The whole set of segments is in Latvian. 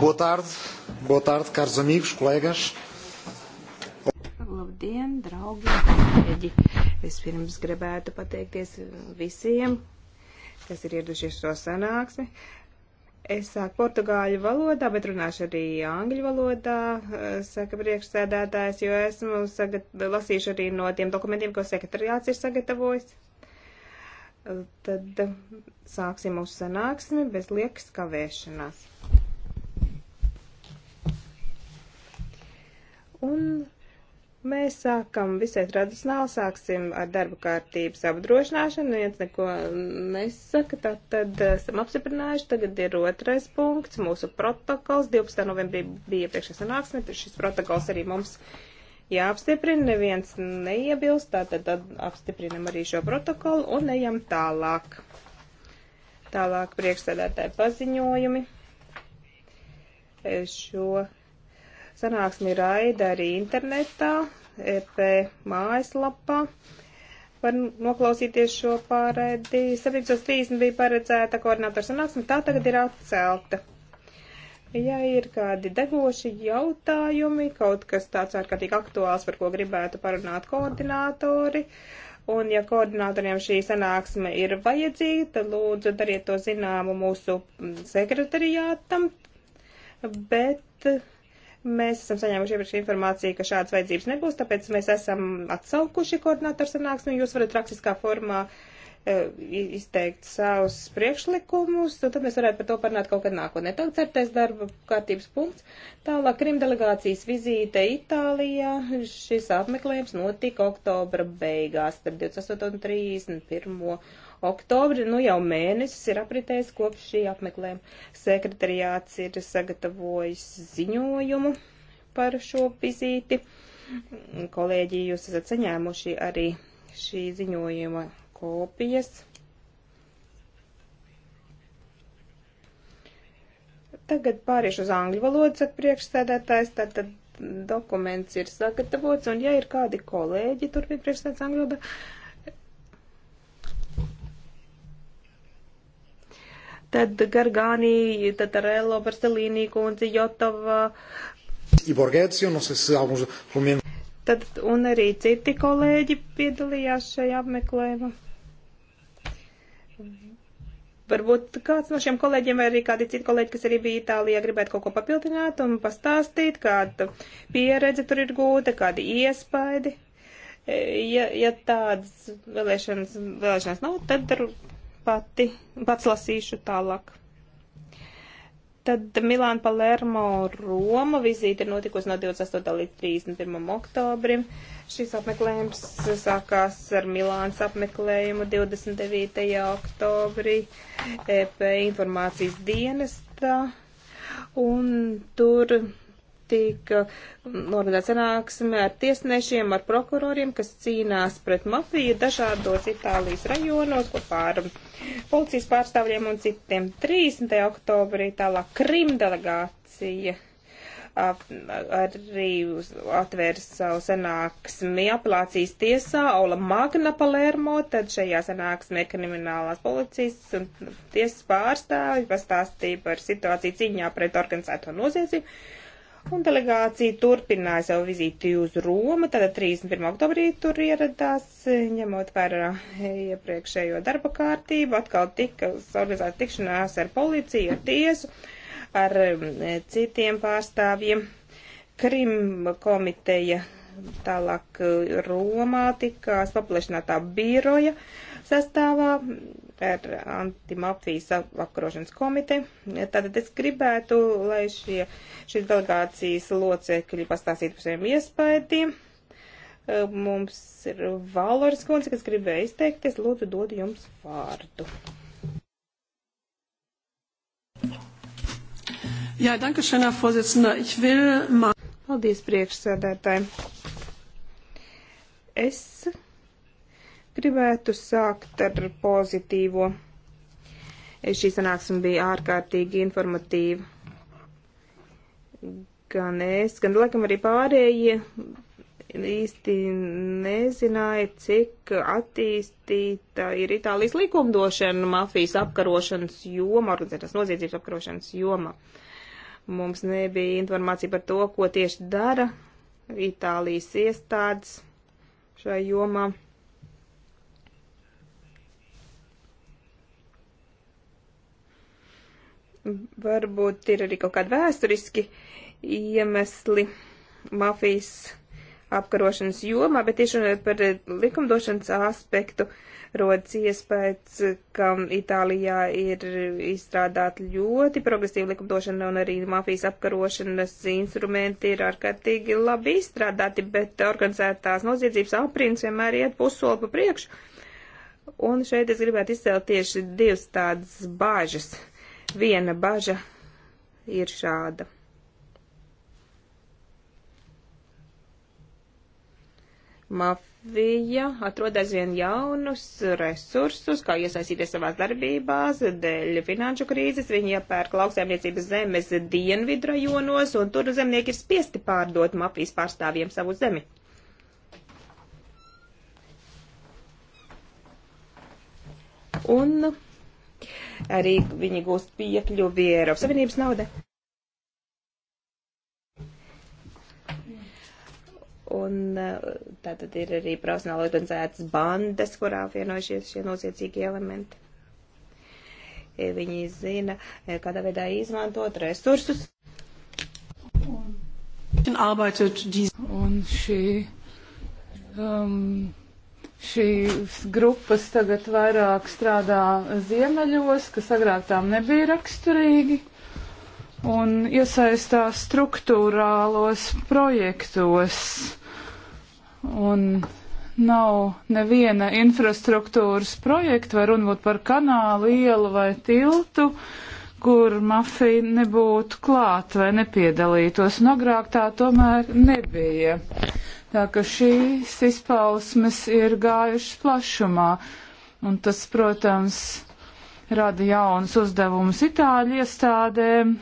Boa tarde, boa tarde, caros amigos, kolēģis. Labdien, draugi, kolēģi. Vispirms gribētu pateikties visiem, kas ir ieradušies šo sanāksmi. Es sāku portugāļu valodā, bet runāšu arī angļu valodā, saka priekšsēdētājs, jo esmu sagat... lasījuši arī no tiem dokumentiem, ko sekretariāts ir sagatavojis. Tad sāksim mūsu sanāksmi bez liekas kavēšanās. Un mēs sākam visai tradicionāli, sāksim ar darba kārtības apdrošināšanu, viens neko nesaka, tad, tad eh, esam apsiprinājuši, tagad ir otrais punkts, mūsu protokols, 12. novembrī bija priekšā sanāksme, šis protokols arī mums jāapstiprina, neviens neiebilst, tātad tad apstiprinam arī šo protokolu un ejam tālāk. Tālāk priekšsēdētāji paziņojumi. Eh, šo Sanāksmi raida arī internetā, EP mājaslapā. Var noklausīties šo pārēdi. 17.30 bija paredzēta koordinātora sanāksme, tā tagad ir atcelta. Ja ir kādi degoši jautājumi, kaut kas tāds ārkārtīgi aktuāls, par ko gribētu parunāt koordinātori, un ja koordinātoriem šī sanāksme ir vajadzīga, tad lūdzu dariet to zināmu mūsu sekretariātam, bet Mēs esam saņēmuši iepriekš informāciju, ka šādas vajadzības nebūs, tāpēc mēs esam atsaukuši koordinātoru sanāksmi. Jūs varat rakstiskā formā e, izteikt savus priekšlikumus, un tad mēs varētu par to parunāt kaut kad nākotnē. Tagad certais darba kārtības punkts. Tālāk Krimdelegācijas vizīte Itālijā. Šis apmeklējums notika oktobra beigās, starp 28 un 31 oktobra. Nu jau mēnesis ir apritējis kopš šī apmeklējuma. Sekretariāts ir sagatavojis ziņojumu par šo vizīti. Kolēģi, jūs esat saņēmuši arī šī ziņojuma kopijas. Tagad pāriešu uz angļu valodu, saka priekšsēdētājs, tātad dokuments ir sagatavots, un ja ir kādi kolēģi, turpina priekšsēdētājs angļu valodā, Tad Gargānī, Tatarello, Barcelīnī, Kundze, Jotova. Tad un arī citi kolēģi piedalījās šajā apmeklējumā. Varbūt kāds no šiem kolēģiem vai arī kādi citi kolēģi, kas arī bija Itālijā, gribētu kaut ko papildināt un pastāstīt, kāda pieredze tur ir gūta, kādi iespaidi. E, ja, ja tādas vēlēšanas, vēlēšanas nav, tad ar pati, pats lasīšu tālāk. Tad Milāna, Palermo, Roma vizīte ir notikusi no 28. līdz 31. oktobrim. Šis apmeklējums sākās ar Milānas apmeklējumu 29. oktobrī EP informācijas dienestā. Un tur tika organizēta sanāksme ar tiesnešiem, ar prokuroriem, kas cīnās pret mafiju dažādos Itālijas rajonos kopā ar policijas pārstāvjiem un citiem. 30. oktobrī tālāk Krim delegācija arī atvērs savu sanāksmi apelācijas tiesā Aula Magna Palermo, tad šajā sanāksmē kriminālās policijas un tiesas pārstāvi pastāstīja par situāciju cīņā pret organizēto noziedzību Un delegācija turpināja savu vizīti uz Romu, tad 31. oktobrī tur ieradās, ņemot vērā iepriekšējo darba kārtību, atkal tika organizēta tikšanās ar policiju, ar tiesu, ar um, citiem pārstāvjiem. Krim komiteja tālāk uh, Romā tikās paplašinātā biroja sastāvā, ar antimafijas apkarošanas komiteju. Tātad es gribētu, lai šie, šīs delegācijas locekļi pastāstītu par saviem iespējām. Mums ir Valoras kundze, kas gribēja izteikties. Lūdzu, dodu jums vārdu. Jā, danke schön, Herr Vorsitzender. Ich will mal... Paldies, priekšsēdētāji. Es Gribētu sākt ar pozitīvo. Šī sanāksme bija ārkārtīgi informatīva. Gan es, gan laikam arī pārējie īsti nezināja, cik attīstīta ir Itālijas likumdošana mafijas apkarošanas joma, organizētās noziedzības apkarošanas joma. Mums nebija informācija par to, ko tieši dara Itālijas iestādes šajā jomā. Varbūt ir arī kaut kādi vēsturiski iemesli mafijas apkarošanas jomā, bet tieši runājot par eh, likumdošanas aspektu, rodas iespējas, ka Itālijā ir izstrādāta ļoti progresīva likumdošana un arī mafijas apkarošanas instrumenti ir ārkārtīgi labi izstrādāti, bet organizētās noziedzības aprins vienmēr iet pussoli pa priekšu. Un šeit es gribētu izcelt tieši divas tādas bāžas. Uh, Viena baža ir šāda. Mafija atrod aizvien jaunus resursus, kā iesaistīties savās darbībās dēļ finanšu krīzes. Viņi iepērk lauksēmniecības zemes dienvidu rajonos, un tur zemnieki ir spiesti pārdot mafijas pārstāvjiem savu zemi. Un arī viņi gūst piekļuvi Eiropas Savienības naudai. Un eh, tā tad ir arī profesionāli organizētas bandas, kurā vienojušies šie noziedzīgi elementi. E, viņi zina, e, kādā veidā izmantot resursus. Un, un šī um, Šīs grupas tagad vairāk strādā ziemeļos, kas agrāk tām nebija raksturīgi, un iesaistās struktūrālos projektos. Un nav neviena infrastruktūras projekta, vai runa būtu par kanālu, ielu vai tiltu, kur mafija nebūtu klāt vai nepiedalītos. Un agrāk tā tomēr nebija. Tā ka šīs izpausmes ir gājušas plašumā, un tas, protams, rada jaunas uzdevumus Itāļu iestādēm,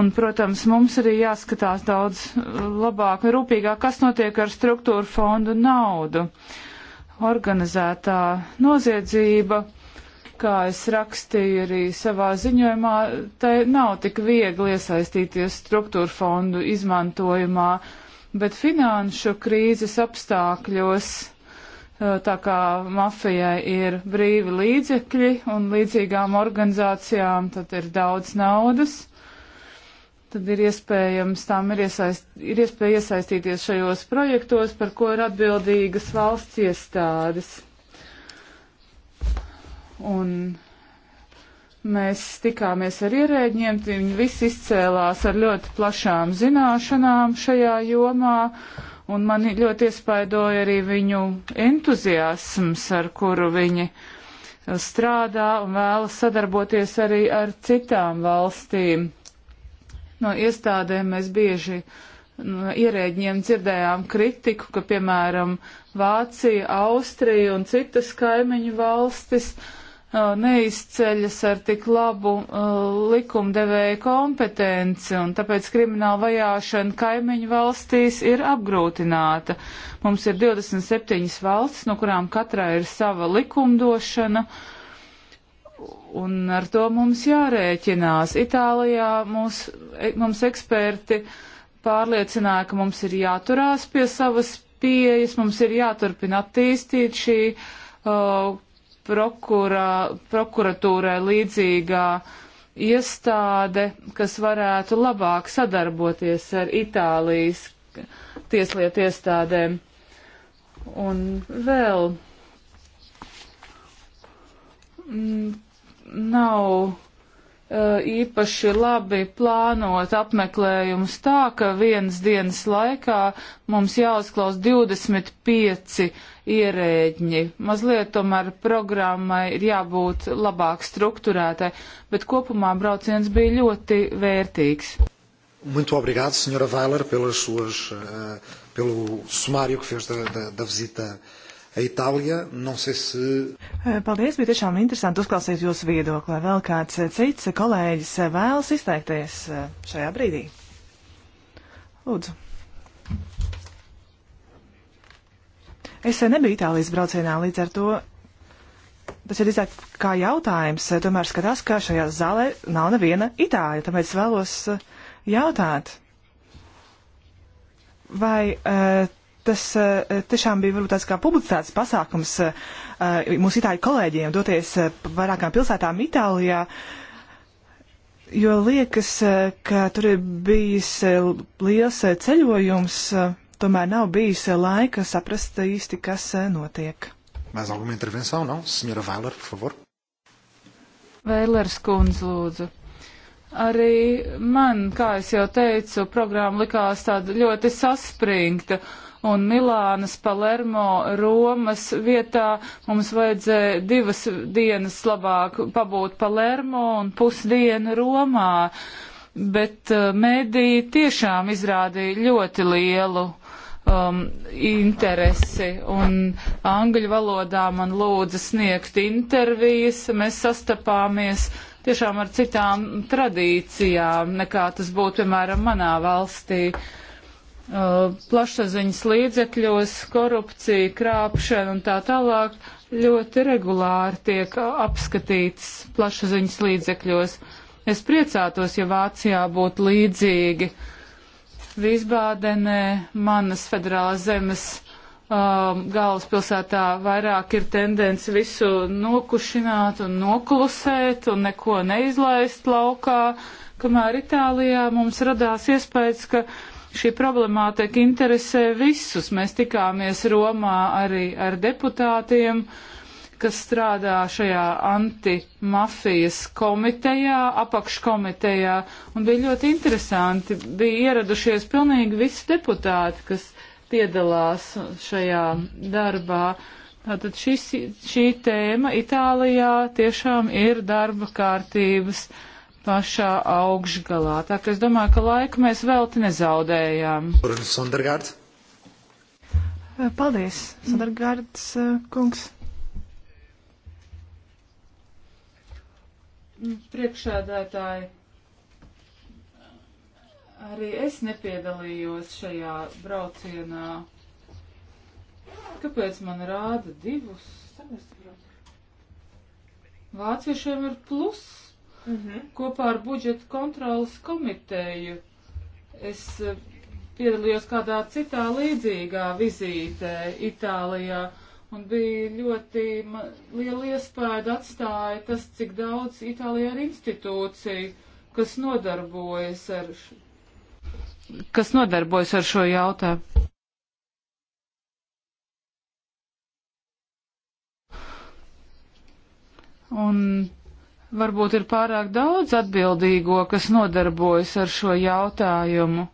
un, protams, mums arī jāskatās daudz labāk un rūpīgāk, kas notiek ar struktūru fondu naudu. Organizētā noziedzība kā es rakstīju arī savā ziņojumā, tai nav tik viegli iesaistīties struktūra fondu izmantojumā bet finanšu krīzes apstākļos, tā kā mafijai ir brīvi līdzekļi un līdzīgām organizācijām, tad ir daudz naudas, tad ir iespējams, tām ir, iesaist, ir iespēja iesaistīties šajos projektos, par ko ir atbildīgas valsts iestādes. Un Mēs tikāmies ar ierēģiem, viņi visi izcēlās ar ļoti plašām zināšanām šajā jomā, un man ļoti iespaidoja arī viņu entuziasms, ar kuru viņi strādā un vēlas sadarboties arī ar citām valstīm. No iestādēm mēs bieži no ierēģiem dzirdējām kritiku, ka, piemēram, Vācija, Austrija un citas kaimiņu valstis uh, neizceļas ar tik labu uh, likumdevēja kompetenci, un tāpēc krimināla vajāšana kaimiņu valstīs ir apgrūtināta. Mums ir 27 valstis, no kurām katrā ir sava likumdošana, un ar to mums jārēķinās. Itālijā mūs, e, mums eksperti pārliecināja, ka mums ir jāturās pie savas pieejas, mums ir jāturpina attīstīt šī uh, prokurā, prokuratūrai līdzīgā iestāde, kas varētu labāk sadarboties ar Itālijas tieslietu iestādēm. Un vēl nav Eh, īpaši labi plānot apmeklējumus tā, ka vienas dienas laikā mums jāuzklaus 25 ierēģi. Mazliet tomēr programmai ir jābūt labāk strukturētai, bet kopumā brauciens bija ļoti vērtīgs. Muito obrigado, Sra. Weiler, pelas suas, uh, pelo sumário que fez da, da, da visita uh, Itālijā. Se... Eh, paldies, bija tiešām interesanti uzklausīt jūsu viedokli. Vēl kāds eh, cits kolēģis eh, vēlas izteikties šajā brīdī. Lūdzu. Es nebiju Itālijas braucienā, līdz ar to tas ir drīzāk kā jautājums. Tomēr skatās, ka šajā zālē nav neviena itāļa, tāpēc vēlos jautāt. Vai uh, tas eh, tiešām bija varbūt tāds kā publicitātes pasākums eh, mūsu itāļu kolēģiem doties eh, vairākām pilsētām Itālijā. Jo liekas, ka tur ir bijis liels ceļojums, tomēr nav bijis laika saprast īsti, kas notiek. Mēs alguma intervenção, não? Senhora Vailer, por favor. Vailers kundz, lūdzu. Arī man, kā es jau teicu, programma likās tāda ļoti saspringta un Milānas, Palermo, Romas vietā mums vajadzēja divas dienas labāk pabūt Palermo un pusdienu Romā. Bet uh, mēdī tiešām izrādīja ļoti lielu um, interesi, un angļu valodā man lūdza sniegt intervijas. Mēs sastapāmies tiešām ar citām tradīcijām, nekā tas būtu, piemēram, manā valstī. Uh, plašsaziņas līdzekļos korupcija, krāpšana un tā tālāk ļoti regulāri tiek uh, apskatītas plašsaziņas līdzekļos. Es priecātos, ja Vācijā būtu līdzīgi. Vīsbādenē, manas federālās zemes um, galvaspilsētā vairāk ir tendence visu nokušināt un noklusēt un neko neizlaist laukā, kamēr Itālijā mums radās iespējas, ka uh, Šī problemātika interesē visus. Mēs tikāmies Romā arī ar deputātiem, kas strādā šajā antimafijas komitejā, apakškomitejā, un bija ļoti interesanti. Bija ieradušies pilnīgi visi deputāti, kas piedalās šajā darbā. Tātad šis, šī tēma Itālijā tiešām ir darba kārtības pašā augšgalā. Tā ka es domāju, ka laiku mēs velti nezaudējām. Sondergārds. Paldies, Sondergārds eh, kungs. Priekšādātāji, arī es nepiedalījos šajā braucienā. Kāpēc man rāda divus? Vāciešiem ir pluss uh mhm. -huh. kopā ar budžeta kontrolas komiteju. Es uh, piedalījos kādā citā līdzīgā vizītē Itālijā un bija ļoti liela iespēja atstāja tas, cik daudz Itālijā ir institūciju, kas nodarbojas ar, kas nodarbojas ar šo jautājumu. Un varbūt ir pārāk daudz atbildīgo, kas nodarbojas ar šo jautājumu.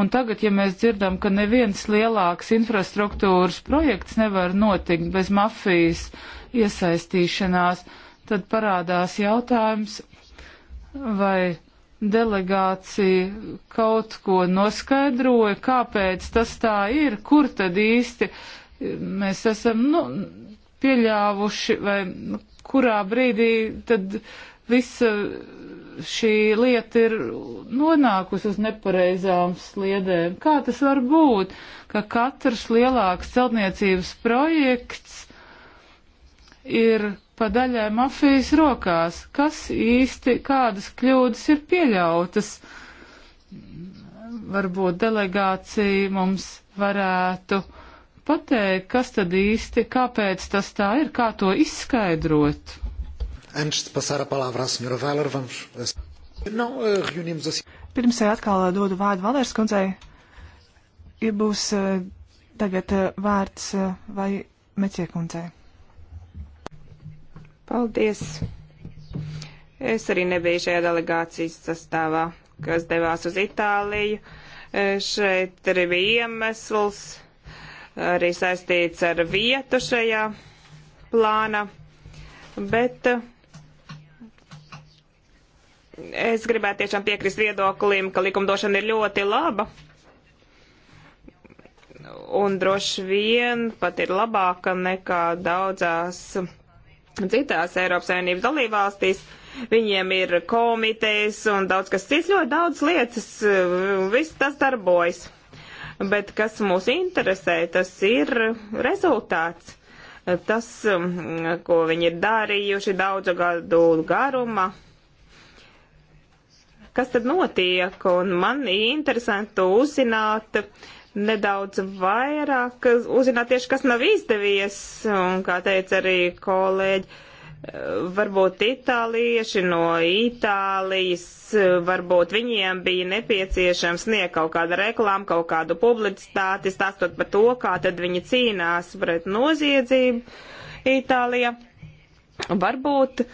Un tagad, ja mēs dzirdam, ka neviens lielāks infrastruktūras projekts nevar notikt bez mafijas iesaistīšanās, tad parādās jautājums, vai delegācija kaut ko noskaidroja, kāpēc tas tā ir, kur tad īsti mēs esam nu, pieļāvuši vai nu, kurā brīdī tad visa šī lieta ir nonākusi uz nepareizām sliedēm. Kā tas var būt, ka katrs lielāks celtniecības projekts ir pa daļai mafijas rokās? Kas īsti, kādas kļūdas ir pieļautas? Varbūt delegācija mums varētu pateikt, kas tad īsti, kāpēc tas tā ir, kā to izskaidrot? Eh, Pirms atkal eh, dodu vārdu Valērs kundzei. Ja būs eh, tagad vārds vai meciekundzei. Paldies! Es arī nebiju šajā delegācijas sastāvā, kas devās uz Itāliju. Šeit arī bija iemesls arī saistīts ar vietu šajā plāna, bet eh, es gribētu tiešām piekrist viedoklim, ka likumdošana ir ļoti laba. Un droši vien pat ir labāka nekā daudzās citās Eiropas Savienības dalībvalstīs. Viņiem ir komitejas un daudz kas cits, ļoti daudz lietas, eh, viss tas darbojas bet kas mūs interesē, tas ir rezultāts. Tas, um, ko viņi ir darījuši daudzu gadu garumā. Kas tad notiek? Un man interesanti uzzināt nedaudz vairāk, uzzināt tieši, kas nav izdevies, un kā teica arī kolēģi varbūt itālieši no Itālijas, varbūt viņiem bija nepieciešams sniegt kaut kādu reklāmu, kaut kādu publicitāti, stāstot par to, kā tad viņi cīnās pret noziedzību Itālijā. Varbūt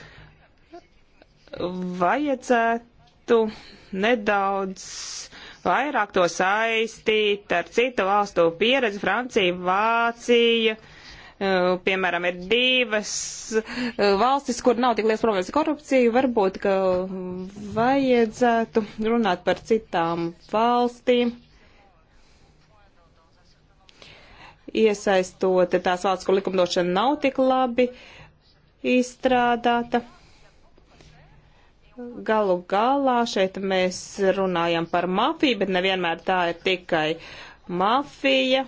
vajadzētu nedaudz vairāk to saistīt ar citu valstu pieredzi, Francija, Vācija. Uh, Eh, piemēram, ir divas eh, valstis, kur nav tik liels problēmas ar korupciju. Varbūt, ka vajadzētu runāt par citām valstīm. Iesaistot tās valsts, kur likumdošana nav tik labi izstrādāta. Galu galā šeit mēs runājam par mafiju, bet nevienmēr tā ir tikai mafija.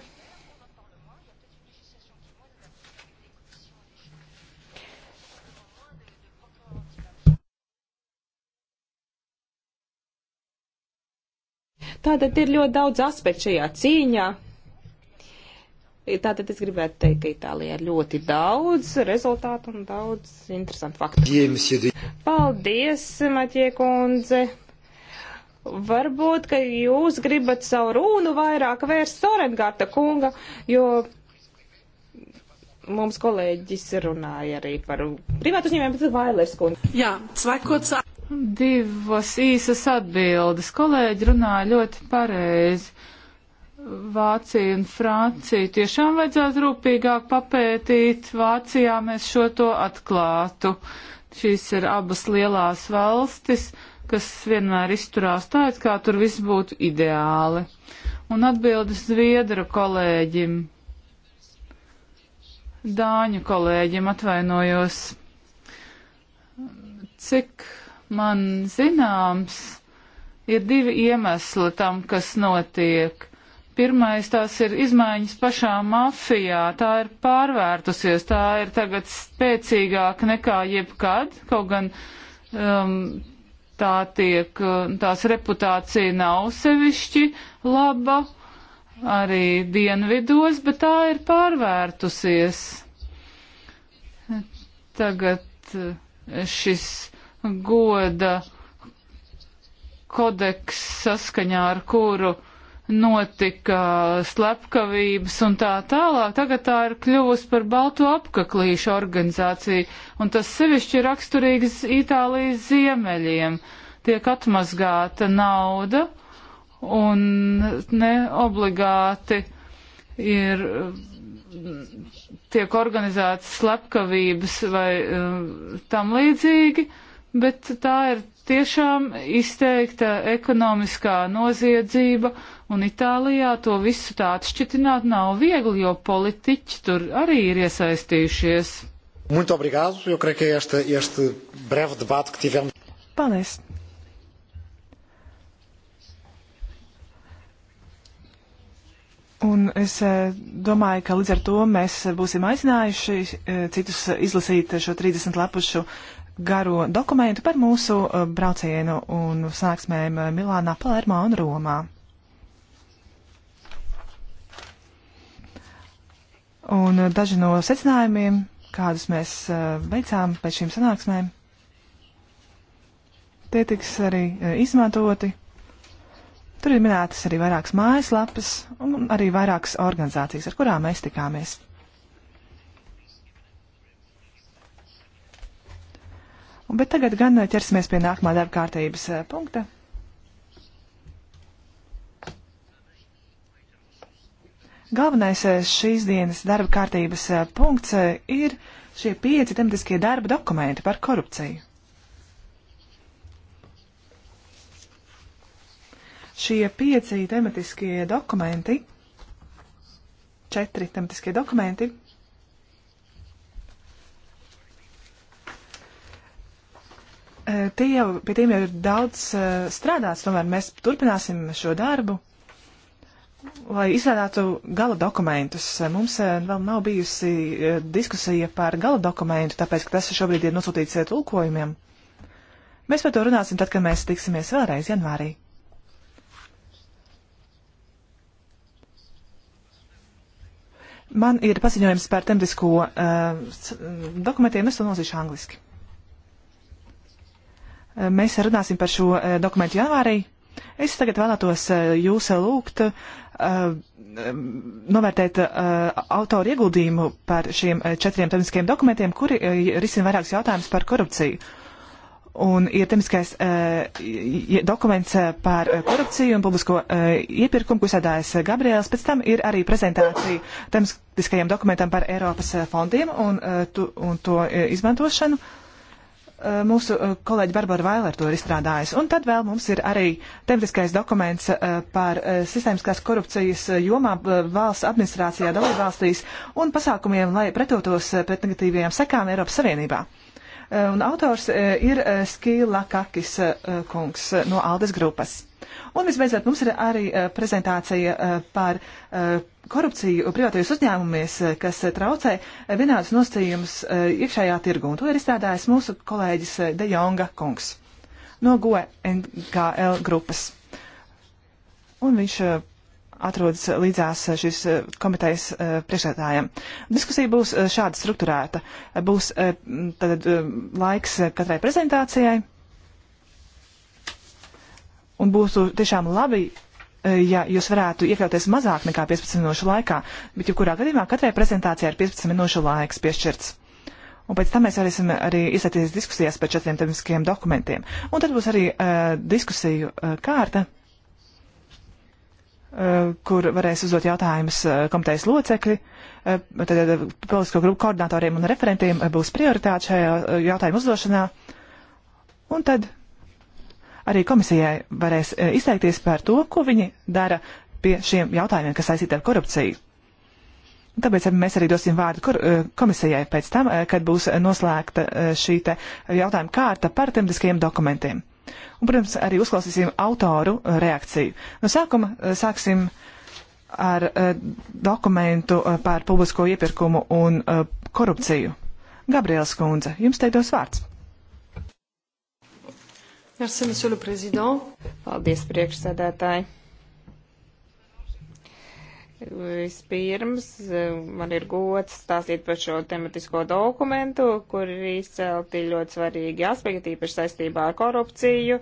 Tātad ir ļoti daudz aspektu šajā cīņā. Tātad es gribētu teikt, ka Itālijā ir ļoti daudz rezultātu un daudz interesantu faktu. Paldies, Maķie kundze! Varbūt, ka jūs gribat savu runu vairāk vērst Sorengārta kunga, jo mums kolēģis runāja arī par privātu uzņēmumu, bet Vailers kunga. Jā, cvekots. Divas īsas atbildes. Kolēģi runāja ļoti pareizi. Vācija un Francija tiešām vajadzētu rūpīgāk papētīt. Vācijā mēs šo to atklātu. Šīs ir abas lielās valstis, kas vienmēr izturās tā, it kā tur viss būtu ideāli. Un atbildes Zviedru kolēģim, Dāņu kolēģim atvainojos. Cik man zināms, ir divi iemesli tam, kas notiek. Pirmais tās ir izmaiņas pašā mafijā, tā ir pārvērtusies, tā ir tagad spēcīgāka nekā jebkad, kaut gan um, tā tiek, uh, tās reputācija nav sevišķi laba arī dienvidos, bet tā ir pārvērtusies. Tagad uh, šis goda kodeks, saskaņā ar kuru notika slepkavības un tā tālāk. Tagad tā ir kļuvusi par balto apkaklīšu organizāciju, un tas sevišķi ir raksturīgs Itālijas ziemeļiem. Tiek atmazgāta nauda un ne obligāti ir tiek organizētas slepkavības vai uh, tam līdzīgi. Uh, bet tā ir tiešām izteikta ekonomiskā noziedzība, un Itālijā to visu tā atšķitināt nav viegli, jo politiķi tur arī ir iesaistījušies. Muito obrigado, eu creio que este, este breve debate que tivemos. Paldies. Un es eh, domāju, ka līdz ar to mēs būsim aicinājuši eh, citus eh, izlasīt šo 30 lapušu garo dokumentu par mūsu uh, braucienu un sanāksmēm uh, Milānā, Palermā un Romā. Un uh, daži no secinājumiem, kādus mēs veicām pēc šīm sanāksmēm, tie tiks arī izmantoti. Tur ir minētas arī vairākas mājaslapas un arī vairākas organizācijas, ar kurām mēs tikāmies. Un, bet tagad gan ķersimies pie nākamā darba kārtības eh, punkta. Galvenais eh, šīs dienas darba kārtības eh, punkts ir šie pieci tematiskie darba dokumenti par korupciju. Šie pieci tematiskie dokumenti, četri tematiskie dokumenti E, tie jau, pie tiem jau ir daudz e, strādāts, tomēr mēs turpināsim šo darbu, lai izstrādātu gala dokumentus. E, mums vēl nav bijusi diskusija par gala dokumentu, tāpēc, ka tas šobrīd ir nosūtīts tulkojumiem. Mēs par to runāsim tad, kad mēs tiksimies vēlreiz janvārī. Man ir paziņojums par tematisko uh, dokumentiem, es to nozīšu angliski. Mēs runāsim par šo eh, dokumentu janvārī. Es tagad vēlētos eh, jūs eh, lūgt novērtēt autoru ieguldījumu par šiem četriem temiskajiem dokumentiem, kuri risina vairākus jautājumus par korupciju. Un ir temiskais dokuments par korupciju un publisko iepirkumu, ko sēdājas Gabriels. Pēc tam ir arī prezentācija temiskajiem dokumentam par Eiropas fondiem un, tu, un to izmantošanu. Uh, Eh, mūsu eh, kolēģi Barbara Vailera to ir izstrādājusi. Un tad vēl mums ir arī tematiskais dokuments eh, par sistēmiskās korupcijas jomā valsts administrācijā dalībvalstīs un pasākumiem, lai pretotos pret negatīvajām sekām Eiropas Savienībā. Un autors ir Skīla Kakis kungs no Aldes grupas. Un visbeidzot, mums ir arī eh, prezentācija eh, par eh, korupciju privātajos uzņēmumies, kas traucē vienādus nosacījumus iekšējā tirgu. Un to ir izstrādājis mūsu kolēģis De Jonga kungs no GOENKL grupas. Un viņš atrodas līdzās šīs komitejas priekšsētājiem. Diskusija būs šāda struktūrēta. Būs tad laiks katrai prezentācijai Un būtu tiešām labi, e, ja jūs varētu iekļauties mazāk nekā 15 minūšu laikā, bet jebkurā gadījumā katrai prezentācijai ir 15 minūšu laiks piešķirts. Un pēc tam mēs varēsim arī iesaistīties diskusijās par četriem temiskajiem dokumentiem. Un tad būs arī uh, diskusiju uh, kārta, uh, kur varēs uzdot jautājumus uh, komitejas locekļi. Uh, tad uh, politisko grupu koordinatoriem un referentiem uh, būs prioritāte šajā uh, jautājumu uzdošanā. Un tad arī komisijai varēs eh, izteikties par to, ko viņi dara pie šiem jautājumiem, kas saistīti ar korupciju. Tāpēc mēs arī dosim vārdu eh, komisijai pēc tam, eh, kad būs noslēgta šī jautājuma kārta par tematiskajiem dokumentiem. Un, protams, arī uzklausīsim autoru reakciju. No sākuma sāksim ar dokumentu par publisko iepirkumu un korupciju. Gabriels Kunze, jums teiktos vārds. Merci, monsieur le président. Paldies, priekšsēdētāji. Vispirms man ir gods stāstīt par šo tematisko dokumentu, kur ir izcelti ļoti svarīgi aspekti, īpaši saistībā ar korupciju,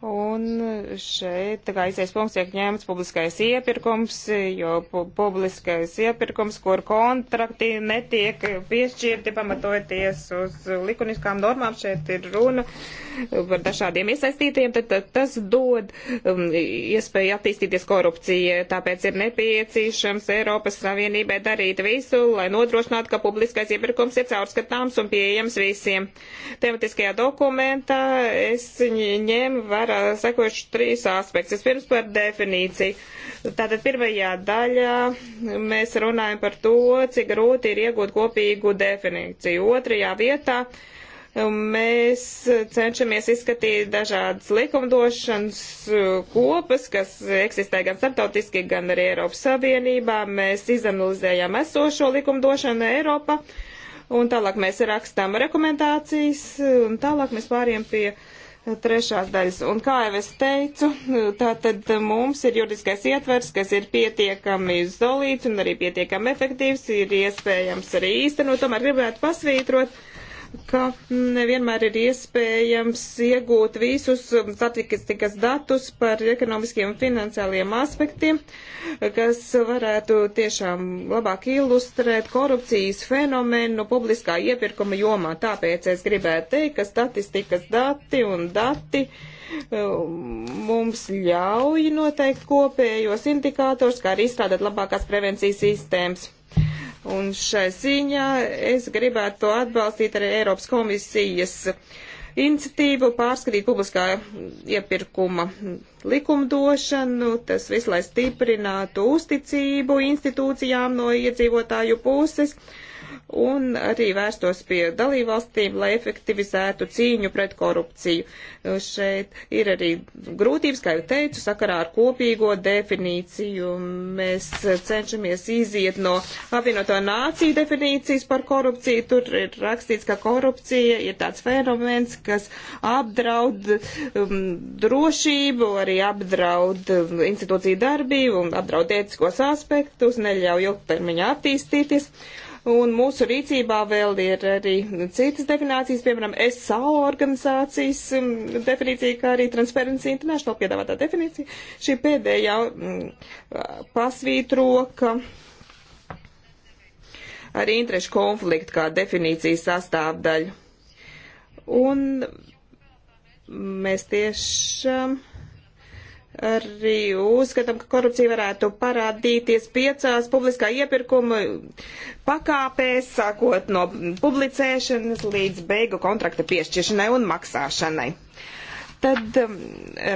Un šeit tā kā aizies punkts tiek ņemts publiskais iepirkums, jo pu publiskais iepirkums, kur kontrakti netiek piešķirti pamatojoties uz likuniskām normām, šeit ir runa par dažādiem iesaistītiem, tad, tad tas dod um, iespēju attīstīties korupcija. Tāpēc ir nepieciešams Eiropas Savienībai darīt visu, lai nodrošinātu, ka publiskais iepirkums ir caurskatāms un pieejams visiem. Tematiskajā dokumentā es ņemu vērā vērā sekojuši trīs aspektus. Vispirms par definīciju. Tātad pirmajā daļā mēs runājam par to, cik grūti ir iegūt kopīgu definīciju. Otrajā vietā um, mēs cenšamies izskatīt dažādas likumdošanas uh, kopas, kas eksistē gan starptautiski, gan arī Eiropas Savienībā. Mēs izanalizējam esošo likumdošanu Eiropā, un tālāk mēs rakstām rekomendācijas, un tālāk mēs pāriem pie trešās daļas. Un kā jau es teicu, tātad mums ir juridiskais ietvers, kas ir pietiekami solīts un arī pietiekami efektīvs, ir iespējams arī īstenot. Tomēr gribētu pasvītrot, ka nevienmēr ir iespējams iegūt visus statistikas datus par ekonomiskiem un finansiāliem aspektiem, kas varētu tiešām labāk ilustrēt korupcijas fenomenu publiskā iepirkuma jomā. Tāpēc es gribētu teikt, ka statistikas dati un dati um, mums ļauj noteikt kopējos indikātors, kā arī izstrādāt labākās prevencijas sistēmas Un šai ziņā es gribētu to atbalstīt arī Eiropas komisijas iniciatīvu pārskatīt publiskā iepirkuma likumdošanu. Tas viss, lai stiprinātu uzticību institūcijām no iedzīvotāju puses. Uh, un arī vērstos pie dalībvalstīm, lai efektivizētu cīņu pret korupciju. Uh, šeit ir arī grūtības, kā jau teicu, sakarā ar kopīgo definīciju. Mēs cenšamies iziet no apvienoto nāciju definīcijas par korupciju. Tur ir rakstīts, ka korupcija ir tāds fenomens, kas apdraud um, drošību, arī apdraud um, institūciju darbību un apdraud ētiskos aspektus, neļauj ilgtermiņā attīstīties. Uh, Un mūsu rīcībā vēl ir arī citas definīcijas, piemēram, SAO organizācijas um, definīcija, kā arī Transparency International piedāvātā definīcija. Šī pēdējā um, pasvītro, ka arī interešu konfliktu kā definīcijas sastāvdaļu. Un mēs tiešām. Um, arī uzskatām, ka korupcija varētu parādīties piecās publiskā iepirkuma pakāpēs, sākot no publicēšanas līdz beigu kontrakta piešķiršanai un maksāšanai. Tad um,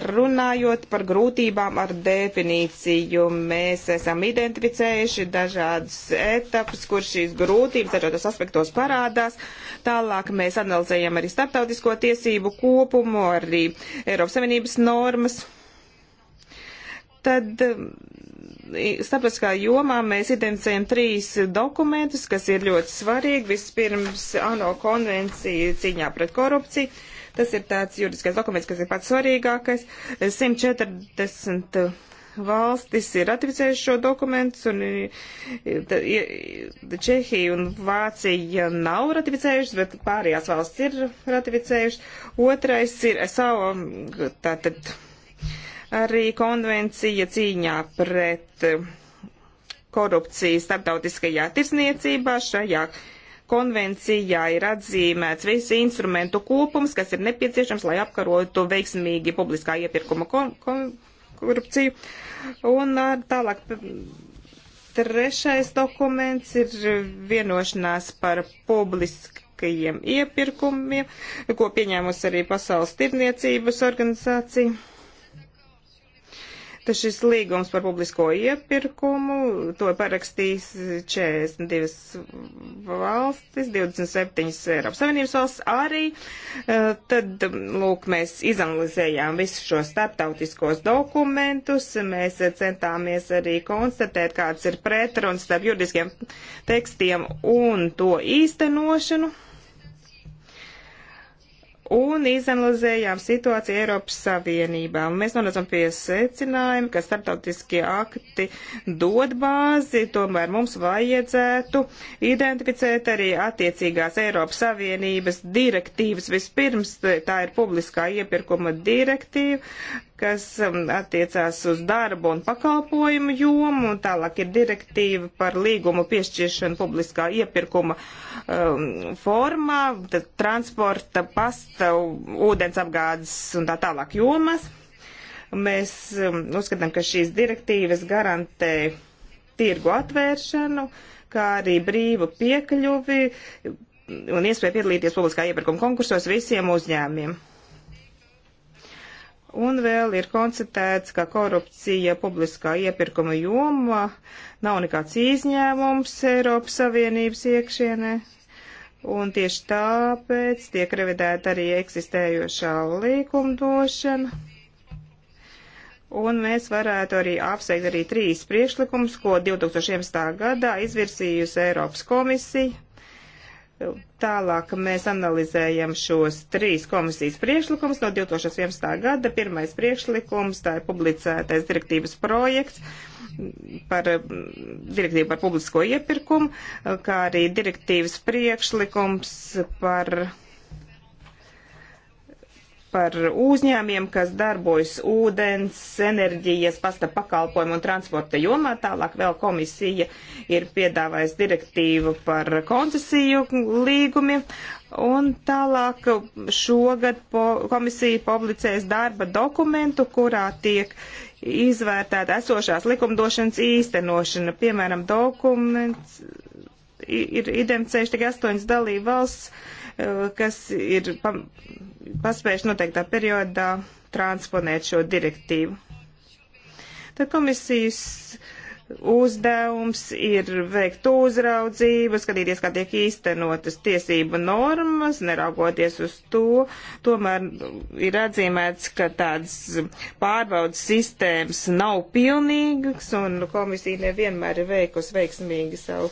runājot par grūtībām ar definīciju, mēs esam identificējuši dažādas etapas, kur šīs grūtības dažādos aspektos parādās. Tālāk mēs analizējam arī starptautisko tiesību kopumu, arī Eiropas Savienības normas tad um, starptautiskā jomā mēs identificējam trīs dokumentus, kas ir ļoti svarīgi. Vispirms ANO konvencija cīņā pret korupciju. Tas ir tāds juridiskais dokuments, kas ir pats svarīgākais. 140 valstis ir ratificējuši šo dokumentu, un Čehija un Vācija nav ratificējušas, bet pārējās valstis ir ratificējušas. Otrais ir savu, tātad, Arī konvencija cīņā pret korupciju starptautiskajā tirsniecībā šajā konvencijā ir atzīmēts visi instrumentu kopums, kas ir nepieciešams, lai apkarotu veiksmīgi publiskā iepirkuma korupciju. Un tālāk trešais dokuments ir vienošanās par publiskajiem iepirkumiem, ko pieņēmusi arī Pasaules tirniecības organizācija šis līgums par publisko iepirkumu, to parakstīs 42 valstis, 27 Eiropas Savienības valsts arī. Eh, tad, lūk, mēs izanalizējām visus šos starptautiskos dokumentus, mēs centāmies arī konstatēt, kāds ir pretruns starp juridiskiem tekstiem un to īstenošanu un izanalizējām situāciju Eiropas Savienībā. Un mēs nonācām pie secinājuma, ka starptautiskie akti dod bāzi, tomēr mums vajadzētu identificēt arī attiecīgās Eiropas Savienības direktīvas. Vispirms tā ir publiskā iepirkuma direktīva, kas um, attiecās uz darbu un pakalpojumu jomu, un tālāk ir direktīva par līgumu piešķiršanu publiskā iepirkuma um, formā, tad transporta, pasta, ūdens apgādes un tā tālāk jomas. Mēs um, uzskatām, ka šīs direktīvas garantē tirgu atvēršanu, kā arī brīvu piekļuvi un iespēju piedalīties publiskā iepirkuma konkursos visiem uzņēmiem Un vēl ir konstatēts, ka korupcija publiskā iepirkuma jomā nav nekāds izņēmums Eiropas Savienības iekšienē. Un tieši tāpēc tiek revidēta arī eksistējošā likumdošana. Un mēs varētu arī apsveikt arī trīs priekšlikumus, ko 2011. gadā izvirsījusi Eiropas komisija Tālāk mēs analizējam šos trīs komisijas priekšlikumus no 2011. gada. Pirmais priekšlikums, tā ir publicētais direktīvas projekts par direktīvu par publisko iepirkumu, kā arī direktīvas priekšlikums par par uzņēmiem, kas darbojas ūdens, enerģijas, pasta pakalpojumu un transporta jomā. Tālāk vēl komisija ir piedāvājusi direktīvu par koncesiju līgumiem. Un tālāk šogad po, komisija publicēs darba dokumentu, kurā tiek izvērtēta esošās likumdošanas īstenošana. Piemēram, dokuments ir identificējuši tikai astoņas dalību valsts Eh, kas ir paspējuši noteiktā periodā transponēt šo direktīvu. Tad komisijas uzdevums ir veikt uzraudzību, skatīties, kā tiek īstenotas tiesību normas, neraugoties uz to. Tomēr ir atzīmēts, ka tādas pārbaudas sistēmas nav pilnīgas, un komisija nevienmēr ir veikusi veiksmīgi savu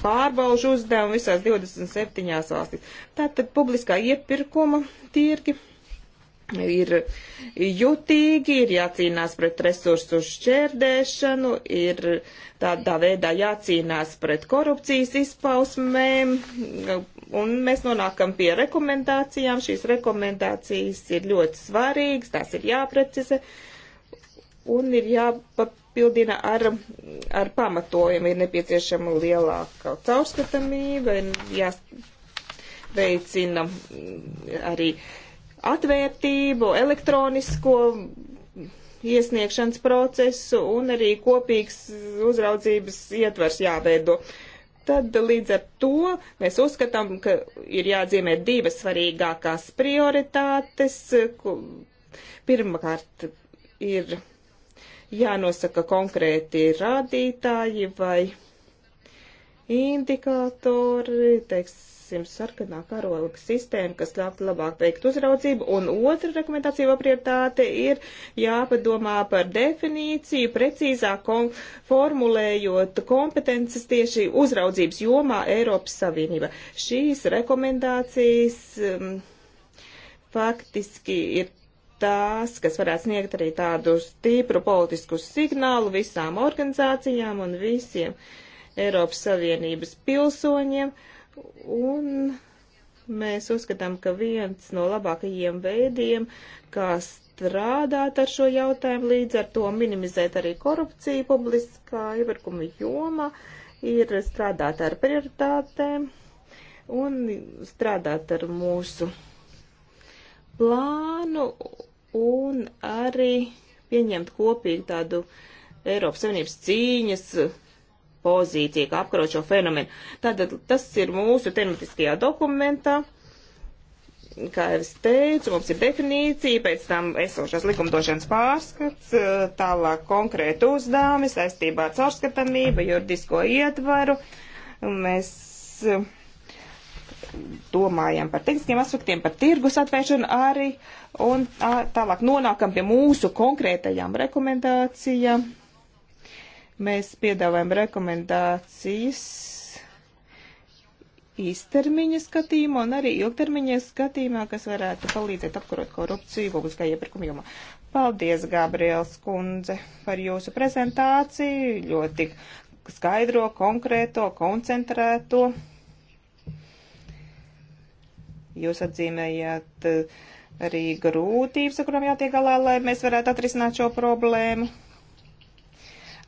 pārbaužu uzdevumu visās 27 valstīs. Tātad publiskā iepirkuma tirgi ir jutīgi, ir jācīnās pret resursu šķērdēšanu, ir tādā veidā jācīnās pret korupcijas izpausmēm, un mēs nonākam pie rekomendācijām. Šīs rekomendācijas ir ļoti svarīgas, tās ir jāprecizē, un ir jāpapildina jāpildina ar, ar pamatojumu. Ir nepieciešama lielāka caurskatāmība, ir jāveicina arī atvērtību, elektronisko iesniegšanas procesu un arī kopīgs uzraudzības ietvers jāveido. Tad līdz ar to mēs uzskatām, ka ir jāatzīmē divas svarīgākās prioritātes. Pirmkārt ir jānosaka konkrēti rādītāji vai indikātori, teiksim, sarkanā karolika sistēma, kas ļautu labāk veikt uzraudzību. Un otra rekomendācija vai prioritāte ir jāpadomā par definīciju, precīzāk kom formulējot kompetences tieši uzraudzības jomā Eiropas Savienība. Šīs rekomendācijas. Um, faktiski ir tās, kas varētu sniegt arī tādu stīpru politisku signālu visām organizācijām un visiem Eiropas Savienības pilsoņiem. Un mēs uzskatām, ka viens no labākajiem veidiem, kā strādāt ar šo jautājumu, līdz ar to minimizēt arī korupciju publiskā iepirkuma joma, ir strādāt ar prioritātēm un strādāt ar mūsu plānu un arī pieņemt kopīgi tādu Eiropas Savienības cīņas pozīciju, kā apkarot šo fenomenu. Tātad tas ir mūsu tematiskajā dokumentā. Kā jau es teicu, mums ir definīcija, pēc tam esošās likumdošanas pārskats, eh, tālāk konkrēti uzdevumi saistībā ar caurskatāmību, juridisko ietvaru. Mēs uh, domājam par tehniskiem aspektiem, par tirgus atvēršanu arī, un tālāk nonākam pie mūsu konkrētajām rekomendācijām. Mēs piedāvājam rekomendācijas īstermiņa skatījumā un arī ilgtermiņa skatījumā, kas varētu palīdzēt apkarot korupciju publiskā iepirkuma jomā. Paldies, Gabriels kundze, par jūsu prezentāciju, ļoti skaidro, konkrēto, koncentrēto Jūs atzīmējāt eh, arī grūtības, ar kurām jātiek galā, lai mēs varētu atrisināt šo problēmu.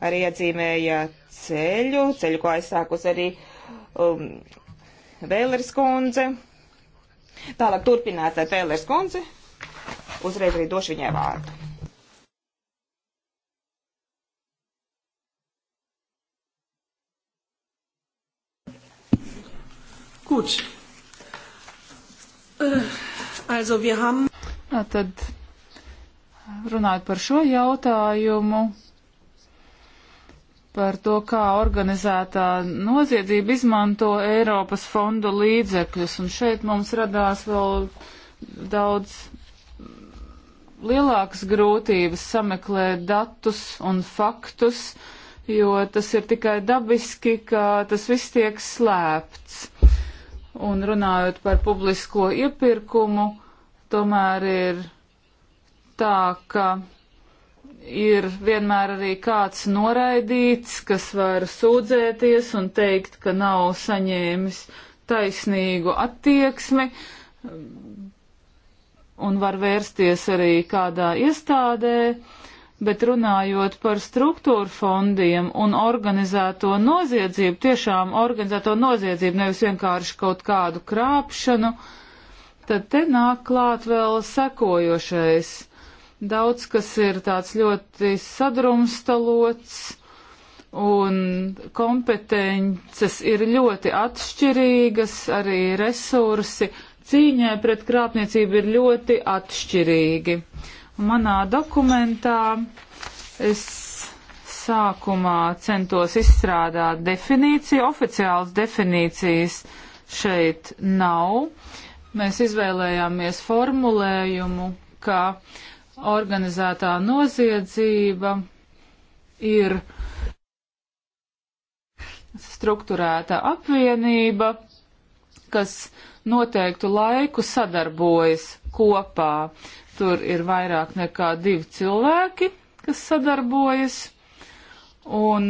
Arī atzīmējāt ceļu, ceļu, ko aizsākus arī um, Vēleris kundze. Tālāk turpināt ar Vēleris kundzi. Uzreiz arī došu viņai vārdu. Gut, Also wir haben. Tad runājot par šo jautājumu, par to, kā organizētā noziedzība izmanto Eiropas fondu līdzekļus, un šeit mums radās vēl daudz lielākas grūtības sameklēt datus un faktus, jo tas ir tikai dabiski, ka tas viss tiek slēpts. Un runājot par publisko iepirkumu, tomēr ir tā, ka ir vienmēr arī kāds noraidīts, kas var sūdzēties un teikt, ka nav saņēmis taisnīgu attieksmi un var vērsties arī kādā iestādē. Uh, bet runājot par struktūru fondiem un organizēto noziedzību, tiešām organizēto noziedzību, nevis vienkārši kaut kādu krāpšanu, tad te nāk klāt vēl sekojošais. Daudz, kas ir tāds ļoti sadrumstalots un kompetences ir ļoti atšķirīgas, arī resursi cīņai pret krāpniecību ir ļoti atšķirīgi. Manā dokumentā es sākumā centos izstrādāt definīciju. Oficiāls definīcijas šeit nav. Mēs izvēlējāmies formulējumu, ka organizētā noziedzība ir strukturēta apvienība, kas noteiktu laiku sadarbojas kopā. Tur ir vairāk nekā divi cilvēki, kas sadarbojas, un,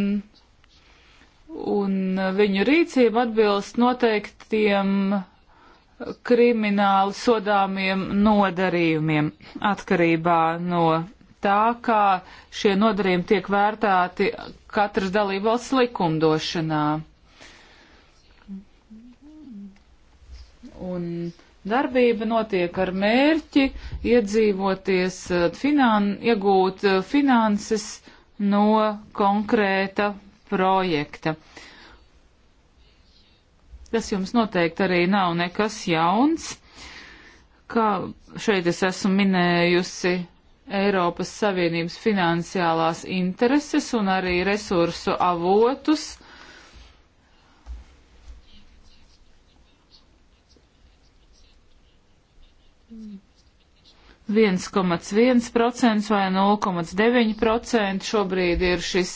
un viņu rīcība atbilst noteiktiem krimināli sodāmiem nodarījumiem atkarībā no tā, kā šie nodarījumi tiek vērtēti katras dalībvalsts likumdošanā. Un Darbība notiek ar mērķi iedzīvoties, eh, finan, iegūt eh, finanses no konkrēta projekta. Tas jums noteikti arī nav nekas jauns, kā šeit es esmu minējusi Eiropas Savienības finansiālās intereses un arī resursu avotus 1,1% vai 0,9% šobrīd ir šis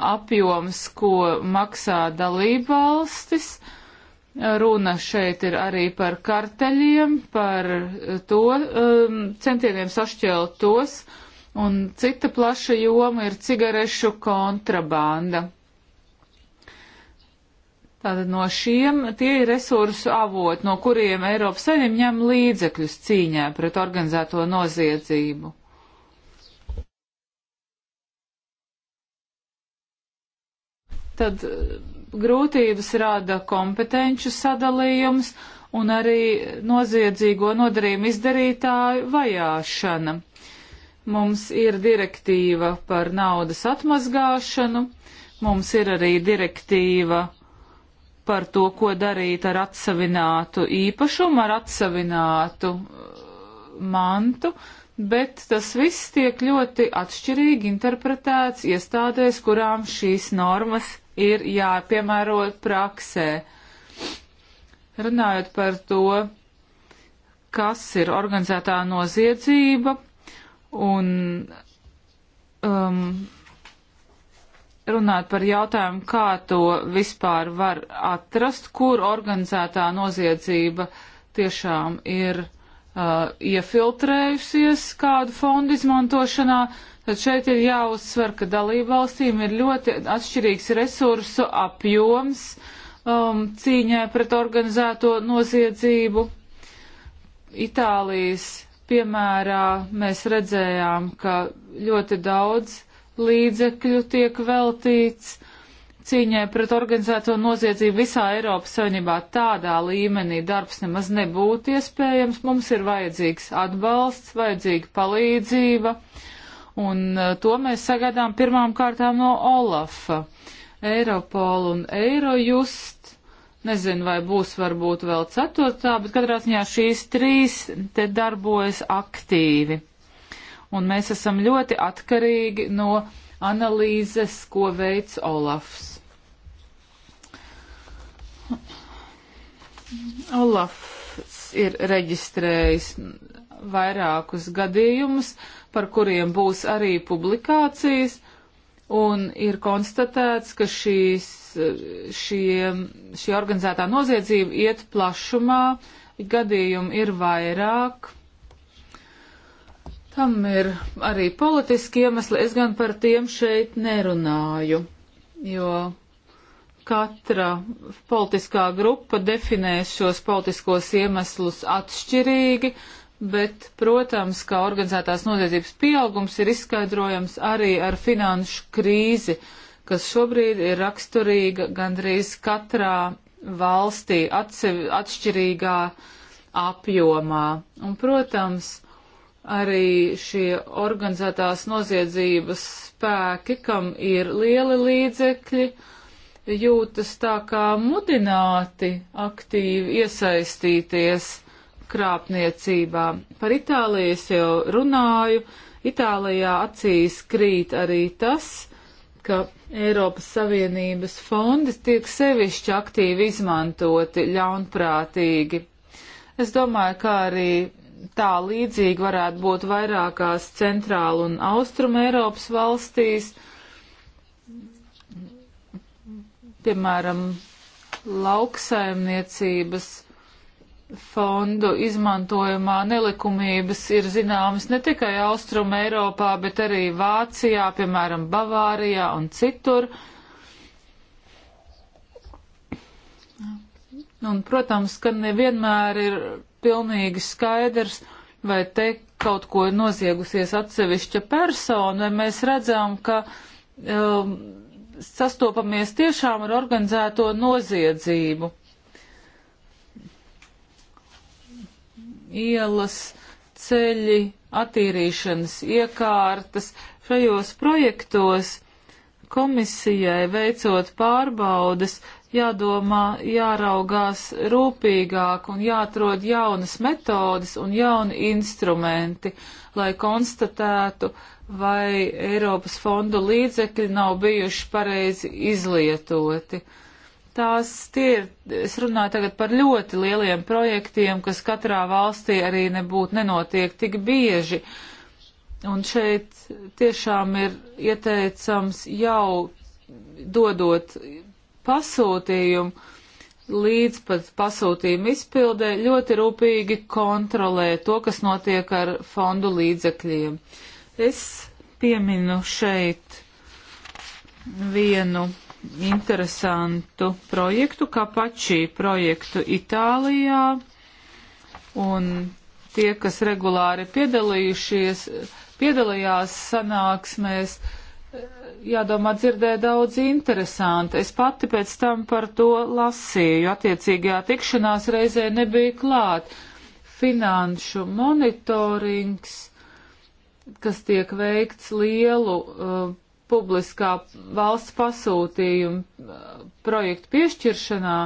apjoms, ko maksā dalībvalstis. Runa šeit ir arī par karteļiem, par to um, centieniem sašķelt tos, un cita plaša joma ir cigarešu kontrabanda. Tātad no šiem tie ir resursu avoti, no kuriem Eiropas saņem ņem līdzekļus cīņā pret organizēto noziedzību. Tad eh, grūtības rada kompetenču sadalījums un arī noziedzīgo nodarījumu izdarītāju vajāšana. Mums ir direktīva par naudas atmazgāšanu, mums ir arī direktīva par to, ko darīt ar atsavinātu īpašumu, ar atsavinātu uh, mantu, bet tas viss tiek ļoti atšķirīgi interpretēts iestādēs, kurām šīs normas ir jāpiemēro praksē. Runājot par to, kas ir organizētā noziedzība un um, runāt par jautājumu, kā to vispār var atrast, kur organizētā noziedzība tiešām ir uh, iefiltrējusies kādu fondu izmantošanā, tad šeit ir jāuzsver, ka dalībvalstīm ir ļoti atšķirīgs resursu apjoms um, cīņai pret organizēto noziedzību. Itālijas piemērā mēs redzējām, ka ļoti daudz līdzekļu tiek veltīts cīņai pret organizēto noziedzību visā Eiropas Savienībā. Tādā līmenī darbs nemaz nebūtu iespējams. Mums ir vajadzīgs atbalsts, vajadzīga palīdzība, un eh, to mēs sagaidām pirmām kārtām no Olafa. Eiropol un Eirojust Nezinu, vai būs varbūt vēl ceturtā, bet katrā ziņā šīs trīs te darbojas aktīvi un mēs esam ļoti atkarīgi no analīzes, ko veids Olafs. Olafs ir reģistrējis vairākus gadījumus, par kuriem būs arī publikācijas, un ir konstatēts, ka šīs, šie, šī organizētā noziedzība iet plašumā, gadījumi ir vairāk tam ir arī politiski iemesli. Es gan par tiem šeit nerunāju, jo katra politiskā grupa definēs šos politiskos iemeslus atšķirīgi, bet, protams, kā organizētās noziedzības pieaugums ir izskaidrojams arī ar finanšu krīzi, kas šobrīd ir raksturīga gandrīz katrā valstī atsevi, atšķirīgā apjomā. Un, protams, arī šie organizētās noziedzības spēki, kam ir lieli līdzekļi, jūtas tā kā mudināti aktīvi iesaistīties krāpniecībā. Par Itāliju es jau runāju. Itālijā acīs krīt arī tas, ka Eiropas Savienības fondi tiek sevišķi aktīvi izmantoti ļaunprātīgi. Es domāju, kā arī tā līdzīgi varētu būt vairākās centrāla un austruma Eiropas valstīs. Piemēram, lauksaimniecības fondu izmantojumā nelikumības ir zināmas ne tikai Austrum Eiropā, bet arī Vācijā, piemēram, Bavārijā un citur. Un, protams, ka nevienmēr ir pilnīgi skaidrs, vai te kaut ko ir noziegusies atsevišķa persona, vai mēs redzam, ka um, sastopamies tiešām ar organizēto noziedzību. Ielas, ceļi, attīrīšanas iekārtas šajos projektos Komisijai veicot pārbaudes, jādomā, jāraugās rūpīgāk un jāatrod jaunas metodes un jauni instrumenti, lai konstatētu, vai Eiropas fondu līdzekļi nav bijuši pareizi izlietoti. Tās tie ir, es runāju tagad par ļoti lieliem projektiem, kas katrā valstī arī nebūtu nenotiek tik bieži. Uh, Un šeit tiešām ir ieteicams jau dodot pasūtījumu līdz pat pasūtījuma izpildē ļoti rūpīgi kontrolē to, kas notiek ar fondu līdzekļiem. Es pieminu šeit vienu interesantu projektu, kā pačī projektu Itālijā, un tie, kas regulāri piedalījušies, piedalījās sanāksmēs, jādomā dzirdēja daudz interesanti. Es pati pēc tam par to lasīju, jo attiecīgajā tikšanās reizē nebija klāt. Finanšu monitorings, kas tiek veikts lielu uh, publiskā valsts pasūtījuma uh, projektu piešķiršanā,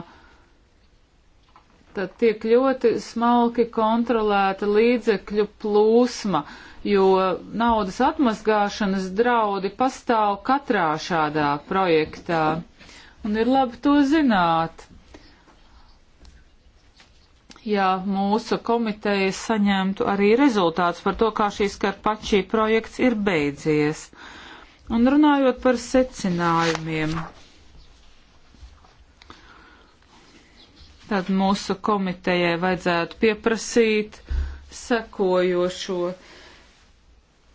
tad tiek ļoti smalki kontrolēta līdzekļu plūsma. Uh, jo naudas atmazgāšanas draudi pastāv katrā šādā projektā. Un ir labi to zināt. Ja mūsu komiteja saņemtu arī rezultāts par to, kā šīs karpačī projekts ir beidzies. Un runājot par secinājumiem. Tad mūsu komitejai vajadzētu pieprasīt sekojošo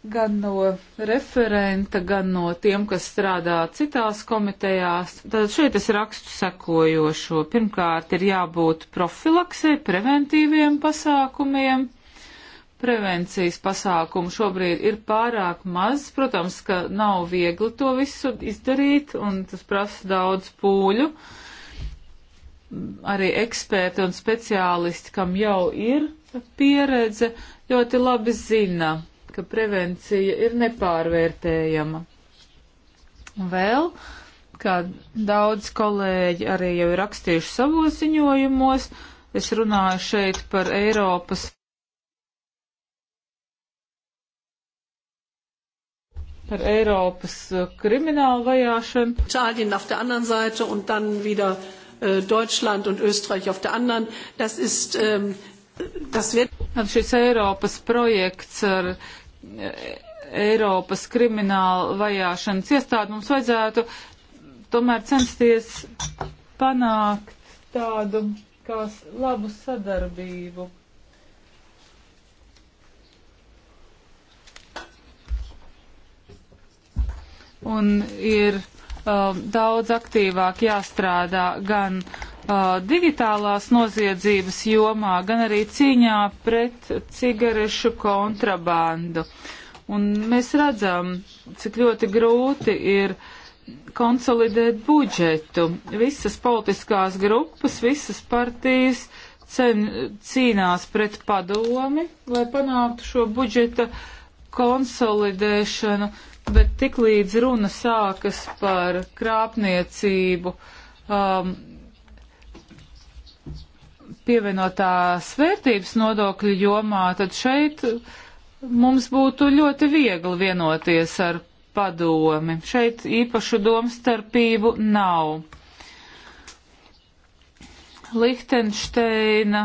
gan no referenta, gan no tiem, kas strādā citās komitejās. Tad šeit es rakstu sekojošo. Pirmkārt, ir jābūt profilaksē, preventīviem pasākumiem. Prevencijas pasākumu šobrīd ir pārāk maz. Protams, ka nav viegli to visu izdarīt, un tas prasa daudz pūļu. Arī eksperti un speciālisti, kam jau ir pieredze, ļoti labi zina, ka prevencija ir nepārvērtējama. Vēl, kā daudz kolēģi arī jau ir rakstījuši savos ziņojumos, es runāju šeit par Eiropas. Par Eiropas uh, kriminālu vajāšanu. Itālien auf der anderen Seite un dann wieder äh, Deutschland un Österreich auf der anderen. Das ist, ähm, tas wird. Šis Eiropas projekts ar Eiropas krimināla vajāšanas iestādi, mums vajadzētu tomēr censties panākt tādu kā labu sadarbību. Un ir um, daudz aktīvāk jāstrādā gan uh, uh, digitālās noziedzības jomā, gan arī cīņā pret cigarešu kontrabandu. Un mēs redzam, cik ļoti grūti ir konsolidēt budžetu. Visas politiskās grupas, visas partijas cen, cīnās pret padomi, lai panāktu šo budžeta konsolidēšanu, bet tik līdz runa sākas par krāpniecību, um, pievienotās vērtības nodokļu jomā, tad šeit mums būtu ļoti viegli vienoties ar padomi. Šeit īpašu domstarpību nav. Lihtenšteina,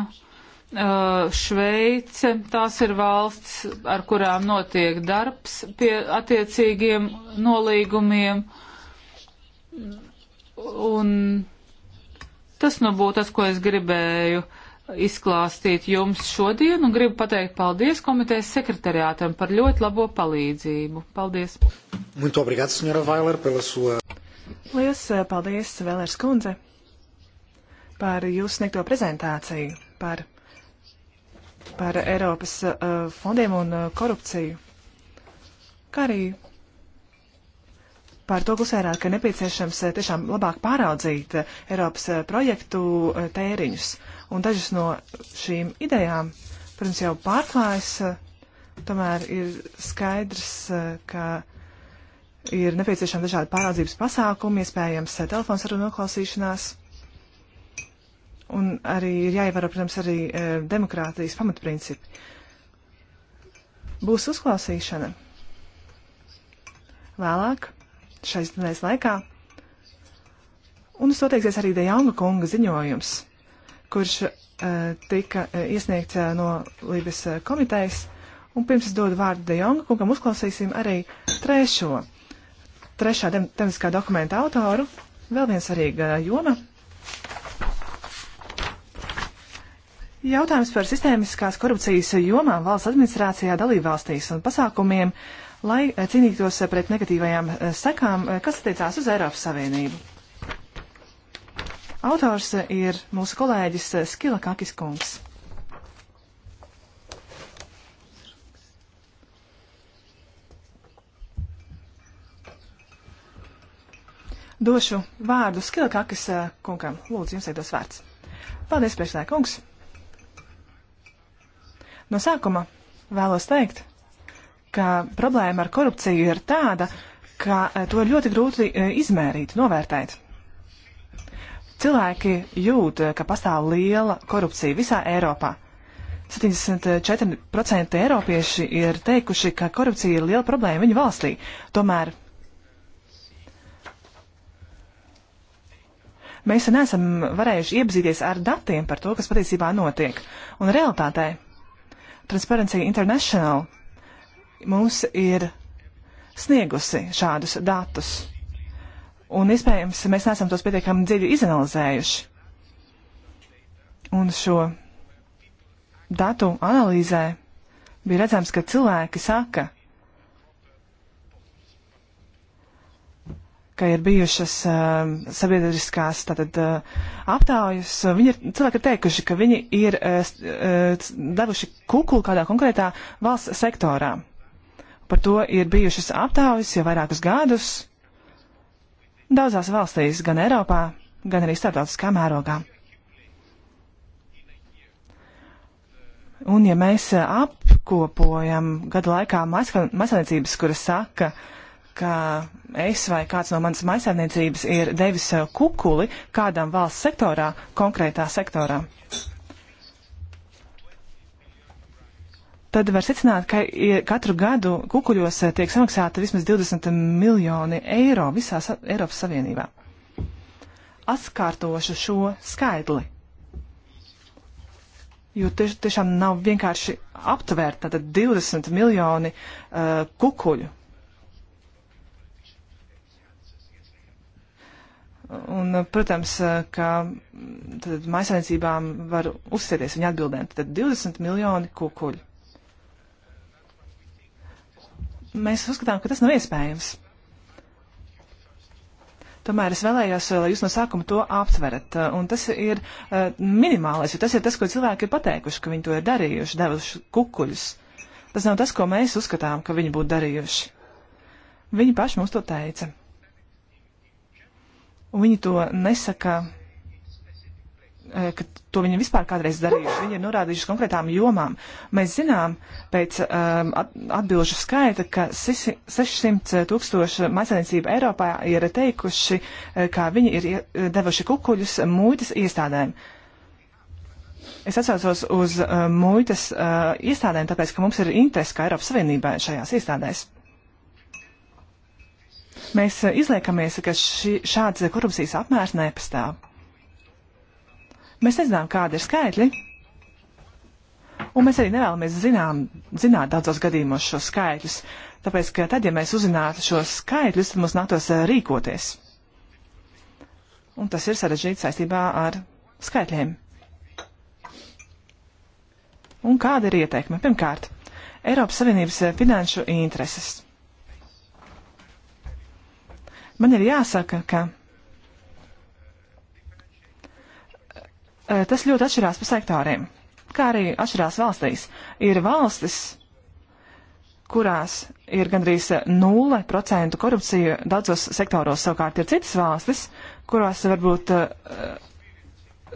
Šveice, tās ir valsts, ar kurām notiek darbs pie attiecīgiem nolīgumiem. Un Tas nu būtu tas, ko es gribēju izklāstīt jums šodien un gribu pateikt paldies komitejas sekretariātam par ļoti labo palīdzību. Paldies! Muito obrigado, senhora Vailer, pela sua. Lielas eh, paldies, Vēlers kundze, par jūsu sniegto prezentāciju, par, par Eiropas uh, fondiem un uh, korupciju, kā arī par to klusērā, ka nepieciešams eh, tiešām labāk pāraudzīt eh, Eiropas eh, projektu tēriņus. Un dažas no šīm idejām, protams, jau pārklājas, tomēr ir skaidrs, ka ir nepieciešami dažādi pāraudzības pasākumi, iespējams, telefons ar noklausīšanās. Un arī ir jāievēro, protams, arī demokrātijas pamatprincipi. Būs uzklausīšana. Vēlāk šais nedēļas laikā. Un uz to teiksies arī Dejanga kunga ziņojums, kurš uh, tika eh, iesniegts uh, no Lībijas uh, komitejas. Un pirms es dodu vārdu Dejonga kungam, uzklausīsim arī trešo, trešā tem temiskā dokumenta autoru. Vēl viens svarīga uh, joma. Jautājums par sistēmiskās korupcijas jomām valsts administrācijā dalībvalstīs un pasākumiem, uh, lai eh, cīnītos eh, pret negatīvajām eh, sekām, kas attiecās uz Eiropas Savienību. Autors ir mūsu kolēģis Skila Kakis kungs. Došu vārdu Skila Kakis kungam. Lūdzu, jums iedos vārds. Paldies, priekšsēkungs. No sākuma vēlos teikt, ka problēma ar korupciju ir tāda, ka eh, to ir ļoti grūti eh, izmērīt, novērtēt. Cilvēki jūt, eh, ka pastāv liela korupcija visā Eiropā. 74% eiropieši ir teikuši, ka korupcija ir liela problēma viņu valstī. Tomēr mēs neesam varējuši iepazīties ar datiem par to, kas patiesībā notiek. Un realitātē Transparency International mums ir sniegusi šādus datus. Un iespējams, mēs neesam tos pietiekami dziļi izanalizējuši. Un šo datu analīzē bija redzams, ka cilvēki saka, ka ir bijušas uh, sabiedriskās tātad, uh, aptaujas. Viņi ir, cilvēki ir teikuši, ka viņi ir uh, uh devuši kukulu kādā konkrētā valsts sektorā. Par to ir bijušas aptaujas jau vairākus gadus daudzās valstīs, gan Eiropā, gan arī starptautiskā mērogā. Un ja mēs apkopojam gadu laikā maisainicības, kuras saka, ka es vai kāds no manas maisainicības ir devis kukuli kādam valsts sektorā, konkrētā sektorā. tad var secināt, ka katru gadu kukuļos eh, tiek samaksāta vismaz 20 miljoni eiro visā sa Eiropas Savienībā. Atskārtošu šo skaidli, jo tieš, tiešām nav vienkārši aptvērt tātad 20 miljoni uh, kukuļu. Un, eh, protams, ka mm, maisainiecībām var uzsēties viņa atbildēm. Tad 20 miljoni kukuļu mēs uzskatām, ka tas nav iespējams. Tomēr es vēlējos, eh, lai jūs no sākuma to aptverat. Eh, un tas ir uh, minimālais, jo tas ir tas, ko cilvēki ir pateikuši, ka viņi to ir darījuši, devuši kukuļus. Tas nav tas, ko mēs uzskatām, ka viņi būtu darījuši. Viņi paši mums to teica. Un viņi to nesaka E, ka to viņi vispār kādreiz darījuši. Viņi ir norādījuši konkrētām jomām. Mēs zinām pēc um, atbilžu skaita, ka 600 tūkstoši maisainiecība Eiropā ir teikuši, e, kā viņi ir devuši kukuļus mūģis iestādēm. Es atsaucos uz uh, muitas uh, iestādēm, tāpēc, ka mums ir interesi kā Eiropas Savienībai šajās iestādēs. Mēs uh, izliekamies, ka ši, šāds korupcijas apmērs nepastāv. Mēs nezinām, kāda ir skaitļi, un mēs arī nevēlamies zinām, zināt daudzos gadījumos šos skaitļus, tāpēc, ka tad, ja mēs uzzinātu šos skaitļus, tad mums nāktos eh, rīkoties. Un tas ir sarežģīti saistībā ar skaitļiem. Un kāda ir ieteikme? Pirmkārt, Eiropas Savienības eh, finanšu intereses. Man ir jāsaka, ka tas ļoti atšķirās pa sektoriem, kā arī atšķirās valstīs. Ir valstis, kurās ir gandrīz 0% korupcija daudzos sektoros, savukārt ir citas valstis, kurās varbūt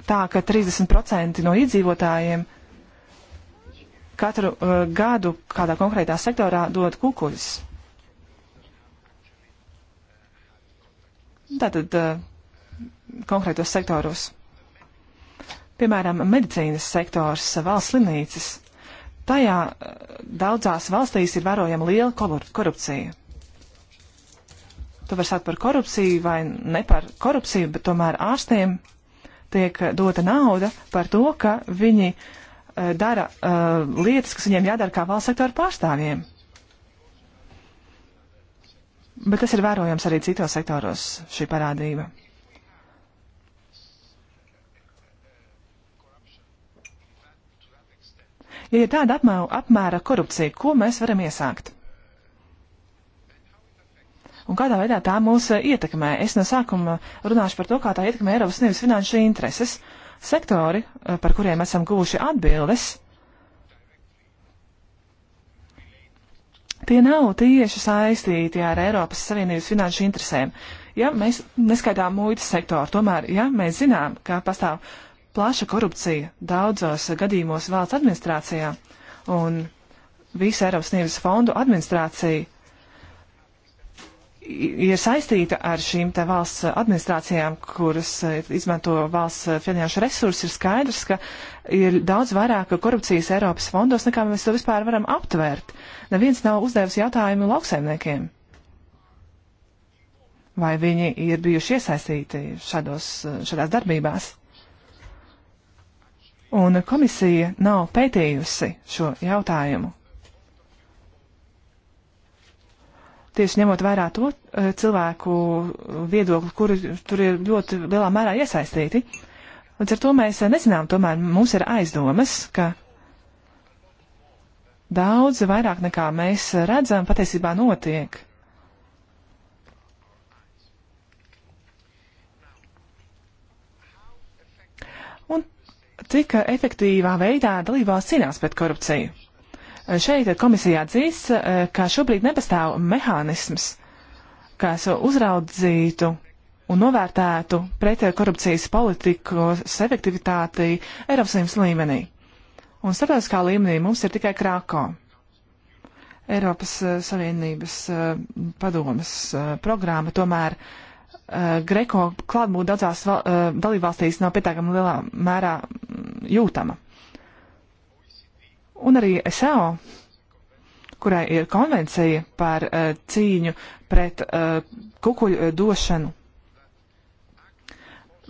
tā, ka 30% no iedzīvotājiem katru gadu kādā konkrētā sektorā dod kukuļus. Tātad konkrētos sektoros. Piemēram, medicīnas sektors, valsts slimnīcas. Tajā eh, daudzās valstīs ir vērojama liela korupcija. Tu vari sākt par korupciju vai ne par korupciju, bet tomēr ārstiem tiek eh, dota nauda par to, ka viņi eh, dara uh, lietas, kas viņiem jādara kā valsts sektora pārstāvjiem. Bet tas ir vērojams arī citos sektoros, šī parādība. Ja ir tāda apmā, apmēra korupcija, ko mēs varam iesākt? Un kādā veidā tā mūs eh, ietekmē? Es no sākuma runāšu par to, kā tā ietekmē Eiropas Savienības finanšu intereses. Sektori, eh, par kuriem esam guvuši atbildes, tie nav tieši saistīti ar Eiropas Savienības finanšu interesēm. Ja mēs neskaitām muitas sektoru, tomēr, ja mēs zinām, ka pastāv plaša korupcija daudzos gadījumos valsts administrācijā un visa Eiropas Savienības fondu administrācija ir saistīta ar šīm te valsts administrācijām, kuras e, izmanto valsts e, finanšu resursus, ir skaidrs, ka ir daudz vairāk korupcijas Eiropas fondos, nekā mēs to vispār varam aptvērt. Neviens nav uzdevis jautājumu lauksaimniekiem. Vai viņi ir bijuši iesaistīti šādos, e, šādās darbībās? un komisija nav pētījusi šo jautājumu. Tieši ņemot vērā to eh, cilvēku viedokli, kuri tur ir ļoti lielā mērā iesaistīti. Līdz ar to mēs eh, nezinām, tomēr mums ir aizdomas, ka daudz vairāk nekā mēs eh, redzam patiesībā notiek. Un cik efektīvā veidā dalībās cīnās pret korupciju. Šeit komisijā dzīs, ka šobrīd nepastāv mehānisms, kas uzraudzītu un novērtētu pretkorupcijas politikas efektivitāti Eiropas Savienības līmenī. Un starptautiskā līmenī mums ir tikai Krako. Eiropas Savienības padomas programma tomēr uh, Eh, Greko klātbūt daudzās val, eh, dalībvalstīs nav pietiekami lielā mērā mm, jūtama. Un arī SAO, kurai ir konvencija par eh, cīņu pret kukuļu došanu,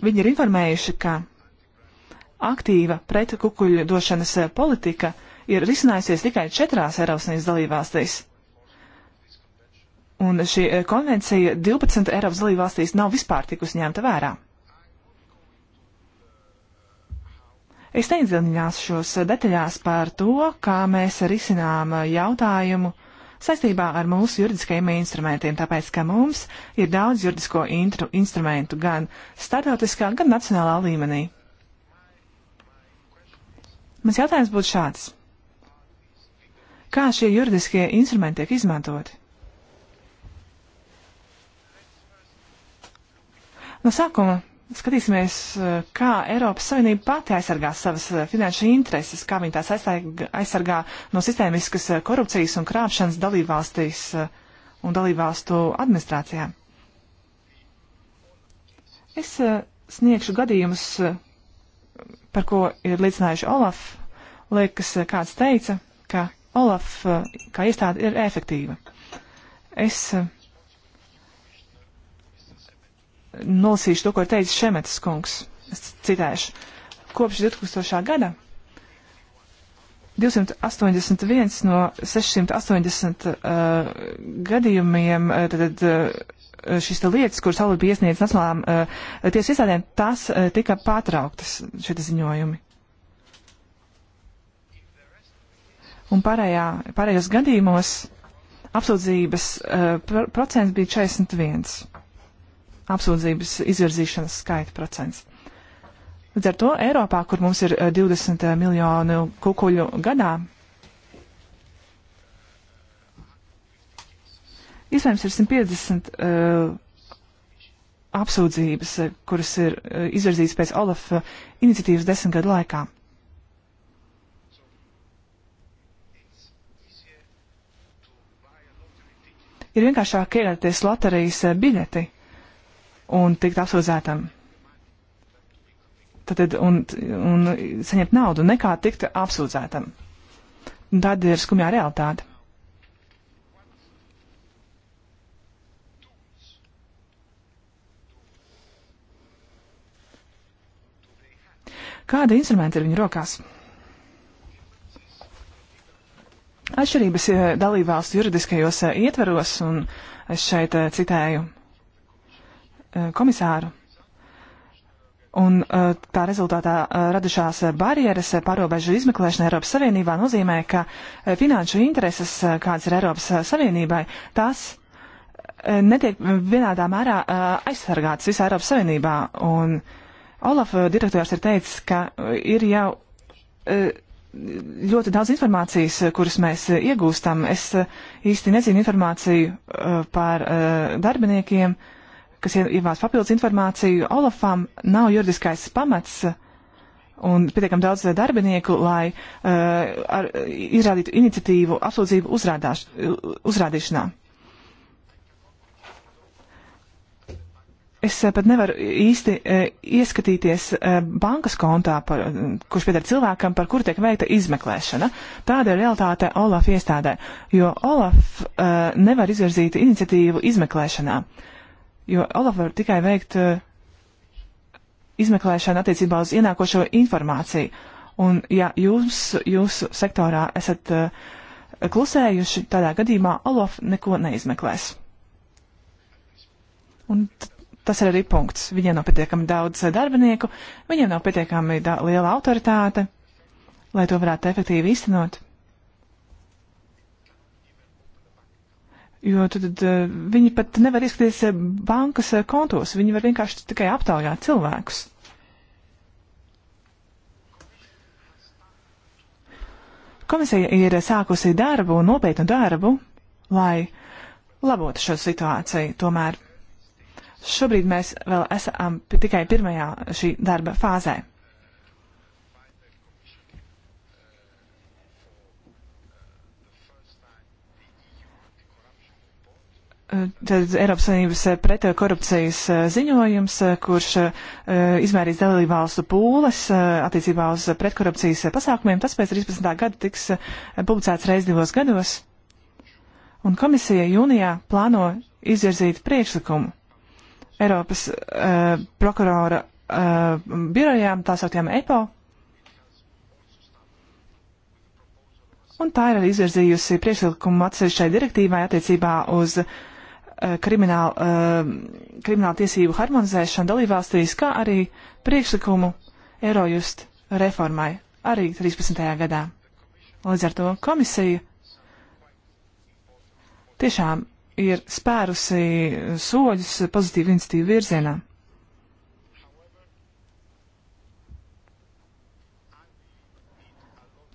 viņi ir informējuši, ka aktīva pret kukuļu došanas politika ir risinājusies tikai četrās Eiropas Savienības dalībvalstīs Un šī eh, konvencija 12 Eiropas dalībvalstīs nav vispār tikus ņemta vērā. Es neiedziļināšos eh, detaļās par to, kā mēs risinām eh, jautājumu saistībā ar mūsu juridiskajiem instrumentiem, tāpēc, ka mums ir daudz juridisko intru, instrumentu gan starptautiskā, gan nacionālā līmenī. Mans jautājums būtu šāds. Kā šie juridiskie instrumenti tiek izmantoti? No sākuma skatīsimies, eh, kā Eiropas Savienība pati aizsargā savas eh, finanšu intereses, kā viņa tās aizsargā, aizsargā no sistēmiskas eh, korupcijas un krāpšanas dalībvalstīs un dalībvalstu administrācijām. Es sniegšu gadījumus, par ko ir liecinājuši Olaf. Liekas, kāds teica, ka Olaf kā iestāde ir efektīva. Es uh, nolasīšu to, ko ir teicis Šemetas kungs. Es citēšu. Kopš 2000. gada 281 no 680 uh, gadījumiem uh, tad, uh, šis te lietas, kuras Sauli bija iesniedz nacionālām uh, tiesu iestādēm, tas uh, tika pārtrauktas šie ziņojumi. Un pārējā, pārējos gadījumos apsūdzības uh, pr procents bija 41 apsūdzības izvirzīšanas skaita procents. Līdz ar to Eiropā, kur mums ir 20 eh, eh, miljonu kukuļu gadā, iespējams ir 150 uh, eh, apsūdzības, kuras ir uh, izvirzītas pēc Olaf uh, iniciatīvas desmit gadu laikā. Ir vienkāršāk iegādāties loterijas biļeti un tikt apsūdzētam. Tad, un, un saņemt naudu, nekā tikt apsūdzētam. Un tāda ir skumjā realitāte. Kādi instrumenti ir viņu rokās? Atšķirības eh, dalībvalstu juridiskajos eh, ietveros, un es šeit eh, citēju Eh, komisāru. Un eh, tā rezultātā eh, radušās barjeras pārobežu izmeklēšana Eiropas Savienībā nozīmē, ka finanšu intereses, kādas ir Eiropas Savienībai, tās netiek vienādā mērā aizsargātas visā Eiropas Savienībā. Un Olaf direktors ir teicis, ka ir jau ļoti daudz informācijas, kuras mēs iegūstam. Es īsti nezinu informāciju par darbiniekiem, uh, kas ievās papildus informāciju, Olafam nav juridiskais pamats uh, un pietiekam daudz uh, darbinieku, lai uh, ar, izrādītu iniciatīvu apsūdzību uzrādāš, uh, uzrādīšanā. Es uh, pat nevaru īsti uh, ieskatīties uh, bankas kontā, par, kurš pieder cilvēkam, par kuru tiek veikta izmeklēšana. Tāda ir realitāte Olaf iestādē, jo Olaf nevar izvirzīt iniciatīvu izmeklēšanā. Uh, jo Olaf var tikai veikt eh, izmeklēšanu attiecībā uz ienākošo informāciju. Un ja jūs, jūsu sektorā esat eh, klusējuši, tādā gadījumā Olaf neko neizmeklēs. Un tas ir arī punkts. Viņiem nav pietiekami daudz eh, darbinieku, viņiem nav pietiekami da liela autoritāte, lai to varētu efektīvi īstenot. jo tad, tad eh, viņi pat nevar ieskaties eh, bankas eh, kontos, viņi var vienkārši tikai aptaujāt cilvēkus. Komisija ir sākusi darbu, nopietnu darbu, lai labotu šo situāciju. Tomēr šobrīd mēs vēl esam tikai pirmajā šī darba fāzē. Tad Eiropas Savienības eh, pretkorupcijas eh, eh, ziņojums, kurš izmērīs dalību valstu pūles attiecībā uz pretkorupcijas pasākumiem, tas pēc 13. gada tiks publicēts reiz divos gados. Un komisija jūnijā plāno izvirzīt priekšlikumu Eiropas uh, prokurora uh, birojām, tā sauktiem EPO. Un tā ir arī izvirzījusi priekšlikumu atsevišķai direktīvai attiecībā uz uh, kriminālu, eh, kriminālu eh, tiesību harmonizēšanu dalībvalstīs, kā arī priekšlikumu Eurojust reformai arī 13. gadā. Līdz ar to komisija tiešām ir spērusi soļus pozitīvu institīvu virzienā.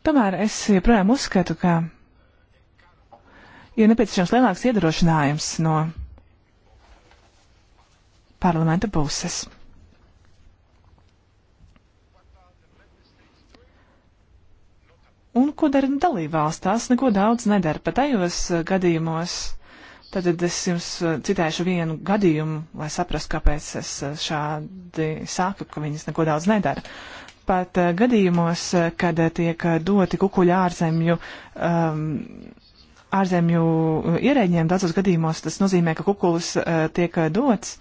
Tomēr es joprojām uzskatu, ka ir nepieciešams lielāks iedrošinājums no parlamenta puses. Un ko dara dalībvalsts? Tās neko daudz nedara pat tajos eh, gadījumos. Tad es jums eh, citēšu vienu gadījumu, lai saprastu, kāpēc es eh, šādi saku, ka viņas neko daudz nedara. Pat gadījumos, kad tiek doti kukuļu ārzemju um, ārzemju uh, ierēģiem daudzos gadījumos tas nozīmē, ka kukulis uh, tiek uh, dots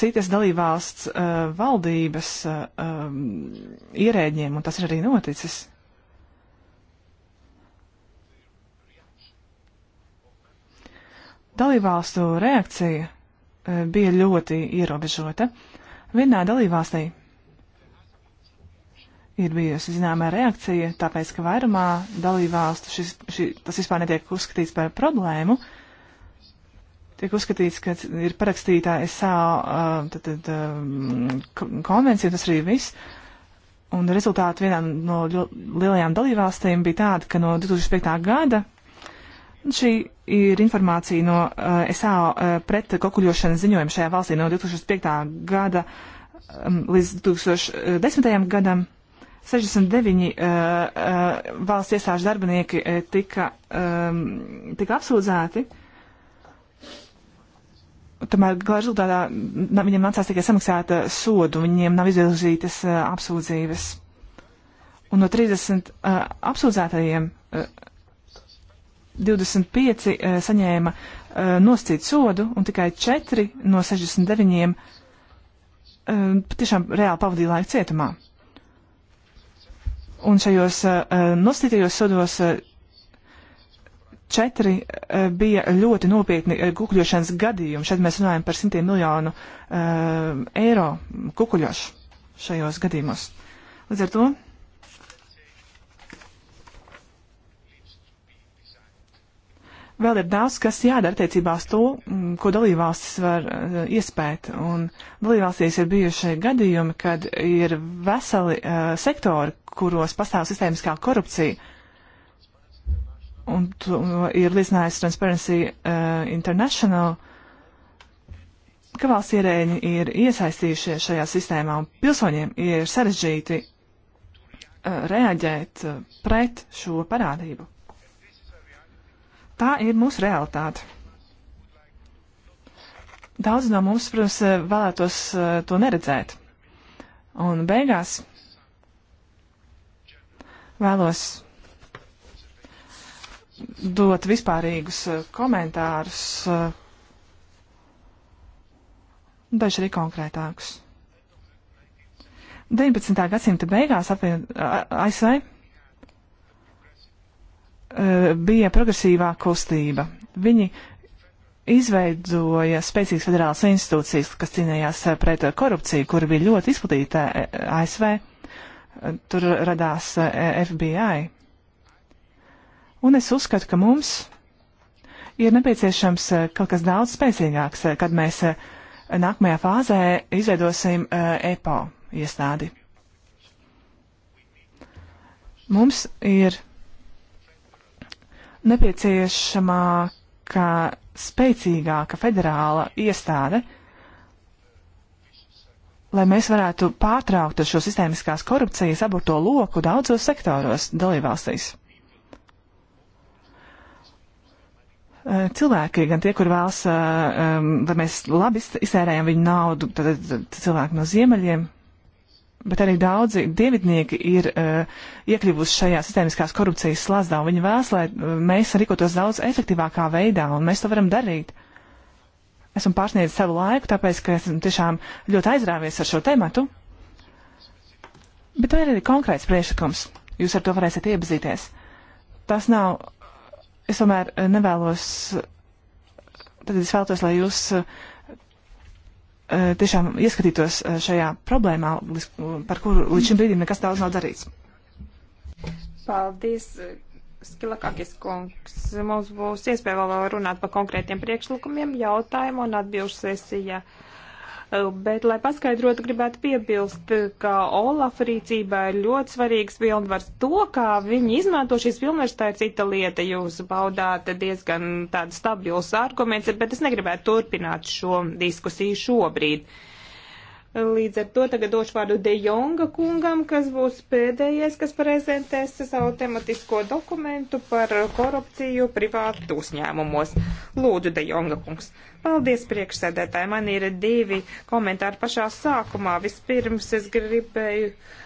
citas dalībvalsts uh, valdības uh, um, ierēģiem, un tas ir arī noticis. Dalībvalstu reakcija uh, bija ļoti ierobežota. Vienā dalībvalstī ir bijusi zināmā reakcija, tāpēc, ka vairumā dalībvalstu šis, šis, tas vispār netiek uzskatīts par problēmu. Tiek uzskatīts, ka ir parakstītā SAO tad, tad, konvencija, tas arī viss. Un rezultāti vienām no lielajām dalībvalstīm bija tāda, ka no 2005. gada šī ir informācija no uh, SAO uh, pret kokuļošanas ziņojuma šajā valstī no 2005. gada um, līdz 2010. gadam 69 uh, uh, valsts iestāžu darbinieki uh, tika, um, tika apsūdzēti. Tomēr gala rezultātā viņiem nācās tikai samaksāt uh, sodu, viņiem nav izvirzītas uh, apsūdzības. Un no 30 uh, apsūdzētajiem uh, 25 uh, saņēma uh, noscīt sodu, un tikai 4 no 69 uh, tiešām reāli pavadīja laiku cietumā. Uh, Un šajos eh, eh, nosacītajos sodos eh, četri bija ļoti nopietni kukuļošanas gadījumi. Šeit mēs runājam par simtiem miljonu eiro kukuļošu šajos gadījumos. Līdz ar to vēl ir daudz, kas jādara attiecībā uz to, mm, ko dalībvalstis var uh, iespēt. Un dalībvalstīs ir bijuši gadījumi, kad ir veseli uh, sektori, kuros pastāv sistēmiskā korupcija. Un to ir liecinājis Transparency uh, International, ka valsts ierēģi ir iesaistījušies šajā sistēmā un pilsoņiem ir sarežģīti uh, reaģēt uh, pret šo parādību. Tā ir mūsu realitāte. Daudz no mums, protams, vēlētos eh, to neredzēt. Un beigās vēlos dot vispārīgus eh, komentārus, eh, daži arī konkrētākus. 19. gadsimta beigās ASV Eh, bija progresīvā kustība. Viņi izveidoja spēcīgas federālas institūcijas, kas cīnījās eh, pret korupciju, kur bija ļoti izplatīta eh, ASV. Tur radās FBI. Un es uzskatu, ka mums ir nepieciešams kaut kas daudz spēcīgāks, kad mēs nākamajā fāzē izveidosim EPO e iestādi. Mums ir nepieciešamāka, spēcīgāka federāla iestāde, lai mēs varētu pārtraukt šo sistēmiskās korupcijas aborto loku daudzos sektoros dalībvalstīs. Eh, cilvēki, gan tie, kur vēlas, eh, lai mēs labi iztērējam viņu naudu, tad cilvēki no ziemeļiem, bet arī daudzi dievidnieki ir uh, iekļuvuši šajā sistēmiskās korupcijas slazdā, un viņi vēlas, lai eh, mēs rīkotos daudz efektīvākā veidā, un mēs to varam darīt. Esmu pārsniedzis savu laiku, tāpēc, ka esmu tiešām ļoti aizrāvies ar šo tematu. Bet vai ir arī konkrēts priekšlikums? Jūs ar to varēsiet iepazīties. Tas nav, es tomēr eh, nevēlos, tad es vēlos, lai jūs uh, Eh, tiešām ieskatītos eh, šajā problēmā, par kuru līdz šim brīdim nekas daudz nav darīts. Paldies, Skilakakis kungs. Mums būs iespēja vēl runāt par konkrētiem priekšlikumiem, jautājumu un atbilžu sesijā. Ja Uh, bet, lai paskaidrotu, gribētu piebilst, ka Olafa rīcībā ir ļoti svarīgs pilnvars. To, kā viņi izmanto šīs pilnvars, tā ir cita lieta. Jūs baudāt diezgan tādus stabilus argumentus, bet es negribētu turpināt šo diskusiju šobrīd. Uh, Līdz ar to tagad došu vārdu De Jonga kungam, kas būs pēdējais, kas prezentēs savu tematisko dokumentu par korupciju privātu uzņēmumos. Lūdzu, De Jonga kungs. Paldies, priekšsēdētāji. Man ir divi komentāri pašā sākumā. Vispirms es gribēju. Uh,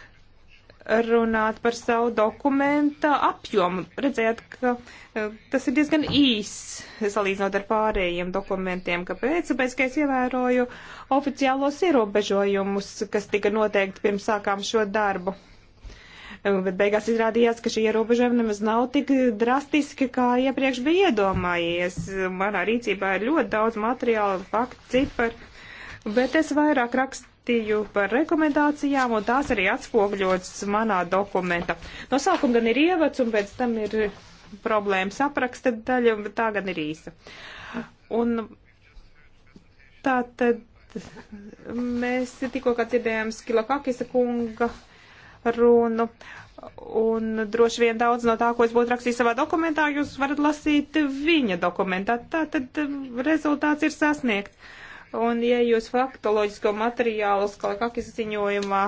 runāt par savu dokumenta apjomu. Redzējāt, ka e, tas ir diezgan īss salīdzinot ar pārējiem dokumentiem. Kāpēc? Tāpēc, ka es ievēroju oficiālos ierobežojumus, kas tika noteikti pirms sākām šo darbu. E, bet beigās izrādījās, ka šie ierobežojumi nemaz nav tik drastiski, kā iepriekš bija iedomājies. Manā rīcībā ir ļoti daudz materiāla, faktu, ciparu. Bet es vairāk rakst, rakstīju par rekomendācijām, un tās arī atspogļots manā dokumenta. No sākuma gan ir ievads, un pēc tam ir problēma sapraksta daļa, bet tā gan ir īsa. Un tā tad mēs tikko kā dzirdējām Skilakakisa kunga runu, un droši vien daudz no tā, ko es būtu rakstījis savā dokumentā, jūs varat lasīt viņa dokumentā. Tā tad rezultāts ir sasniegts. Un, ja jūs faktoloģisko materiālu Skalakakis ziņojumā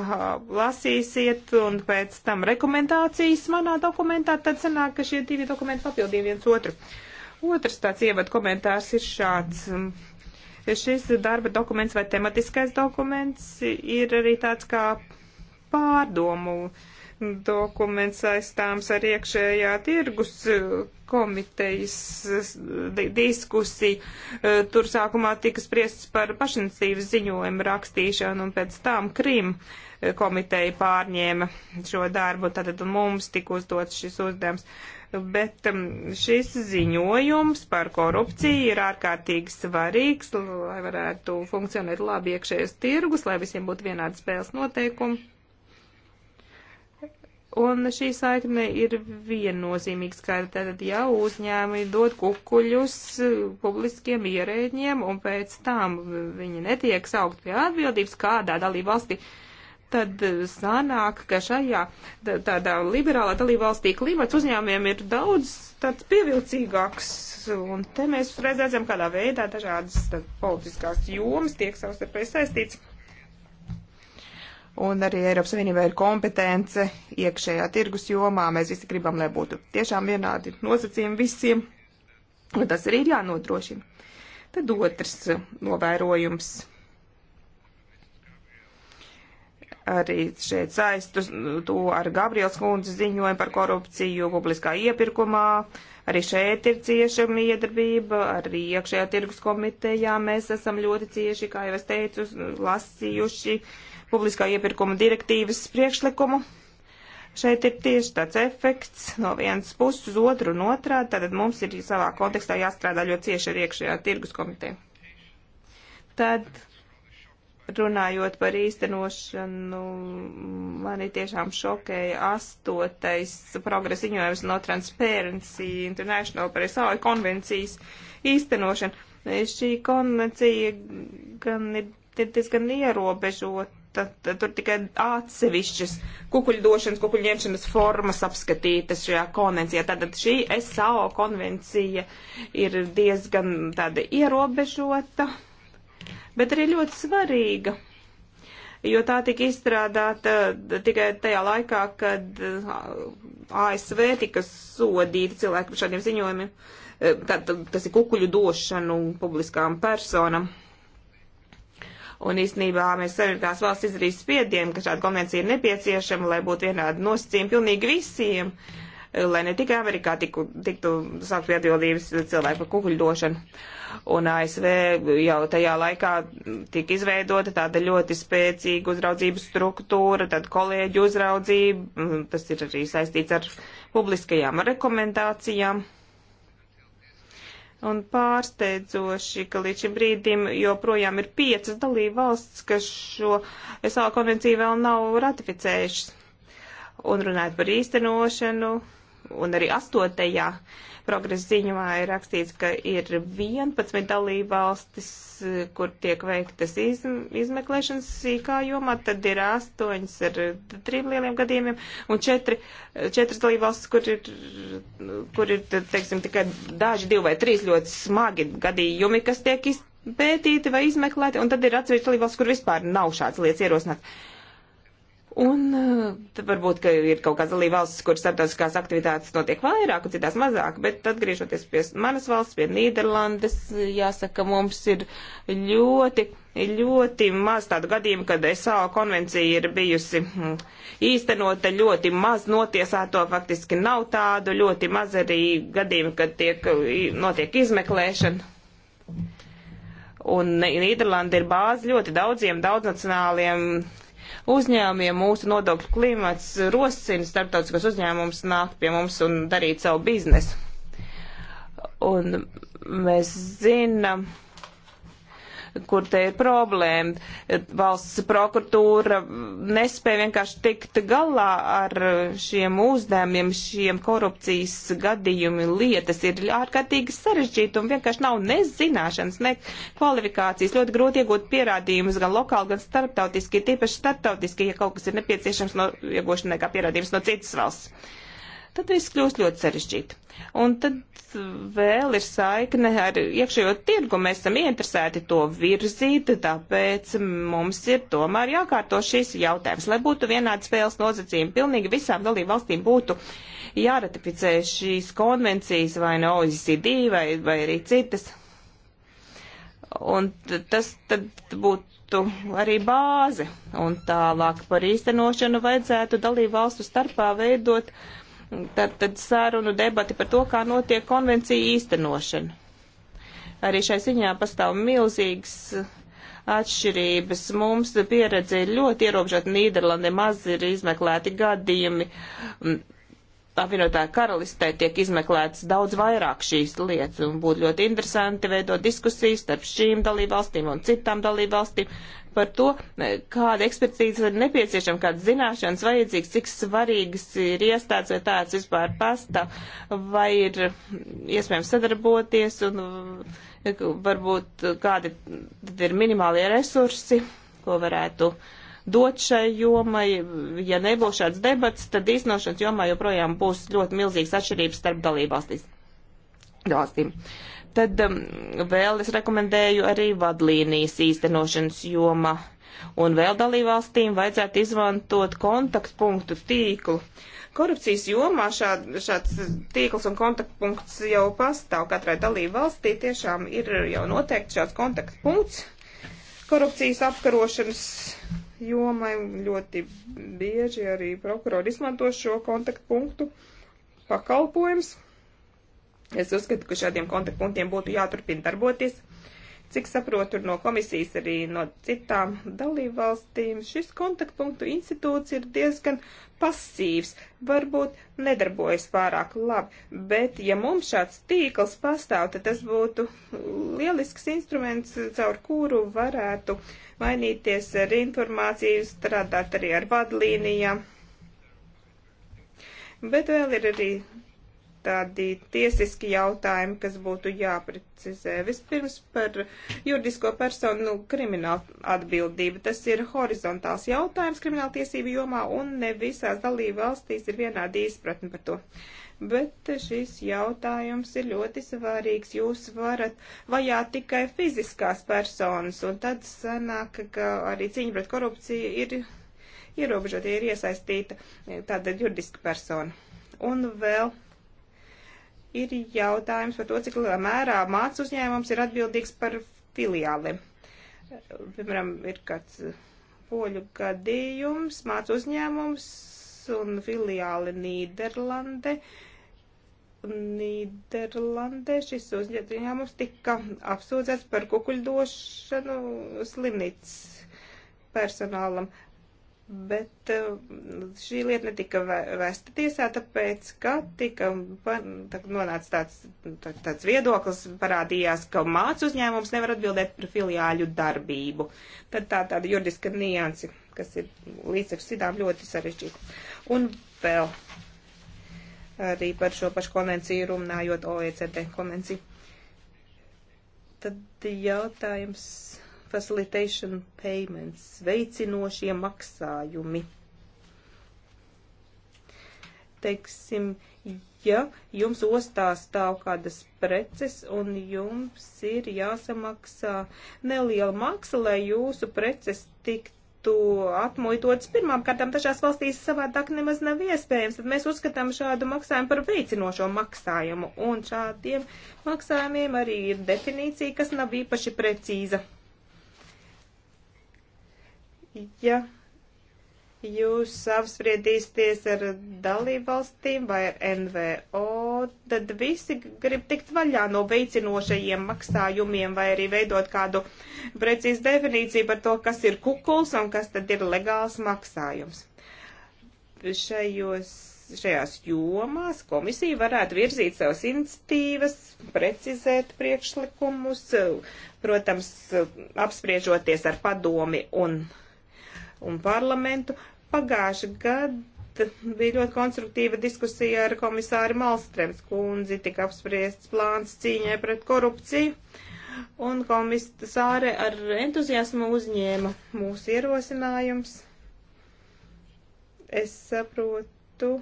lasīsiet un pēc tam rekomendācijas manā dokumentā, tad sanāk, ka šie divi dokumenti papildīja viens otru. Otrs tāds ievad komentārs ir šāds. Šis darba dokuments vai tematiskais dokuments ir arī tāds kā pārdomu uh, dokuments saistāms ar iekšējā tirgus uh, komitejas uh, diskusiju. Uh, tur sākumā tika spriests par pašinicīvas ziņojumu rakstīšanu un pēc tam Krim komiteja pārņēma šo darbu, tad mums tika uzdots šis uzdevums. Bet um, šis ziņojums par korupciju ir ārkārtīgi svarīgs, lai varētu funkcionēt labi iekšējais tirgus, lai visiem būtu vienādi spēles noteikumi Un šī saikne ir viennozīmīga skaidra. Tātad, ja uzņēmumi dod kukuļus e, publiskiem ierēģiem un pēc tam viņi netiek saukt pie atbildības kādā dalībvalstī, tad e, sanāk, ka šajā tādā liberālā dalībvalstī klimats uzņēmumiem ir daudz tāds pievilcīgāks. Un te mēs redzam, kādā veidā dažādas tad, politiskās jomas tiek savstarpēji saistītas un arī Eiropas Savienībā ir kompetence iekšējā tirgus jomā. Mēs visi gribam, lai būtu tiešām vienādi nosacījumi visiem, un tas arī ir jānodrošina. Tad otrs eh, novērojums. Arī šeit saistu to ar Gabriels kundzes ziņojumu par korupciju publiskā iepirkumā. Arī šeit ir cieša miedarbība, arī iekšējā tirgus komitejā mēs esam ļoti cieši, kā jau es teicu, lasījuši uh, publiskā iepirkuma direktīvas priekšlikumu. Šeit ir tieši tāds efekts no vienas puses uz otru un otrā, tad mums ir savā kontekstā jāstrādā ļoti cieši ar iekšējā tirgus komiteju. Tad runājot par īstenošanu, mani tiešām šokēja astotais progresa ziņojums no Transparency International par SAO konvencijas īstenošanu. Šī konvencija gan ir diezgan ierobežota tad, tad tur tikai atsevišķas kukuļdošanas, kukuļņemšanas formas apskatītas šajā konvencijā. Tātad šī SAO konvencija ir diezgan tāda ierobežota, bet arī ļoti svarīga jo tā tika izstrādāta tikai tajā laikā, kad ASV tika sodīti cilvēki par šādiem ziņojumiem. Tad, tas ir kukuļu došanu publiskām personam. Un īstenībā mēs savienotās valsts izdarīs spiedienu, ka šāda konvencija ir nepieciešama, lai būtu vienādi nosacījumi pilnīgi visiem, lai ne tikai Amerikā tiku, tiktu sākt pie atbildības cilvēku par kukuļdošanu. Un ASV jau tajā laikā tika izveidota tāda ļoti spēcīga uzraudzības struktūra, tad kolēģi uzraudzība, tas ir arī saistīts ar publiskajām rekomendācijām. Un pārsteidzoši, ka līdz šim brīdim joprojām ir piecas dalība valsts, kas šo SAO konvenciju vēl nav ratificējušas. Un runājot par īstenošanu, un arī astotajā progresa ziņumā ir rakstīts, ka ir 11 dalībvalstis, eh, kur tiek veiktas izm izmeklēšanas sīkā jomā, tad ir 8 ar 3 lieliem gadījumiem un 4, 4 dalībvalstis, kur ir, kur ir, teiksim, tikai daži 2 vai 3 ļoti smagi gadījumi, kas tiek pētīti vai izmeklēti, un tad ir atsevišķi dalībvalsts, kur vispār nav šāds lietas ierosināts. Uh, Un eh, tad varbūt, ka ir kaut kādas dalībvalstis, kur starptautiskās aktivitātes notiek vairāk un citās mazāk, bet atgriežoties pie manas valsts, pie Nīderlandes, jāsaka, mums ir ļoti, ļoti maz tādu gadījumu, kad SAO konvencija ir bijusi mm, īstenota, ļoti maz notiesāto faktiski nav tādu, ļoti maz arī gadījumu, kad tiek, notiek izmeklēšana. Un Nīderlanda ir bāze ļoti daudziem daudznacionāliem uzņēmumiem mūsu nodokļu klimats rosina starptautiskos uzņēmumus nākt pie mums un darīt savu biznesu. Un mēs zinām, kur te ir problēma. Valsts prokuratūra nespēja vienkārši tikt galā ar šiem uzdevumiem, šiem korupcijas gadījumi lietas ir ārkārtīgi sarežģīti un vienkārši nav ne zināšanas, ne kvalifikācijas. Ļoti grūti iegūt pierādījumus gan lokāli, gan starptautiski, tīpaši starptautiski, ja kaut kas ir nepieciešams no iegūšanai kā pierādījums no citas valsts tad viss kļūst ļoti sarežģīti. Un tad vēl ir saikne ar iekšējo tirgu. Mēs esam ieinteresēti to virzīt, tāpēc mums ir tomēr jākārto šīs jautājums. Lai būtu vienāds spēles nozacījumi, pilnīgi visām dalību valstīm būtu jāratificē šīs konvencijas vai no OECD vai, vai arī citas. Un tas tad būtu arī bāze. Un tālāk par īstenošanu vajadzētu dalību valstu starpā veidot uh, Tad, tad sārunu debati par to, kā notiek konvencija īstenošana. Arī šai ziņā pastāv milzīgas atšķirības. Mums pieredze ir ļoti ierobežota. Nīderlandē maz ir izmeklēti gadījumi. Mm, Apvienotā karalistē tiek izmeklētas daudz vairāk šīs lietas un būtu ļoti interesanti veidot diskusijas starp šīm dalībvalstīm un citām dalībvalstīm, par to, kāda ekspertīze ir nepieciešama, kādas zināšanas vajadzīgas, cik svarīgas ir iestādes vai tāds vispār pastāv, vai ir iespējams sadarboties un varbūt kādi ir minimālie resursi, ko varētu dot šai jomai. Ja nebūs šāds debats, tad īstenošanas jomā joprojām būs ļoti milzīgas atšķirības starp dalībvalstīm. Tad um, vēl es rekomendēju arī vadlīnijas īstenošanas jomā. Un vēl dalībvalstīm vajadzētu izmantot kontaktpunktu tīklu. Korupcijas jomā šā, šāds tīkls un kontaktpunkts jau pastāv. Katrai dalībvalstī tiešām ir jau noteikti šāds kontaktpunkts korupcijas apkarošanas jomai. Ļoti bieži arī prokurori izmanto šo kontaktpunktu pakalpojums. Es uzskatu, ka šādiem kontaktpunktiem būtu jāturpina darboties. Cik saprotu no komisijas arī no citām dalībvalstīm, šis kontaktpunktu institūts ir diezgan pasīvs, varbūt nedarbojas pārāk labi, bet ja mums šāds tīkls pastāv, tad tas būtu lielisks instruments, caur kuru varētu mainīties ar informāciju, strādāt arī ar vadlīnijām. Bet vēl ir arī tādi tiesiski jautājumi, kas būtu jāprecizē. Vispirms par juridisko personu nu, kriminālu atbildību. Tas ir horizontāls jautājums krimināla tiesību jomā un ne visās dalību valstīs ir vienādi izpratni par to. Bet šis jautājums ir ļoti svarīgs. Jūs varat vajāt tikai fiziskās personas, un tad sanāk, ka arī cīņa pret korupciju ir ierobežota, ja ir iesaistīta tāda juridiska persona. Un vēl ir jautājums par to, cik lielā mērā māc uzņēmums ir atbildīgs par filiāli. Piemēram, ir kāds poļu gadījums, māc uzņēmums un filiāli Nīderlande. Nīderlandē šis uzņēmums tika apsūdzēts par kukuļdošanu slimnīcas personālam bet eh, šī lieta netika vēsta tiesā, tāpēc, ka tika nonāca tāds, tāds viedoklis, parādījās, ka māc uzņēmums nevar atbildēt par filiāļu darbību. Tad tā tāda juridiska niansi, kas ir līdz citām ļoti sarežģīta. Un vēl arī par šo pašu konvenciju runājot OECD konvenciju. Tad jautājums facilitation payments, veicinošie maksājumi. Teiksim, ja jums ostā stāv kādas preces un jums ir jāsamaksā neliela maksa, lai jūsu preces tiktu atmuitotas pirmām kārtām dažās valstīs savādāk nemaz nav iespējams, tad mēs uzskatām šādu maksājumu par veicinošo maksājumu. Un šādiem maksājumiem arī ir definīcija, kas nav īpaši precīza ja jūs apspriedīsieties ar dalībvalstīm vai ar NVO, tad visi grib tikt vaļā no veicinošajiem maksājumiem vai arī veidot kādu precīzu definīciju par to, kas ir kukuls un kas tad ir legāls maksājums. Šajos, šajās jomās komisija varētu virzīt savas institīvas, precizēt priekšlikumus, protams, apspriežoties ar padomi un un parlamentu. Pagājuši gadu bija ļoti konstruktīva diskusija ar komisāru Malstrēms kundzi, tika apspriests plāns cīņai pret korupciju, un komisāre ar entuziasmu uzņēma mūsu ierosinājums. Es saprotu,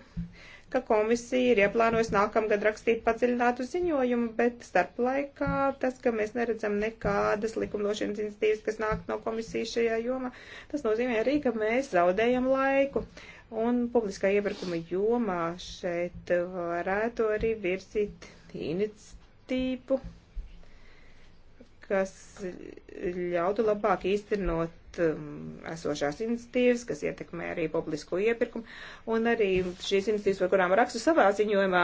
ka komisija ir ieplānojusi nākamgad rakstīt padziļinātu ziņojumu, bet starp laikā tas, ka mēs neredzam nekādas likumdošanas institīvas, kas nāk no komisijas šajā jomā, tas nozīmē arī, ka mēs zaudējam laiku. Un publiskā iepirkuma jomā šeit varētu arī virzīt iniciatīvu, kas ļautu labāk īstenot veikt um, esošās iniciatīvas, kas ietekmē arī publisko iepirkumu, un arī šīs iniciatīvas, par kurām rakstu savā ziņojumā,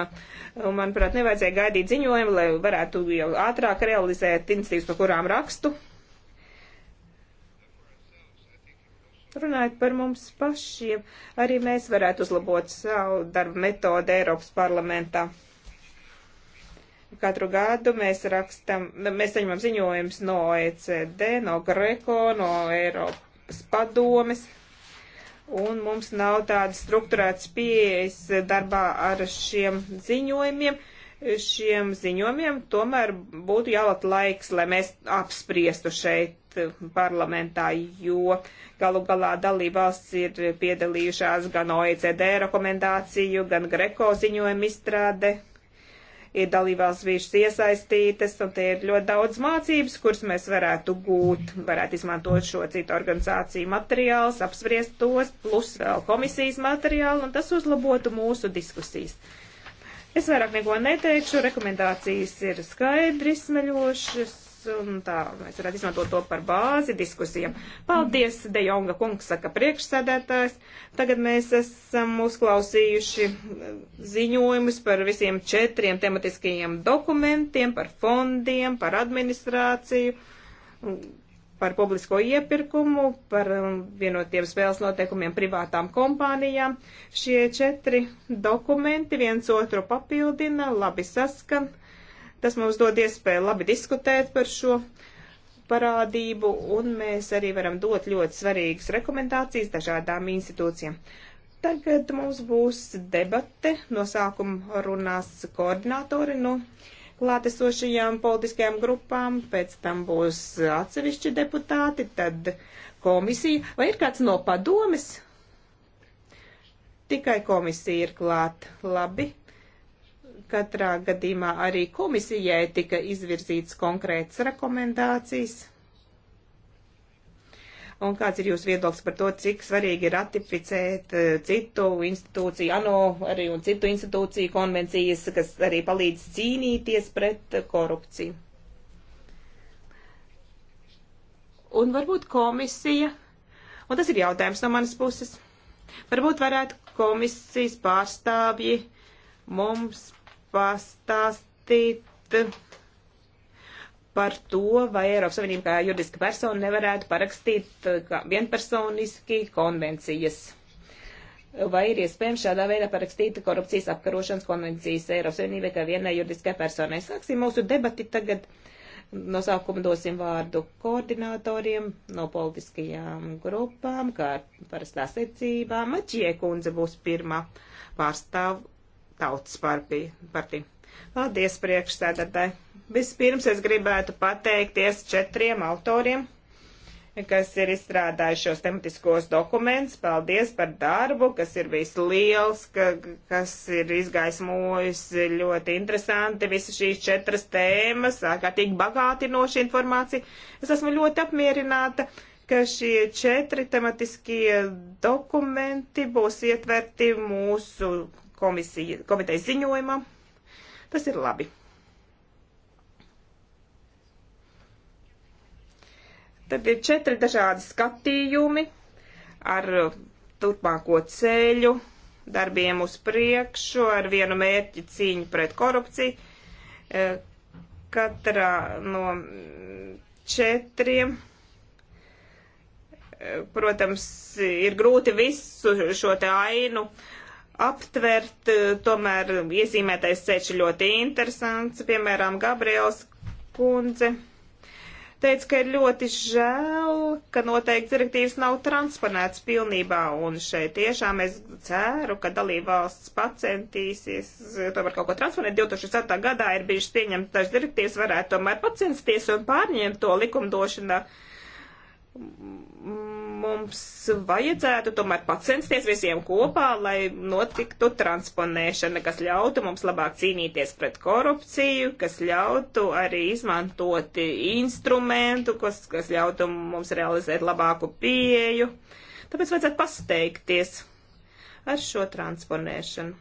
manuprāt, nevajadzēja gaidīt ziņojumu, lai varētu jau ātrāk realizēt iniciatīvas, par kurām rakstu. Runājot par mums pašiem, arī mēs varētu uzlabot savu darbu metodu Eiropas parlamentā. Katru gadu mēs rakstam, mēs saņemam ziņojumus no OECD, no Greko, no Eiropas padomes, un mums nav tādas struktūrētas pieejas darbā ar šiem ziņojumiem. Šiem ziņojumiem tomēr būtu jālat laiks, lai mēs apspriestu šeit parlamentā, jo galu galā dalībvalsts ir piedalījušās gan OECD rekomendāciju, gan Greko ziņojumu izstrāde ir dalībvalsts bijušas iesaistītas, un te ir ļoti daudz mācības, kuras mēs varētu gūt, varētu izmantot šo citu organizāciju materiālus, apspriest tos, plus vēl komisijas materiālu, un tas uzlabotu mūsu diskusijas. Es vairāk neko neteikšu, rekomendācijas ir skaidri smeļošas, un tā mēs varētu izmantot to par bāzi diskusijām. Paldies, De Jonga kungs, saka priekšsēdētājs. Tagad mēs esam uzklausījuši ziņojumus par visiem četriem tematiskajiem dokumentiem, par fondiem, par administrāciju, par publisko iepirkumu, par um, vienotiem spēles noteikumiem privātām kompānijām. Šie četri dokumenti viens otru papildina, labi saskan Tas mums dod iespēju labi diskutēt par šo parādību, un mēs arī varam dot ļoti svarīgas rekomendācijas dažādām institūcijām. Tagad mums būs debate, no sākuma runās koordinātori no klātesošajām politiskajām grupām, pēc tam būs atsevišķi deputāti, tad komisija. Vai ir kāds no padomis? Tikai komisija ir klāt. Labi katrā gadījumā arī komisijai tika izvirzīts konkrēts rekomendācijas. Un kāds ir jūsu viedoklis par to, cik svarīgi ir ratificēt eh, citu institūciju, ANO arī un citu institūciju konvencijas, kas arī palīdz cīnīties pret korupciju? Un varbūt komisija, un tas ir jautājums no manas puses, varbūt varētu komisijas pārstāvji mums pastāstīt par to, vai Eiropas Savienība kā juridiska persona nevarētu parakstīt eh, vienpersoniski konvencijas. Vai ir iespējams šādā veidā parakstīt korupcijas apkarošanas konvencijas Eiropas Savienībai kā vienai juridiskai personai? Sāksim mūsu debati tagad. No sākuma dosim vārdu koordinatoriem no politiskajām grupām, kā parastā secībā. Maķie kundze būs pirmā pārstāv tautas partiju. Paldies priekšsēdētāji. Vispirms es gribētu pateikties četriem autoriem, kas ir izstrādājuši šos tematiskos dokumentus. Paldies par darbu, kas ir bijis liels, ka, kas ir izgaismojis ļoti interesanti visas šīs četras tēmas, ārkārtīgi bagātinoši informācija. Es esmu ļoti apmierināta ka šie četri tematiskie dokumenti būs ietverti mūsu komisija, komitejas ziņojumā. Tas ir labi. Tad ir četri dažādi skatījumi ar turpmāko ceļu, darbiem uz priekšu, ar vienu mērķi cīņu pret korupciju. E, katrā no četriem e, protams, ir grūti visu šo te ainu aptvert, eh, tomēr iezīmētais ceļš ļoti interesants. Piemēram, Gabriels kundze teica, ka ir ļoti žēl, ka noteikti direktīvas nav transponēts pilnībā, un šeit tiešām es ceru, ka dalībvalsts pacentīsies eh, tomēr kaut ko transponēt. 2007. gadā ir bijušas pieņemtas direktīvas, varētu tomēr pacensties un pārņemt to likumdošanā. Uh, mums vajadzētu tomēr pacensties visiem kopā, lai notiktu transponēšana, kas ļautu mums labāk cīnīties pret korupciju, kas ļautu arī izmantot instrumentu, kas, kas ļautu mums realizēt labāku pieeju. Tāpēc vajadzētu pasteikties ar šo transponēšanu.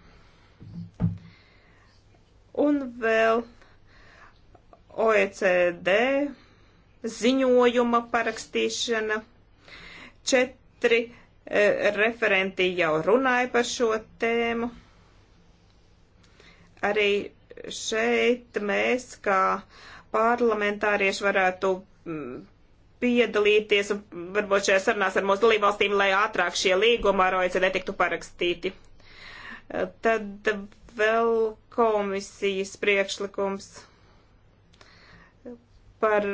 Un vēl OECD ziņojuma parakstīšana. Četri e, referenti jau runāja par šo tēmu. Arī šeit mēs, kā parlamentārieši, varētu piedalīties un varbūt šajā sarunās ar mūsu dalībvalstīm, lai ātrāk šie līguma ar OECD tiktu parakstīti. E, tad vēl komisijas priekšlikums par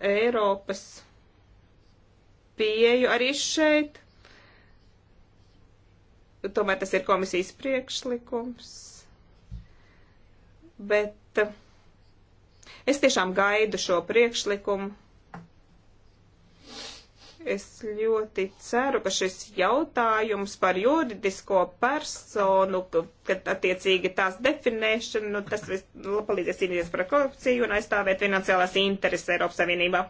Eiropas pieju arī šeit. Tomēr tas ir komisijas priekšlikums. Bet es tiešām gaidu šo priekšlikumu Es ļoti ceru, ka šis jautājums par juridisko personu, kad attiecīgi tās definēšanu, nu, tas viss palīdzēs cīnīties par korupciju un aizstāvēt finansiālās intereses Eiropas Savienībā.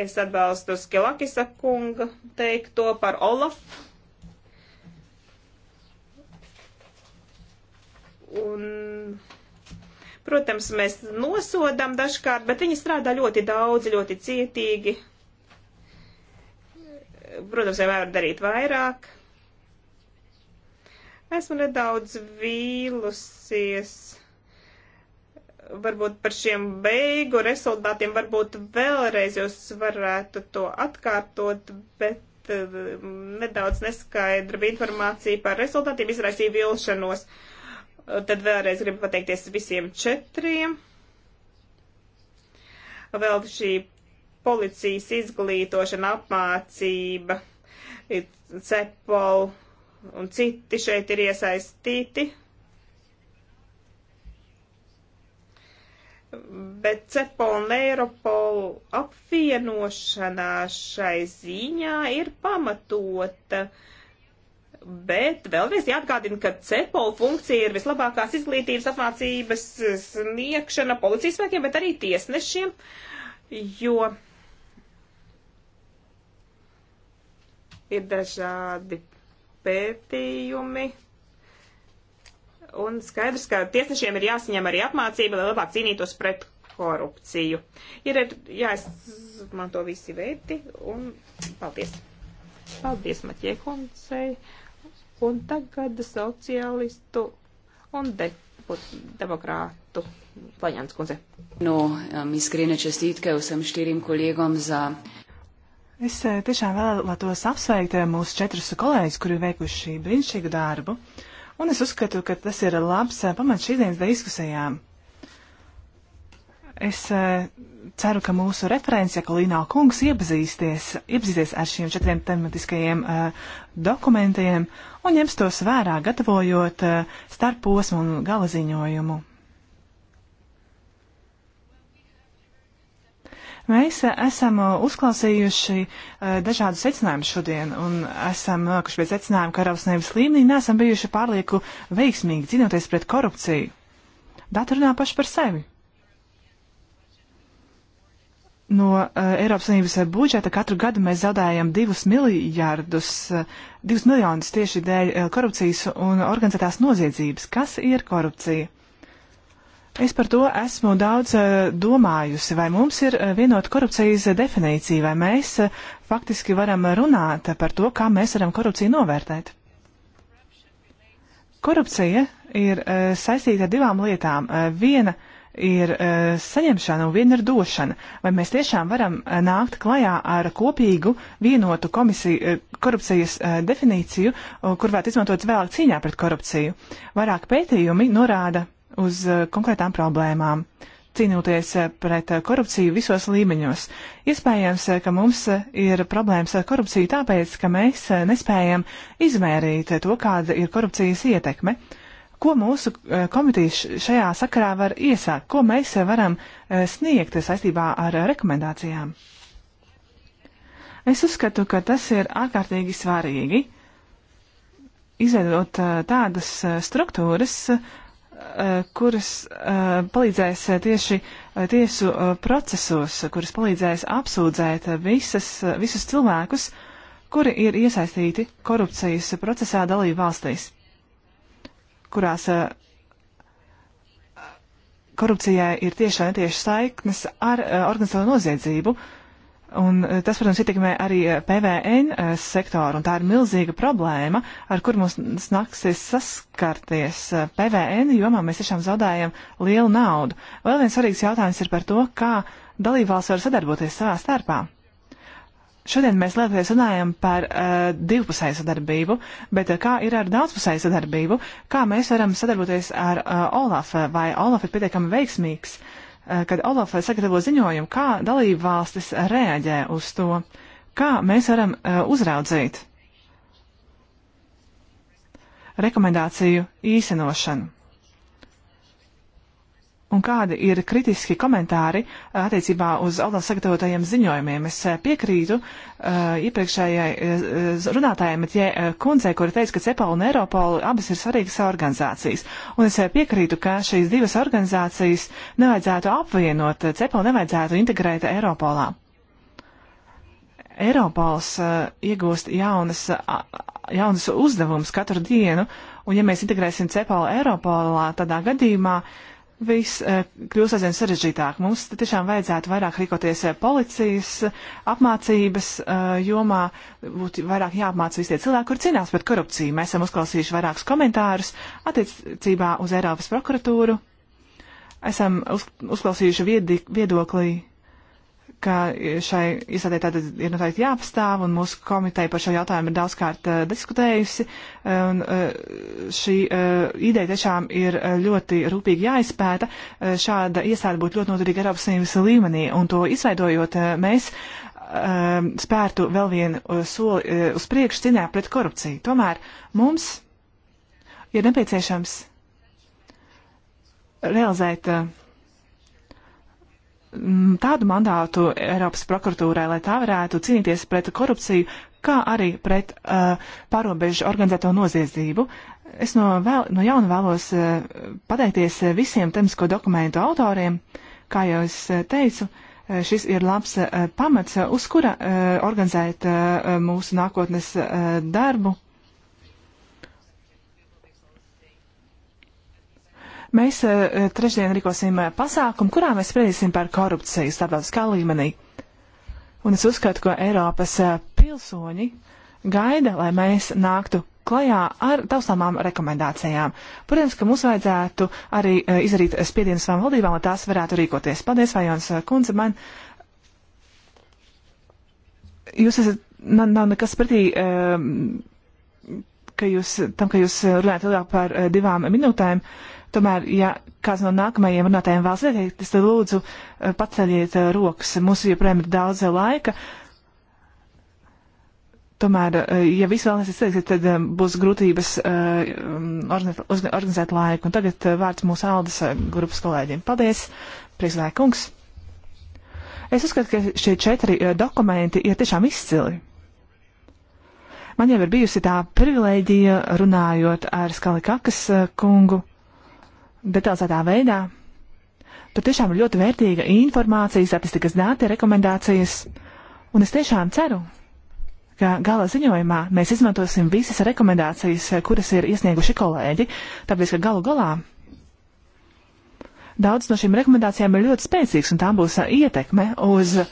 Es atbalstu Skilakisa kunga teikto par Olaf. Un Protams, mēs nosodam dažkārt, bet viņi strādā ļoti daudz, ļoti cietīgi. Protams, jau var darīt vairāk. Esmu nedaudz vīlusies varbūt par šiem beigu rezultātiem, varbūt vēlreiz jūs varētu to atkārtot, bet uh, nedaudz neskaidra bija informācija par rezultātiem, izraisīja vilšanos. Uh, Tad vēlreiz gribu pateikties visiem četriem. Vēl šī policijas izglītošana, apmācība, cepol un citi šeit ir iesaistīti. Bet cepol un Eiropol apvienošanā šai ziņā ir pamatota. Uh, Bet vēlreiz jāatgādina, ka cepola funkcija ir vislabākās izglītības apmācības sniegšana policijas spēkiem, bet arī tiesnešiem, jo ir dažādi pētījumi. Un skaidrs, ka tiesnešiem ir jāsaņem arī apmācība, lai labāk cīnītos pret korupciju. Ir jāizmanto visi veidi un paldies! Paldies, Maķie kundzei. Un tagad sociālistu un demokrātu Vaņāns kundze. No, um, izskrīna čestītke visam štīrim kolēgam za. Es eh, tiešām vēlētos apsveikt eh, mūsu četrus kolēģus, kuri ir veikuši brīnišķīgu darbu. Un es uzskatu, ka tas ir labs eh, pamats šīs dienas diskusijām. Es eh, ceru, ka mūsu referents, ja Kalīnā kungs iepazīsties, iepazīsties ar šiem četriem tematiskajiem eh, dokumentiem un ņems tos vērā, gatavojot eh, starp posmu un gala ziņojumu. Mēs esam uzklausījuši dažādu secinājumu šodien un esam nonākuši pie secinājuma, ka Eiropas Savienības līmenī neesam bijuši pārlieku veiksmīgi cīnoties pret korupciju. Dati runā paši par sevi no uh, Eiropas Savienības eh, budžeta katru gadu mēs zaudējam divus miljārdus, uh, eh, divus miljonus tieši dēļ uh, korupcijas un organizētās noziedzības. Kas ir korupcija? Es par to esmu daudz uh, domājusi, vai mums ir uh, vienota korupcijas definīcija, vai mēs uh, faktiski varam runāt par to, kā mēs varam korupciju novērtēt. Korupcija ir uh, saistīta ar divām lietām. Uh, viena uh, ir uh, saņemšana un viena ir došana. Vai mēs tiešām varam uh, nākt klajā ar kopīgu vienotu komisiju, uh, korupcijas uh, definīciju, uh, kur varētu izmantot vēlāk cīņā pret korupciju? Vairāk pētījumi norāda uz uh, konkrētām problēmām cīnoties pret korupciju visos līmeņos. Iespējams, ka mums ir problēmas ar korupciju tāpēc, ka mēs nespējam izmērīt to, kāda ir korupcijas ietekme. Uh, Ko mūsu eh, komiteja šajā sakarā var iesākt? Ko mēs eh, varam eh, sniegt saistībā ar rekomendācijām? Es uzskatu, ka tas ir ārkārtīgi svarīgi izveidot tādas struktūras, kuras palīdzēs tieši tiesu procesos, kuras palīdzēs apsūdzēt visas, visus cilvēkus, kuri ir iesaistīti korupcijas procesā dalību valstīs kurās eh, korupcijai ir tiešā netieša saiknes ar eh, organizēto noziedzību. Un eh, tas, protams, ietekmē arī PVN sektoru, un tā ir milzīga problēma, ar kur mums nāksies saskarties PVN, jomā mēs tiešām zaudējam lielu naudu. Vēl viens svarīgs jautājums ir par to, kā dalībvalsts var sadarboties savā starpā. Šodien mēs lielākoties runājam par uh, divpusēju sadarbību, bet uh, kā ir ar daudzpusēju sadarbību? Kā mēs varam sadarboties ar uh, Olafu? Vai Olaf ir pietiekami veiksmīgs, uh, kad Olaf sagatavo ziņojumu? Kā dalību valstis reaģē uz to? Kā mēs varam uh, uzraudzīt rekomendāciju īsenošanu? un kādi ir kritiski komentāri uh, attiecībā uz Aldan sagatavotajiem ziņojumiem. Es uh, piekrītu uh, iepriekšējai uh, runātājai Matjē uh, Kundzei, kura teica, ka CEPA un Eiropola abas ir svarīgas organizācijas. Un es uh, piekrītu, ka šīs divas organizācijas nevajadzētu apvienot, uh, CEPA nevajadzētu integrēt Eiropolā. Eiropols uh, iegūst jaunas, uh, jaunas uzdevumus katru dienu, un ja mēs integrēsim CEPA Eiropolā, tādā gadījumā uh, viss eh, kļūst aizvien sarežģītāk. Mums tiešām vajadzētu vairāk rīkoties eh, policijas apmācības eh, jomā, būtu vairāk jāapmāca visi tie cilvēki, kur cīnās pret korupciju. Mēs esam uzklausījuši vairākus komentārus attiecībā uz Eiropas prokuratūru. Esam uz, uzklausījuši viedi, viedoklī ka šai iestādē tātad ir noteikti jāpastāv, un mūsu komiteja par šo jautājumu ir daudzkārt uh, diskutējusi. Un, uh, šī uh, ideja tiešām ir ļoti rūpīgi jāizpēta. Uh, šāda iestāde būtu ļoti noturīga Eiropas Savienības līmenī, un to izveidojot uh, mēs uh, spērtu vēl vienu uh, soli uh, uz priekšu cīņā pret korupciju. Tomēr mums ir nepieciešams realizēt. Uh, Mm, tādu mandātu Eiropas prokuratūrai, lai tā varētu cīnīties pret korupciju, kā arī pret uh, pārobežu organizēto noziedzību. Es no, vēl, no jauna vēlos uh, pateikties uh, visiem tematisko dokumentu autoriem. Kā jau es uh, teicu, uh, šis ir labs uh, pamats, uz kura uh, organizēt uh, mūsu nākotnes uh, darbu. Mēs eh, trešdien rīkosim eh, pasākumu, kurā mēs spriedīsim par korupciju starptautiskā līmenī. Un es uzskatu, ka Eiropas eh, pilsoņi gaida, lai mēs nāktu klajā ar taustāmām rekomendācijām. Protams, ka mums vajadzētu arī izdarīt spiedienu savām valdībām, lai tās varētu rīkoties. Paldies, Vajons Kunze, man. Jūs esat, man nav nekas pretī, ehm, ka jūs, tam, ka jūs runājat ilgāk par divām minūtēm, Tomēr, ja kāds no nākamajiem runātājiem vēlas ieteikties, tad lūdzu eh, paceļiet eh, rokas. Mums joprojām ir daudz eh, laika. Tomēr, ja viss vēl nesasniegsiet, tad būs grūtības uh, um, organizēt, organizēt laiku. Un tagad vārds mūsu Aldas grupas kolēģiem. Paldies, priekšlēkungs! Es uzskatu, ka šie četri dokumenti ir tiešām izcili. Man jau ir bijusi tā privilēģija runājot ar Skalikakas kungu detalizētā veidā. Tur tiešām ir ļoti vērtīga informācija, statistikas dati, rekomendācijas. Un es tiešām ceru, ka gala ziņojumā mēs izmantosim visas rekomendācijas, kuras ir iesnieguši kolēģi, tāpēc, ka galu galā daudz no šīm rekomendācijām ir ļoti spēcīgs, un tām būs uh, ietekme uz uh,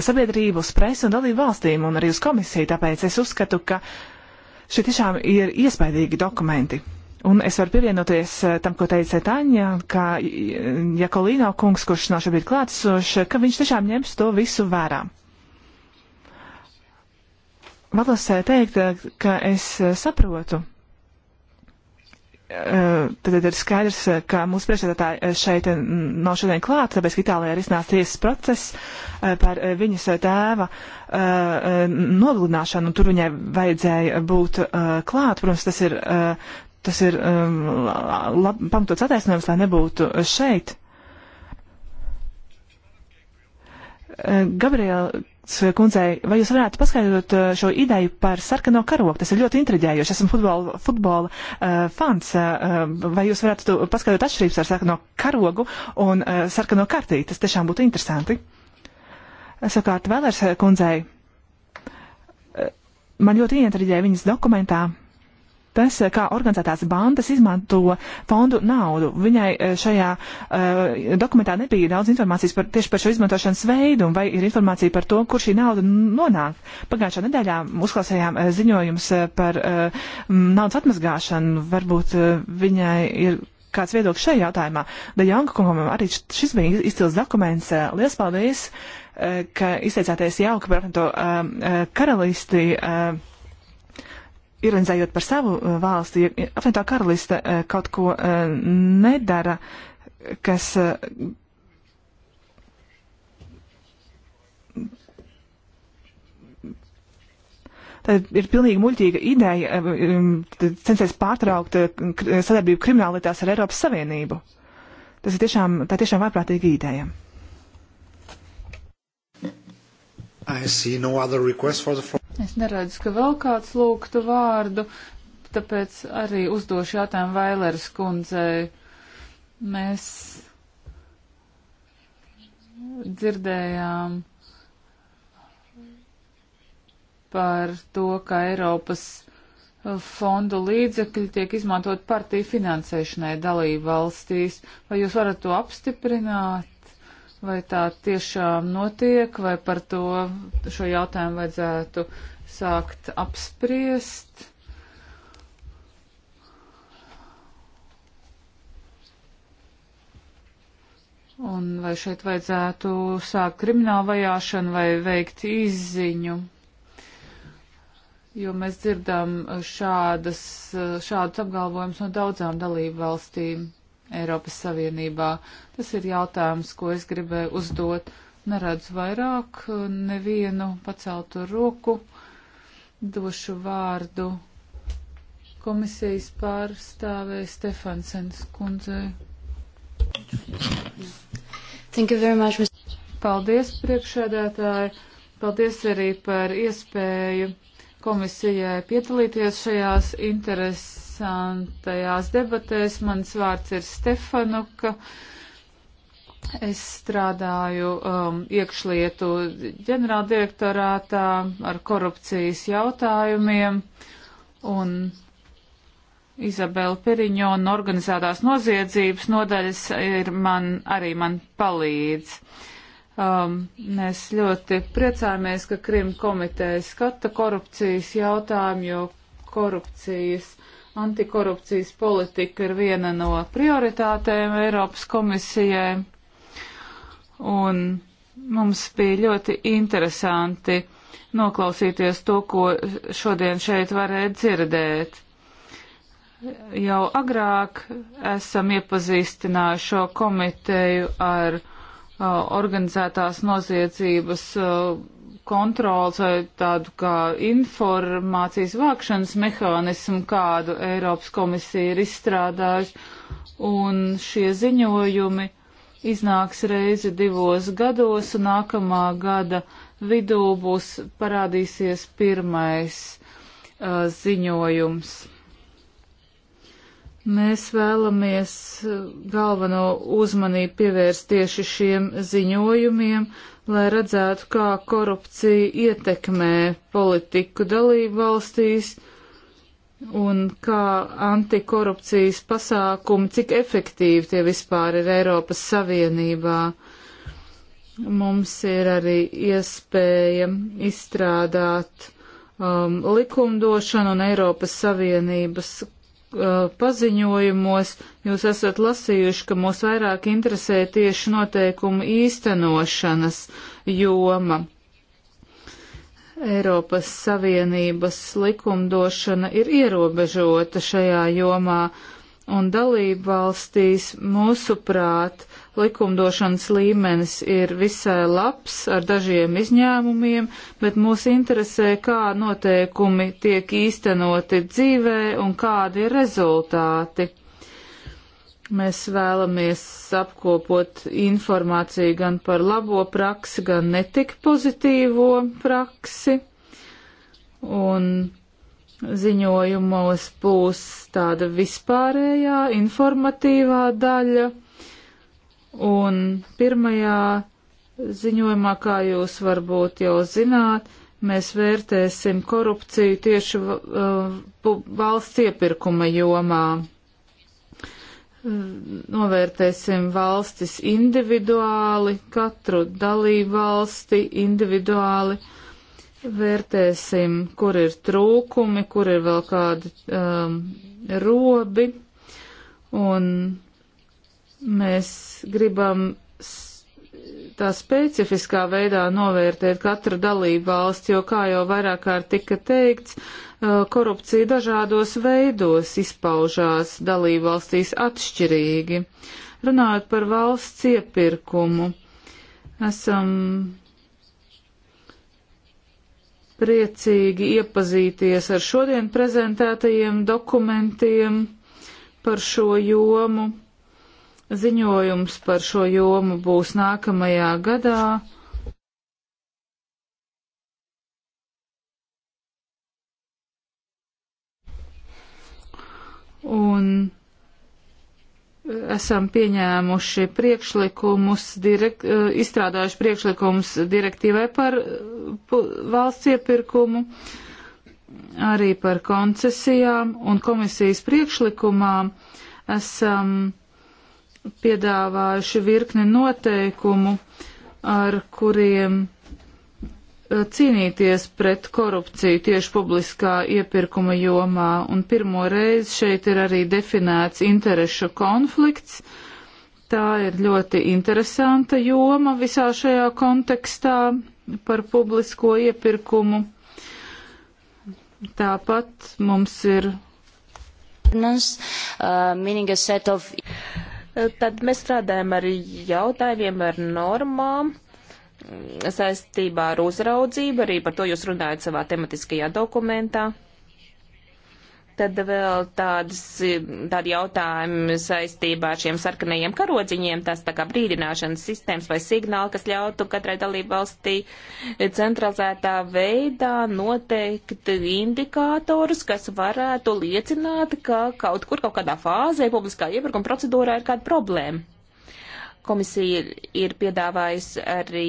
sabiedrību, uz presu un dalību valstīm un arī uz komisiju. Tāpēc es uzskatu, ka šie tiešām ir iespaidīgi dokumenti. Un es varu pievienoties eh, tam, ko teica Taņa, ka eh, Jakolīno kungs, kurš nav šobrīd klātsošs, ka viņš tiešām ņems to visu vērā. Vēlos eh, teikt, ka es saprotu. Tad ir skaidrs, ka mūsu priekšsēdētāji šeit nav šodien klāt, tāpēc, ka Itālijā ir iznācis tiesas process par viņas tēva nogalināšanu, un tur viņai vajadzēja būt klāt. Protams, tas ir tas ir um, lab, pamatots attaisnojums, lai nebūtu šeit. Uh, Gabriela kundzei, vai jūs varētu paskaidrot uh, šo ideju par sarkano karogu? Tas ir ļoti intriģējoši. Esmu futbola, futbola uh, fans. Uh, vai jūs varētu paskaidrot atšķirības ar sarkano karogu un uh, sarkano kartīti? Tas tiešām būtu interesanti. Sakārt Vēlers uh, kundzei, uh, man ļoti intriģēja viņas dokumentā. Uh, tas, kā organizētās bandas izmanto fondu naudu. Viņai eh, šajā uh, dokumentā nebija daudz informācijas par, tieši par šo izmantošanas veidu un vai ir informācija par to, kur šī nauda nonāk. Pagājušā nedēļā uzklausījām uh, ziņojums par uh, naudas atmazgāšanu. Varbūt viņai ir kāds viedoklis šajā jautājumā. Dajonga kungam arī šis bija izcils dokuments. Lielas paldies, ka izteicāties jauki par to karalisti. Uh, ironizējot par savu eh, valsti, ja apvienotā karaliste eh, kaut ko eh, nedara, kas Tad ir pilnīgi muļķīga ideja censties pārtraukt sadarbību krimināllietās ar Eiropas Savienību. Tas ir tiešām, tā tiešām vaiprātīga ideja. I see no other request for the floor. Es neredzu, ka vēl kāds lūgtu vārdu, tāpēc arī uzdošu jautājumu Vaileras kundzei. Mēs dzirdējām par to, ka Eiropas fondu līdzekļi tiek izmantot partiju finansēšanai dalību valstīs. Vai jūs varat to apstiprināt? vai tā tiešām notiek, vai par to šo jautājumu vajadzētu sākt apspriest. Un vai šeit vajadzētu sākt kriminālu vajāšanu vai veikt izziņu? Jo mēs dzirdam šādas, šādus apgalvojumus no daudzām dalību valstīm. Eiropas Savienībā. Tas ir jautājums, ko es gribēju uzdot. Neredzu vairāk nevienu paceltu roku. Došu vārdu komisijas pārstāvē Stefansens kundzei. Thank you very much, Mr. Paldies, priekšēdētāji. Paldies arī par iespēju komisijai piedalīties šajās interes interesantajās debatēs. Mans vārds ir Stefanuka. Es strādāju um, iekšlietu ģenerāldirektorātā ar korupcijas jautājumiem un Izabela Periņona organizētās noziedzības nodaļas ir man, arī man palīdz. Um, mēs ļoti priecājamies, ka Krim komiteja skata korupcijas jautājumu, jo korupcijas Antikorupcijas politika ir viena no prioritātēm Eiropas komisijai. Un mums bija ļoti interesanti noklausīties to, ko šodien šeit varēja dzirdēt. Jau agrāk esam iepazīstinājuši šo komiteju ar uh, organizētās noziedzības uh, kontrols vai tādu kā informācijas vākšanas mehānismu, kādu Eiropas komisija ir izstrādājusi, un šie ziņojumi iznāks reizi divos gados, un nākamā gada vidū būs parādīsies pirmais uh, ziņojums. Mēs vēlamies uh, galveno uzmanību pievērst tieši šiem ziņojumiem, lai redzētu, kā korupcija ietekmē politiku dalību valstīs un kā antikorupcijas pasākumi, cik efektīvi tie vispār ir Eiropas Savienībā. Mums ir arī iespēja izstrādāt um, likumdošanu un Eiropas Savienības Uh, paziņojumos jūs esat lasījuši, ka mūs vairāk interesē tieši noteikumu īstenošanas joma. Eiropas Savienības likumdošana ir ierobežota šajā jomā, un dalību valstīs, mūsuprāt, likumdošanas līmenis ir visai labs ar dažiem izņēmumiem, bet mūs interesē, kā noteikumi tiek īstenoti dzīvē un kādi ir rezultāti. Mēs vēlamies apkopot informāciju gan par labo praksi, gan netik pozitīvo praksi. Un ziņojumos būs tāda vispārējā informatīvā daļa Un pirmajā ziņojumā, kā jūs varbūt jau zināt, mēs vērtēsim korupciju tieši uh, valsts iepirkuma jomā. Novērtēsim valstis individuāli, katru dalību valsti individuāli vērtēsim, kur ir trūkumi, kur ir vēl kādi um, robi, un Mēs gribam tā specifiskā veidā novērtēt katru dalību valsts, jo, kā jau vairāk kārt tika teikts, korupcija dažādos veidos izpaužās dalību valstīs atšķirīgi. Runājot par valsts iepirkumu, esam priecīgi iepazīties ar šodien prezentētajiem dokumentiem par šo jomu Ziņojums par šo jomu būs nākamajā gadā. Un esam pieņēmuši priekšlikumus, direkt, eh, izstrādājuši priekšlikumus direktīvai par eh, valsts iepirkumu, arī par koncesijām un komisijas priekšlikumām esam piedāvājuši virkni noteikumu, ar kuriem eh, cīnīties pret korupciju tieši publiskā iepirkuma jomā. Un pirmo reizi šeit ir arī definēts interešu konflikts. Tā ir ļoti interesanta joma visā šajā kontekstā par publisko iepirkumu. Tāpat mums ir. Uh, Tad mēs strādājam ar jautājumiem, ar normām saistībā ar uzraudzību, arī par to jūs runājat savā tematiskajā dokumentā. Tad vēl tādas, tādi jautājumi saistībā ar šiem sarkanajiem karodziņiem, tās tā kā brīdināšanas sistēmas vai signāli, kas ļautu katrai dalību valstī centralizētā veidā noteikt indikātorus, kas varētu liecināt, ka kaut kur kaut kādā fāzē publiskā iepirkuma procedūrā ir kāda problēma. Komisija ir, ir piedāvājusi arī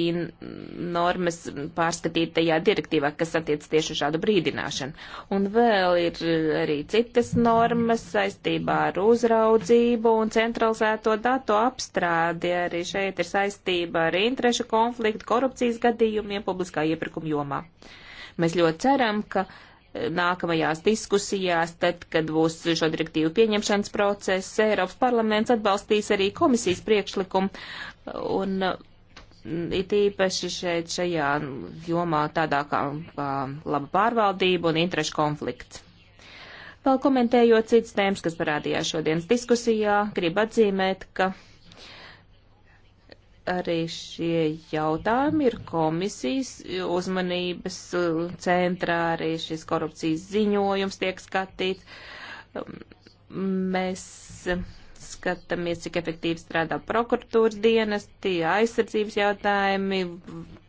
normas pārskatītajā direktīvā, kas attiec tieši šādu brīdināšanu. Un vēl ir arī citas normas saistībā ar uzraudzību un centralizēto datu apstrādi. Arī šeit ir saistība ar interešu konfliktu, korupcijas gadījumiem publiskā iepirkuma jomā. Mēs ļoti ceram, ka uh, nākamajās diskusijās, tad, kad būs šo direktīvu pieņemšanas process, Eiropas parlaments atbalstīs arī komisijas priekšlikumu. Un mm, it īpaši šeit šajā jomā tādā kā, kā laba pārvaldība un interešu konflikts. Vēl komentējot citas tēmas, kas parādījās šodienas diskusijā, gribu atzīmēt, ka arī šie jautājumi ir komisijas uzmanības uh, centrā, arī šis korupcijas ziņojums tiek skatīts. Um, mēs skatāmies, cik efektīvi strādā prokuratūras dienesti, aizsardzības jautājumi,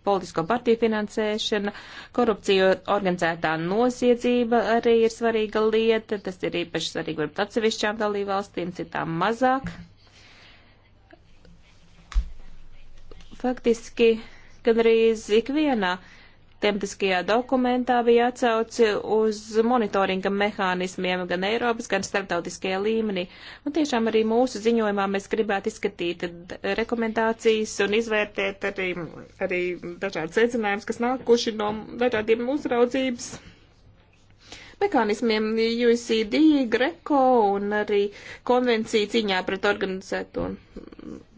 politisko partiju finansēšana, korupcija, organizētā noziedzība arī ir svarīga lieta. Tas ir īpaši svarīgi varbūt atsevišķām dalībvalstīm, citām mazāk. Mm Faktiski, kad arī ikvienā tematiskajā dokumentā bija atsauci uz monitoringa mehānismiem gan Eiropas, gan starptautiskajā līmenī. Un tiešām arī mūsu ziņojumā mēs gribētu izskatīt rekomendācijas un izvērtēt arī, arī dažādas secinājumus, kas nākuši no dažādiem uzraudzības mekanismiem UCD, Greco un arī konvenciju ciņā pret organizēto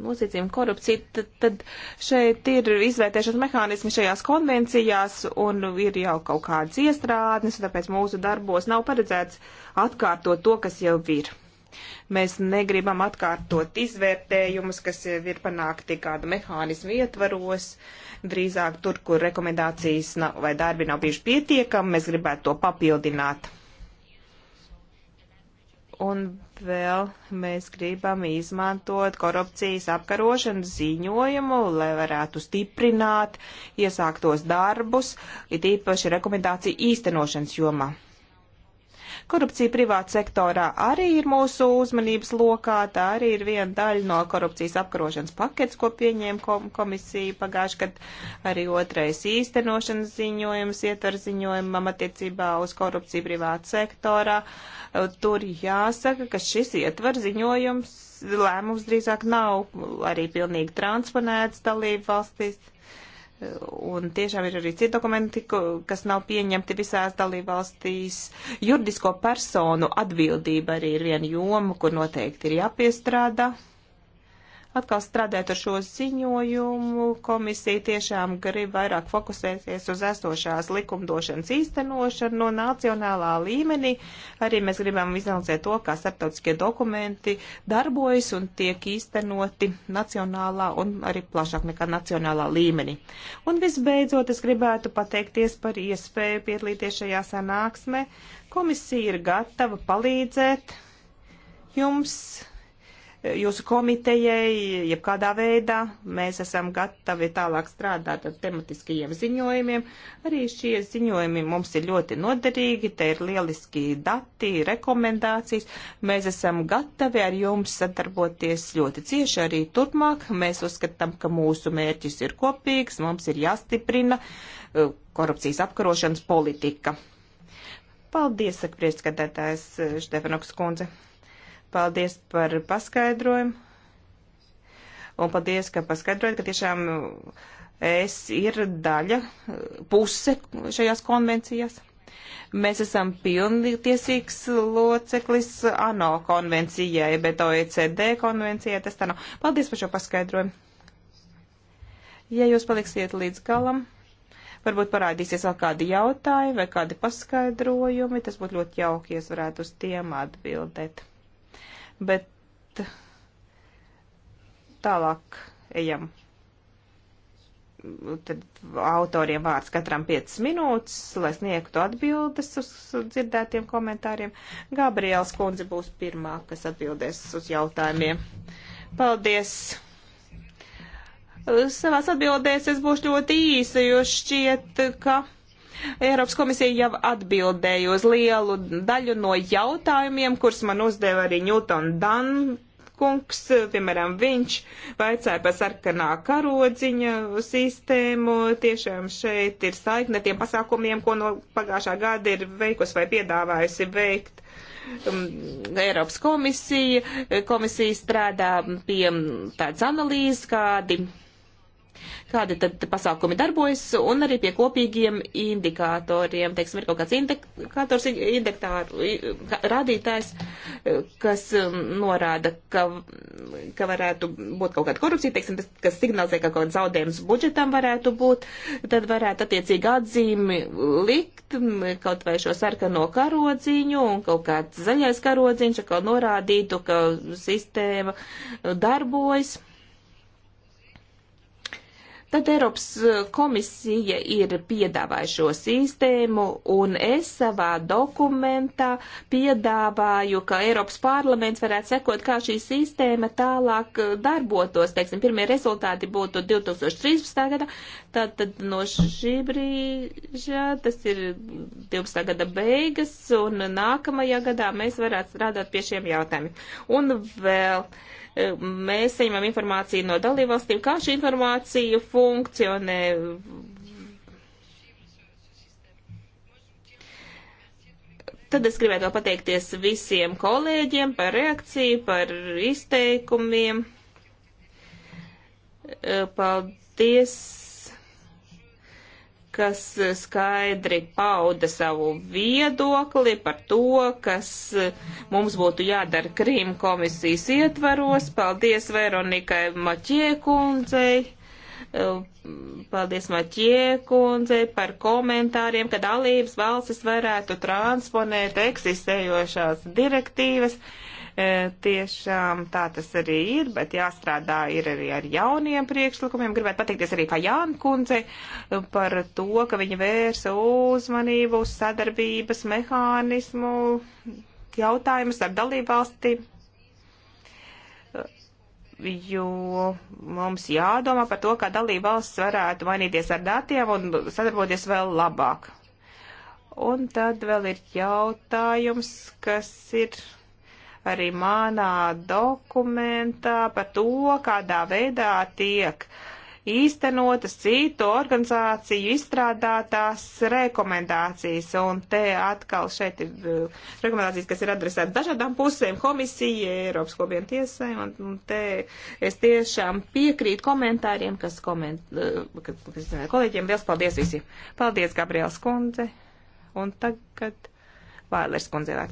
noziedzību un korupciju, tad, tad šeit ir izvērtēšanas mehānismi šajās konvencijās un ir jau kaut kādas iestrādnes, tāpēc mūsu darbos nav paredzēts atkārtot to, kas jau ir. Mēs negribam atkārtot izvērtējumus, kas jau ir panākti kādu mehānismu ietvaros. Uh, drīzāk tur, kur rekomendācijas nav, vai darbi nav bijuši pietiekami, mēs gribētu to papildināt. Un vēl mēs gribam izmantot korupcijas apkarošanas ziņojumu, lai varētu stiprināt iesāktos darbus, it īpaši rekomendāciju īstenošanas jomā. Korupcija privāta sektorā arī ir mūsu uzmanības lokā, tā arī ir viena daļa no korupcijas apkarošanas pakets, ko pieņēma komisija pagājuši, kad arī otrais īstenošanas ziņojums ietver ziņojumam attiecībā uz korupciju privāta sektorā. Tur jāsaka, ka šis ietver ziņojums lēmums drīzāk nav arī pilnīgi transponēts dalību valstīs Un tiešām ir arī citi dokumenti, kas nav pieņemti visās dalībvalstīs. Juridisko personu atbildība arī ir viena joma, kur noteikti ir jāpiestrādā atkal strādāt ar šo ziņojumu. Komisija tiešām grib vairāk fokusēties uz esošās likumdošanas īstenošanu no nacionālā līmenī. Arī mēs gribam izanalizēt to, kā starptautiskie dokumenti darbojas un tiek īstenoti nacionālā un arī plašāk nekā nacionālā līmenī. Un visbeidzot, es gribētu pateikties par iespēju piedalīties šajā sanāksmē. Komisija ir gatava palīdzēt jums jūsu komitejai, jebkādā veidā. Mēs esam gatavi tālāk strādāt ar tematiskajiem ziņojumiem. Arī šie ziņojumi mums ir ļoti noderīgi, te ir lieliski dati, rekomendācijas. Mēs esam gatavi ar jums sadarboties ļoti cieši arī turpmāk. Mēs uzskatām, ka mūsu mērķis ir kopīgs, mums ir jāstiprina uh, korupcijas apkarošanas politika. Paldies, saka priekšskatētājs uh, Štefanoks Kunze. Paldies par paskaidrojumu. Un paldies, ka paskaidrojat, ka tiešām es ir daļa, puse šajās konvencijās. Mēs esam pilntiesīgs loceklis ANO konvencijai, bet OECD konvencijai tas tā nav. Paldies par šo paskaidrojumu. Ja jūs paliksiet līdz galam, varbūt parādīsies vēl kādi jautājumi vai kādi paskaidrojumi, tas būtu ļoti jauki, ja es varētu uz tiem atbildēt bet tālāk ejam. Tad autoriem vārds katram 5 minūtes, lai sniegtu atbildes uz dzirdētiem komentāriem. Gabriels Kundze būs pirmā, kas atbildēs uz jautājumiem. Paldies! Savās atbildēs es būšu ļoti īsa, jo šķiet, ka Eiropas komisija jau atbildēja uz lielu daļu no jautājumiem, kurus man uzdeva arī Ņūton Dan. Kungs, piemēram, viņš vaicāja par sarkanā karodziņa sistēmu. Tiešām šeit ir saikne tiem pasākumiem, ko no pagājušā gada ir veikusi vai piedāvājusi veikt um, Eiropas komisija. Komisija strādā pie tādas analīzes, kādi kādi tad pasākumi darbojas un arī pie kopīgiem indikatoriem. Teiksim, ir kaut kāds indikators, rādītājs, kas um, norāda, ka, ka varētu būt kaut kāda korupcija, teiksim, tas, kas signalizē, ka kaut kāds zaudējums budžetam varētu būt, tad varētu attiecīgi atzīmi likt kaut vai šo sarkano karodziņu un kaut kāds zaļais karodziņš, kā norādītu, ka sistēma darbojas. Tad Eiropas eh, komisija ir piedāvājusi šo sistēmu, un es savā dokumentā piedāvāju, ka Eiropas parlaments varētu sekot, kā šī sistēma tālāk eh, darbotos. Teiksim, pirmie rezultāti būtu 2013. gada, tad, tad no šī brīža, tas ir 12. gada beigas, un nākamajā gadā mēs varētu strādāt pie šiem jautājumiem. Un vēl. Uh, Mēs saņemam informāciju no dalībvalstīm, kā šī informācija funkcionē. Tad es gribētu pateikties visiem kolēģiem par reakciju, par izteikumiem. Paldies! kas skaidri pauda savu viedokli par to, kas mums būtu jādara Krīma komisijas ietvaros. Paldies Veronikai Maķie kundzei. Paldies Maķie kundzei par komentāriem, ka dalības valstis varētu transponēt eksistējošās direktīvas. Uh, E, tiešām tā tas arī ir, bet jāstrādā ir arī ar jauniem priekšlikumiem. Gribētu pateikties arī Fajāna kundze par to, ka viņa vērsa uzmanību uz sadarbības mehānismu jautājumus ar dalībvalsti, jo mums jādomā par to, kā dalībvalsts varētu mainīties ar datiem un sadarboties vēl labāk. Un tad vēl ir jautājums, kas ir arī manā dokumentā par to, kādā veidā tiek īstenotas citu organizāciju izstrādātās rekomendācijas. Un te atkal šeit ir uh, rekomendācijas, kas ir adresētas dažādām pusēm - komisija, Eiropas kopienu tiesai. Un, un te es tiešām piekrītu komentāriem, kas koment, uh, kas, kas uh, kolēģiem. Liels paldies visiem! Paldies, Gabriels Kundze! Un tagad Vailers Kundze vēl.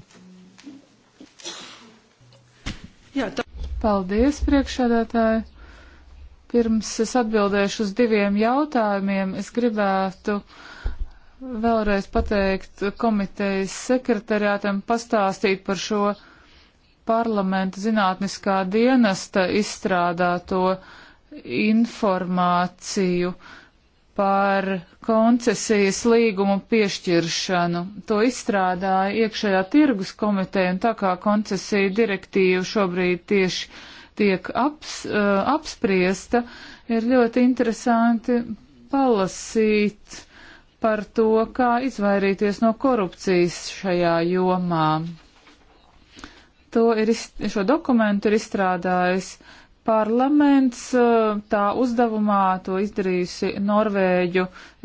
Jā, tā... Paldies, priekšādātāji. Pirms es atbildēšu uz diviem jautājumiem, es gribētu vēlreiz pateikt komitejas sekretariātam pastāstīt par šo parlamenta zinātniskā dienesta izstrādāto informāciju. Uh, par koncesijas līgumu piešķiršanu. To izstrādāja iekšējā tirgus komiteja, un tā kā koncesija direktīva šobrīd tieši tiek aps, uh, apspriesta, ir ļoti interesanti palasīt par to, kā izvairīties no korupcijas šajā jomā. To ir, šo dokumentu ir izstrādājis uh, Parlaments e, tā uzdevumā to izdarījusi Norvēģu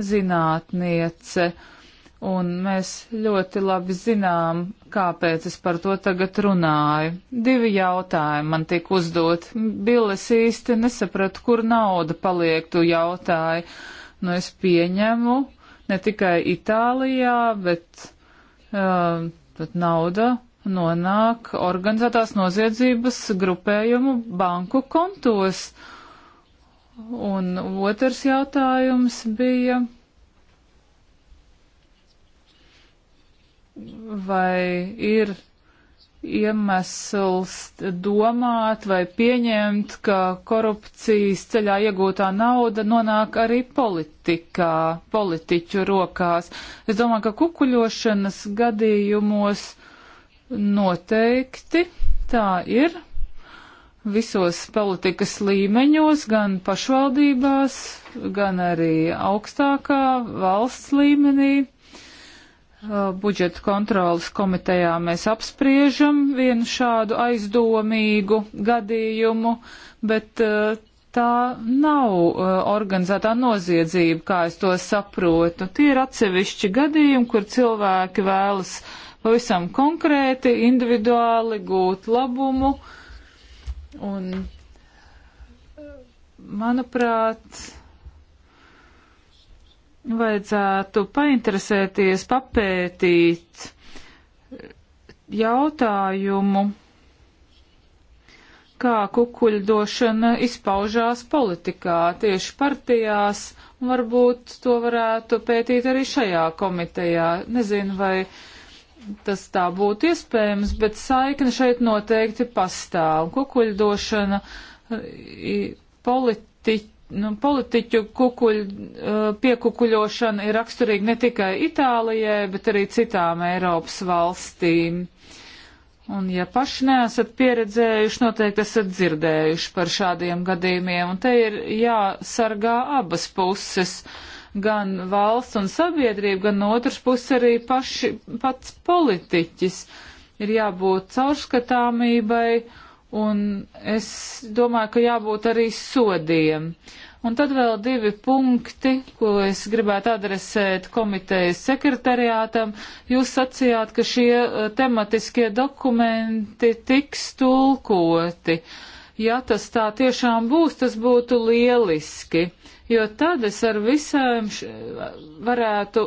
zinātniece, un mēs ļoti labi zinām, kāpēc es par to tagad runāju. Divi jautājumi man tika uzdot. Bilis īsti nesapratu, kur nauda paliek, tu jautāji. Nu, es pieņemu, ne tikai Itālijā, bet, uh, bet nauda nonāk organizētās noziedzības grupējumu banku kontos. Un otrs jautājums bija, vai ir iemesls domāt vai pieņemt, ka korupcijas ceļā iegūtā nauda nonāk arī politikā, politiķu rokās. Es domāju, ka kukuļošanas gadījumos Noteikti tā ir visos politikas līmeņos, gan pašvaldībās, gan arī augstākā valsts līmenī. Budžeta kontrolas komitejā mēs apspriežam vienu šādu aizdomīgu gadījumu, bet tā nav organizētā noziedzība, kā es to saprotu. Tie ir atsevišķi gadījumi, kur cilvēki vēlas uh, pavisam konkrēti, individuāli gūt labumu. Un, manuprāt, vajadzētu painteresēties, papētīt jautājumu, kā kukuļdošana izpaužās politikā, tieši partijās, un varbūt to varētu pētīt arī šajā komitejā. Nezinu, vai tas tā būtu iespējams, bet saikne šeit noteikti pastāv. Kukuļdošana politiķi. Nu, politiķu kukuļ, piekukuļošana ir raksturīga ne tikai Itālijai, bet arī citām Eiropas valstīm. Un, ja paši neesat pieredzējuši, noteikti esat dzirdējuši par šādiem gadījumiem, un te ir jāsargā abas puses. Uh, gan valsts un sabiedrība, gan no otras puses arī paši, pats politiķis. Ir jābūt caurskatāmībai un es domāju, ka jābūt arī sodiem. Un tad vēl divi punkti, ko es gribētu adresēt komitejas sekretariātam. Jūs sacījāt, ka šie eh, tematiskie dokumenti tiks tulkoti. Ja tas tā tiešām būs, tas būtu lieliski jo tad es ar visām varētu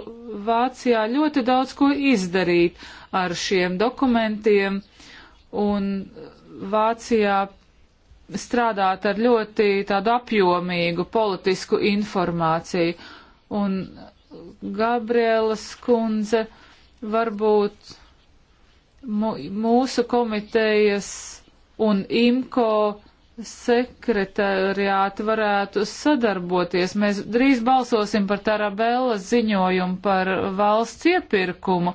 Vācijā ļoti daudz ko izdarīt ar šiem dokumentiem un Vācijā strādāt ar ļoti tādu apjomīgu politisku informāciju. Un Gabrielas kundze varbūt mūsu komitejas un IMCO sekretariāti varētu sadarboties. Mēs drīz balsosim par Tarabellas ziņojumu par valsts iepirkumu.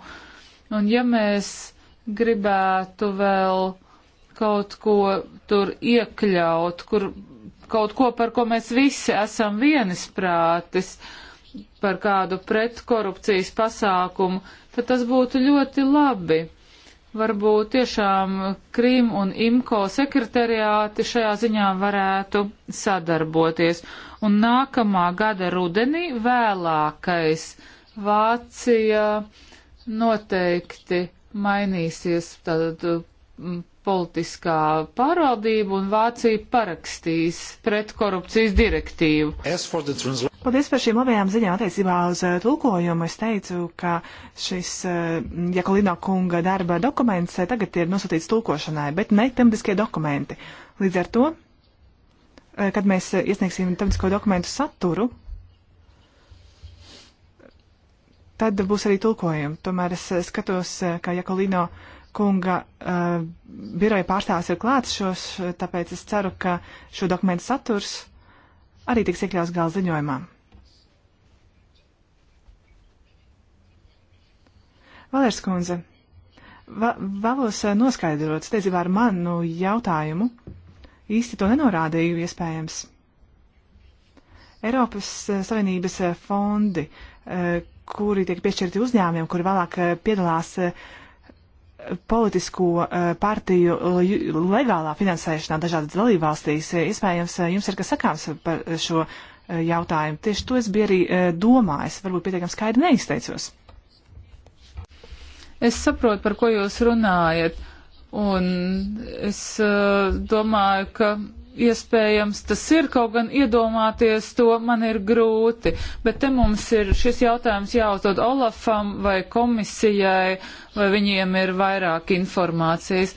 Un ja mēs gribētu vēl kaut ko tur iekļaut, kur kaut ko, par ko mēs visi esam vienisprātis, par kādu pretkorupcijas pasākumu, tad tas būtu ļoti labi varbūt tiešām Krim un IMCO sekretariāti šajā ziņā varētu sadarboties. Un nākamā gada rudenī vēlākais Vācija noteikti mainīsies tātad politiskā pārvaldība un Vācija parakstīs pretkorupcijas direktīvu. Paldies par šīm labajām ziņām attiecībā uz uh, tulkojumu. Es teicu, ka šis uh, Jakolino kunga darba dokuments uh, tagad ir nosūtīts tulkošanai, bet ne tematiskie dokumenti. Līdz ar to, kad mēs iesniegsim tematisko dokumentu saturu, tad būs arī tulkojumi. Tomēr es skatos, ka Jakolino kunga kunga uh, biroja pārstāvs ir klāts šos, tāpēc es ceru, ka šo dokumentu saturs arī tiks iekļauts gala ziņojumā. Valērs kundze, va vēlos uh, noskaidrot steidzībā ar manu jautājumu. Īsti to nenorādīju iespējams. Eiropas uh, Savienības uh, fondi, kuri tiek piešķirti uzņēmumiem, kuri vēlāk piedalās uh, politisko eh, partiju eh, legālā finansēšanā dažādas dalībvalstīs. Eh, iespējams, jums ir kas sakāms par šo jautājumu. Tieši to es biju arī domājis, varbūt pietiekami skaidri neizteicos. Es saprotu, par ko jūs runājat, un es domāju, ka iespējams tas ir, kaut gan iedomāties to man ir grūti. Bet te mums ir šis jautājums jāuzdod Olafam vai komisijai, vai viņiem ir vairāk informācijas.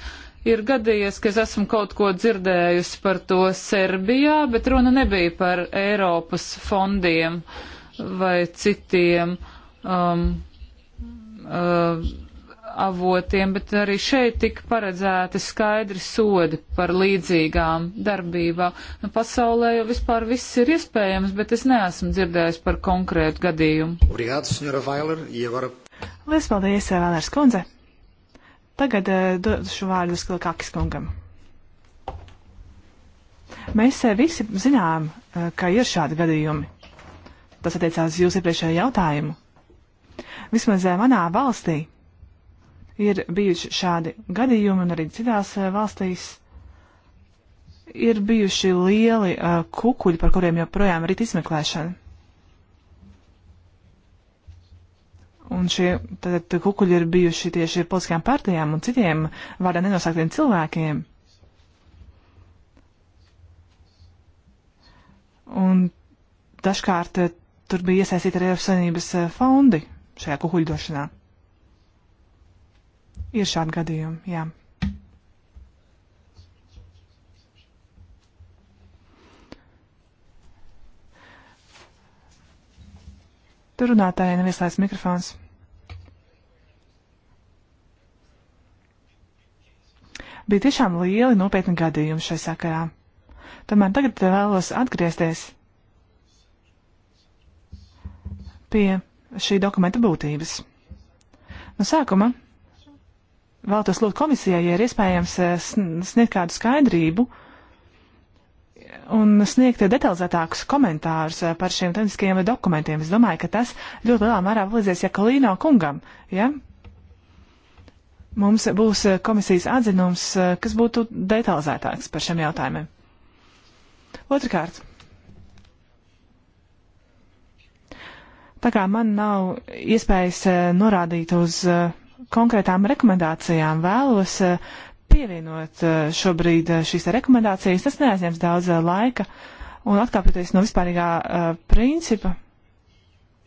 Ir gadījies, ka es esmu kaut ko dzirdējusi par to Serbijā, bet runa nebija par Eiropas fondiem vai citiem. Um, uh, avotiem, bet arī šeit tika paredzēti skaidri sodi par līdzīgām darbībām. Nu, pasaulē jau vispār viss ir iespējams, bet es neesmu dzirdējis par konkrētu gadījumu. Obrigāts, senjora Vailer, ievara. Lies paldies, Vēlērs eh, kundze. Tagad eh, došu vārdu Skilkakis kungam. Mēs eh, visi zinām, ka ir šādi gadījumi. Tas attiecās uz jūsu iepriekšējo jautājumu. Vismaz manā valstī ir bijuši šādi gadījumi, un arī citās eh, valstīs ir bijuši lieli uh, kukuļi, par kuriem joprojām ir izmeklēšana. Un šie tad, kukuļi ir bijuši tieši politiskajām partijām un citiem vārdā nenosāktiem cilvēkiem. Un dažkārt eh, tur bija iesaistīti arī Eiropas Savienības fondi šajā kukuļdošanā. Ir šādi gadījumi, jā. Tur runātājai nevieslēdz mikrofons. Bija tiešām lieli nopietni gadījumi šai sakarā. Tomēr tagad vēlos atgriezties pie šī dokumenta būtības. No sākuma vēlētos lūgt komisijai, ja ir iespējams eh, sniegt kādu skaidrību un sniegt detalizētākus komentārus eh, par šiem tehniskajiem dokumentiem. Es domāju, ka tas ļoti lielā mērā palīdzēs Jakalīno kungam, ja? Mums būs eh, komisijas atzinums, kas būtu detalizētāks par šiem jautājumiem. Otrakārt, tā kā man nav iespējas norādīt uz uh, konkrētām rekomendācijām vēlos eh, pievienot eh, šobrīd eh, šīs rekomendācijas. Tas neaizņems daudz laika un atkāpjoties no vispārīgā principa,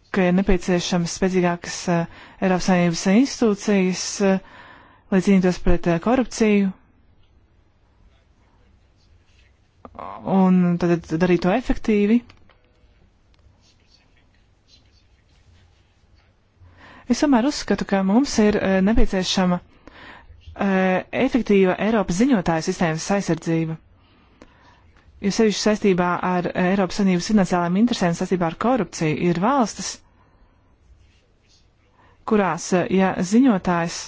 ka ir nepieciešams spēcīgākas Eiropas Savienības institūcijas, lai cīnītos pret korupciju un tad darīt to efektīvi. Es tomēr uzskatu, ka mums ir eh, nepieciešama eh, efektīva Eiropas ziņotāju sistēmas aizsardzība. Jo sevišķi saistībā ar eh, Eiropas Savienības finansiālajām interesēm, saistībā ar korupciju, ir valstis, kurās, ja ziņotājs,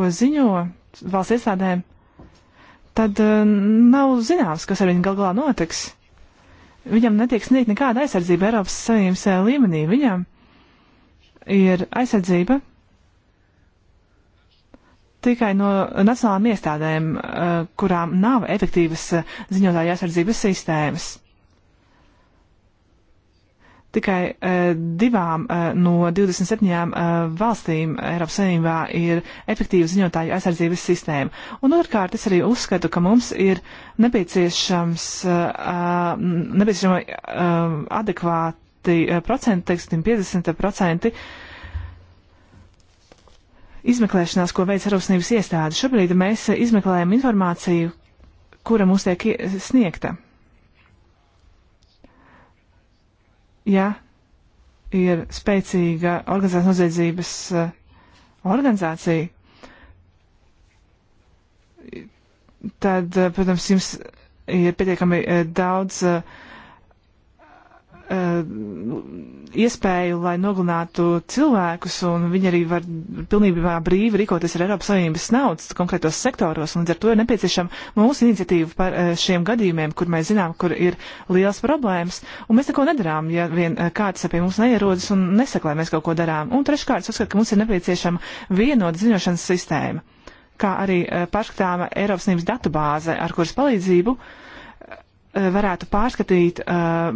ko ziņo valsts iestādēm, tad nav zināms, kas ar viņu gal galā notiks. Viņam netiek sniegt nekāda aizsardzība Eiropas Savienības eh, līmenī. Viņam ir aizsardzība tikai no nacionālām iestādēm, eh, kurām nav efektīvas eh, ziņotāja aizsardzības sistēmas. Tikai uh, divām uh, no 27 uh, eh, valstīm Eiropas Savienībā ir efektīva ziņotāju aizsardzības sistēma. Un otrkārt, es arī uzskatu, ka mums ir nepieciešams, uh, nepieciešama uh, adekvāti uh, procenti, teiksim, 50% izmeklēšanās, ko veids Eiropas Savienības iestāde. Šobrīd mēs izmeklējam informāciju, kura mums tiek sniegta. ja ir spēcīga organizētas noziedzības eh, organizācija, tad, eh, protams, jums ir pietiekami eh, daudz uh, Uh, iespēju, lai nogalinātu cilvēkus, un viņi arī var pilnībā brīvi rīkoties ar Eiropas Savienības naudas konkrētos sektoros, un līdz ar to ir nepieciešama mūsu iniciatīva par uh, šiem gadījumiem, kur mēs zinām, kur ir liels problēmas, un mēs neko nedarām, ja vien uh, kāds pie mums neierodas un nesaka, lai mēs kaut ko darām. Un treškārt, es uzskatu, ka mums ir nepieciešama vienota ziņošanas sistēma, kā arī pašskatāma Eiropas Savienības datubāze, ar kuras palīdzību uh, Eh, varētu pārskatīt uh,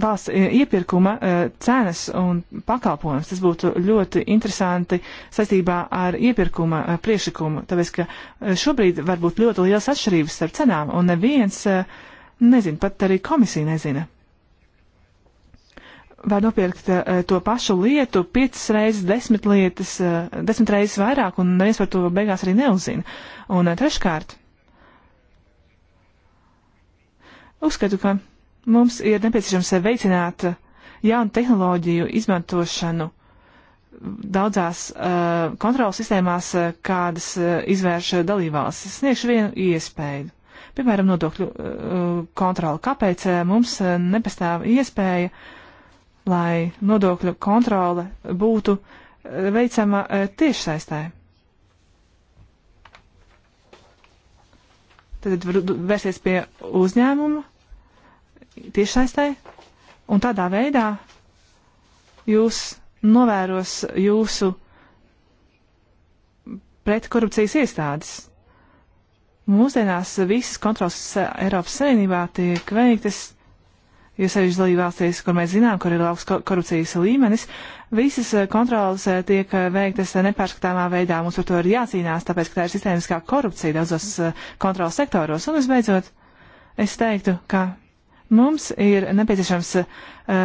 valsts eh, iepirkuma uh, cenas un pakalpojumus. Tas būtu ļoti interesanti saistībā ar iepirkuma uh, priešlikumu, tāpēc ka šobrīd var būt ļoti liels atšķirības starp cenām, un neviens uh, nezina, pat arī komisija nezina. Var nopirkt uh, to pašu lietu piecas reizes, desmit lietas, uh, desmit reizes vairāk, un neviens par to beigās arī neuzina. Un uh, treškārt Uzskatu, ka mums ir nepieciešams veicināt jaunu tehnoloģiju izmantošanu daudzās uh, kontrolas sistēmās, uh, kādas uh, izvērš dalībvalstis. Sniegšu vienu iespēju. Piemēram, nodokļu uh, kontroli. Kāpēc uh, mums uh, nepastāv iespēja, lai nodokļu kontrole būtu uh, veicama uh, tiešsaistē? Tad var vērsties pie uzņēmuma tiešsaistē, un tādā veidā jūs novēros jūsu pretkorupcijas iestādes. Mūsdienās visas kontrols Eiropas Savienībā tiek veiktas, jo sevišķi dalībvalstīs, kur mēs zinām, kur ir augsts korupcijas līmenis, visas kontrolas eh, tiek eh, veiktas nepārskatāmā veidā. Mums par to ir jācīnās, tāpēc, ka tā ir sistēmiskā korupcija daudzos eh, kontrols sektoros. Un visbeidzot, es teiktu, ka Mums ir nepieciešams uh,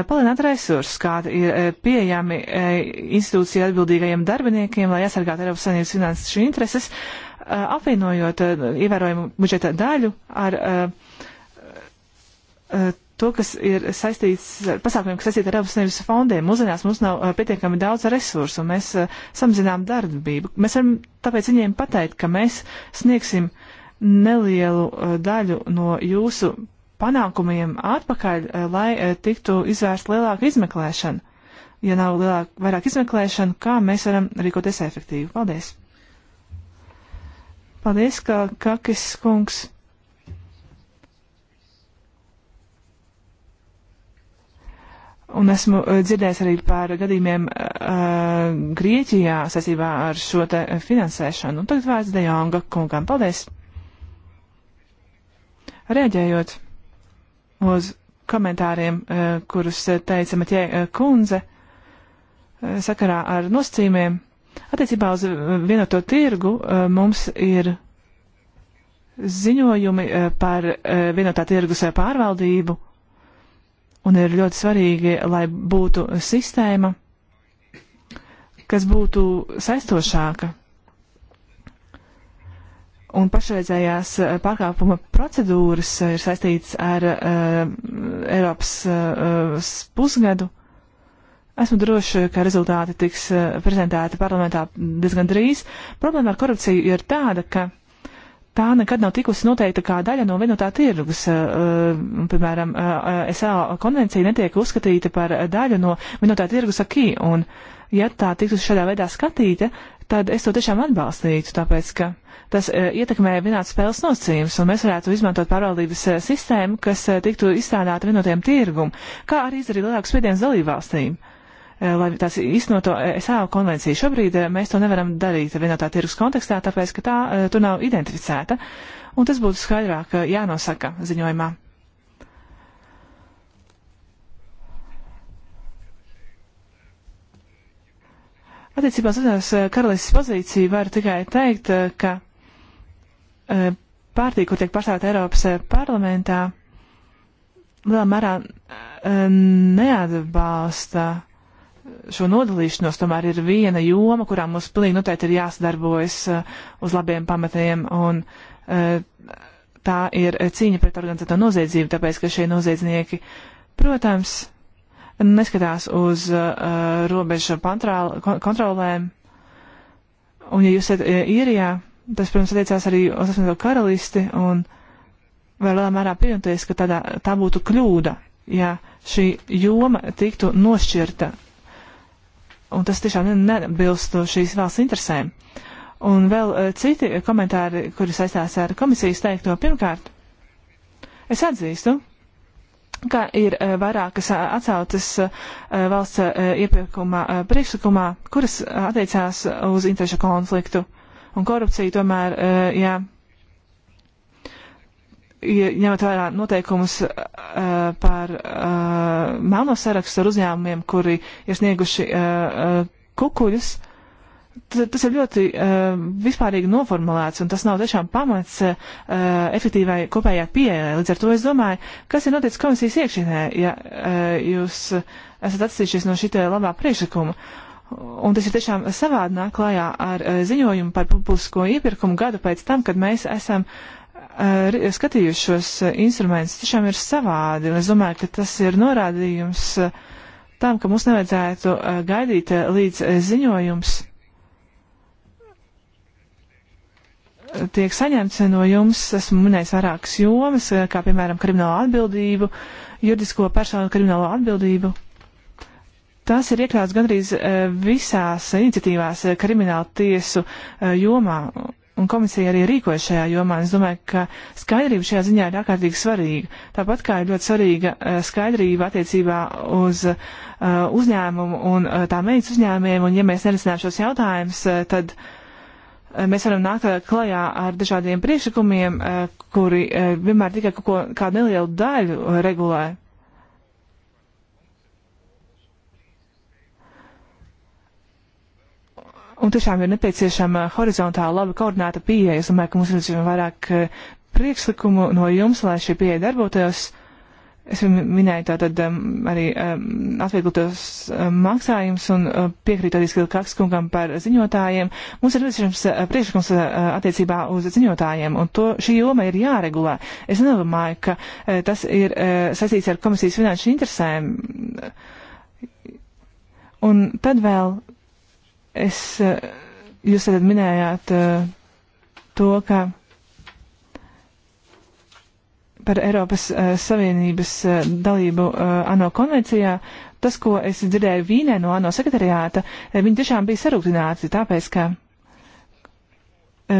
palielināt resursus, kādi ir uh, pieejami uh, institūcija atbildīgajiem darbiniekiem, lai aizsargātu Eiropas Savienības finanses intereses, apvienojot ievērojumu budžeta daļu ar to, kas ir saistīts ar pasākumiem, kas saistīti ar Eiropas Savienības fondiem. Mūsdienās mums nav pietiekami daudz resursu, un mēs samazinām darbību. Mēs varam tāpēc viņiem pateikt, ka mēs sniegsim nelielu daļu no jūsu panākumiem atpakaļ, eh, lai eh, tiktu izvērst lielāka izmeklēšana. Ja nav lielāk, vairāk izmeklēšana, kā mēs varam rīkoties efektīvi? Paldies! Paldies, ka Kakis kungs. Un esmu eh, dzirdējis arī par gadījumiem uh, Grieķijā saistībā ar šo te finansēšanu. Un tagad vārds Dejonga kungam. Paldies! Rēģējot uz komentāriem, eh, kurus eh, teica Matjē eh, kundze sakarā ar nosacījumiem. Attiecībā uz vienoto tirgu mums ir ziņojumi par vienotā tirgus pārvaldību, un ir ļoti svarīgi, lai būtu sistēma, kas būtu saistošāka Un pašreizējās eh, pārkāpuma procedūras eh, ir saistītas ar uh, Eiropas uh, pusgadu. Esmu droši, ka rezultāti tiks uh, prezentēti parlamentā diezgan drīz. Problēma ar korupciju ir tāda, ka tā nekad nav tikusi noteikta kā daļa no vienotā tirgus. Piemēram, SAO konvencija netiek uzskatīta par daļu no vienotā tirgus akī. Un, ja tā tiktu šādā veidā skatīta, tad es to tiešām atbalstītu, tāpēc, ka tas uh, ietekmē vienāds spēles nosacījums, un mēs varētu izmantot pārvaldības uh, sistēmu, kas uh, tiktu izstrādāta vienotiem tirgum, kā arī izdarīt lielāku spiedienu dalībvalstīm, uh, lai tās iznoto SAO konvenciju. Šobrīd uh, mēs to nevaram darīt vienotā tirgus kontekstā, tāpēc, ka tā uh, tur nav identificēta, un tas būtu skaidrāk uh, jānosaka ziņojumā. Attiecībā uz eh, karalistes pozīciju var tikai teikt, eh, ka eh, partija, kur tiek pārstāvēta Eiropas parlamentā, lielā mērā neatbalsta šo nodalīšanos. Tomēr ir viena joma, kurā mums pilnīgi noteikti ir jāsadarbojas uz labiem pamatiem, un tā ir cīņa pret organizēto noziedzību, tāpēc, ka šie noziedznieki, protams, neskatās uz uh, robežu kontrolēm. Un, ja jūs esat uh, īrijā, tas, protams, attiecās arī uz apvienoto karalisti, un vēl lielā mērā pieņemties, ka tādā, tā būtu kļūda, ja šī joma tiktu nošķirta. Un tas tiešām nebilstu šīs valsts interesēm. Un vēl uh, citi komentāri, kuri saistās ar komisijas teikto, pirmkārt, es atzīstu, ka ir eh, vairākas eh, atsaucas eh, valsts iepirkuma priekšlikumā, kuras attiecās uz interešu konfliktu un korupciju tomēr, jā, ņemot vērā noteikumus par melno sarakstu ar uzņēmumiem, kuri ir snieguši kukuļus, tas ir ļoti uh, vispārīgi noformulēts, un tas nav tiešām pamats uh, efektīvai kopējai pieejai. Līdz ar to es domāju, kas ir noticis komisijas iekšienē, ja uh, jūs esat atstījušies no šitā labā priekšlikuma. Un tas ir tiešām savādi nāk klājā ar uh, ziņojumu par publisko iepirkumu gadu pēc tam, kad mēs esam uh, skatījušos uh, instrumentus. Tiešām ir savādi, un es domāju, ka tas ir norādījums uh, tam, ka mums nevajadzētu uh, gaidīt uh, līdz uh, ziņojums tiek saņemts no jums. Esmu minējis vairākas jomas, eh, kā piemēram kriminālo atbildību, juridisko personu kriminālo atbildību. Tas ir iekļauts gandrīz eh, visās iniciatīvās eh, krimināla tiesu jomā, un komisija arī rīkojas šajā jomā. Es domāju, ka skaidrība šajā ziņā ir ārkārtīgi svarīga. Tāpat kā ir ļoti svarīga skaidrība attiecībā uz uzņēmumu un tā meitas uzņēmiem, un ja mēs nerisinām šos jautājumus, tad uh, Eh, mēs varam nākt eh, klajā ar dažādiem priekšlikumiem, eh, kuri vienmēr tikai kaut ko, kādu nelielu daļu regulē. Un tiešām ir nepieciešama horizontāla, labi koordinēta pieeja. Es domāju, ka mums ir vairāk priekšlikumu no jums, lai šī pieeja darbotos. Es minēju tātad um, arī um, atvieglotos um, maksājums un uh, piekrītu arī Skilkaks kungam par ziņotājiem. Mums ir nepieciešams uh, priekšlikums uh, attiecībā uz ziņotājiem, un to šī joma ir jāregulē. Es nedomāju, ka uh, tas ir uh, saistīts ar komisijas finanšu interesēm. Un tad vēl es, uh, jūs tad minējāt uh, to, ka par Eiropas uh, Savienības uh, dalību uh, ANO konvencijā, tas, ko es dzirdēju Vīnē no ANO sekretariāta, viņi tiešām bija sarūktināti, tāpēc, ka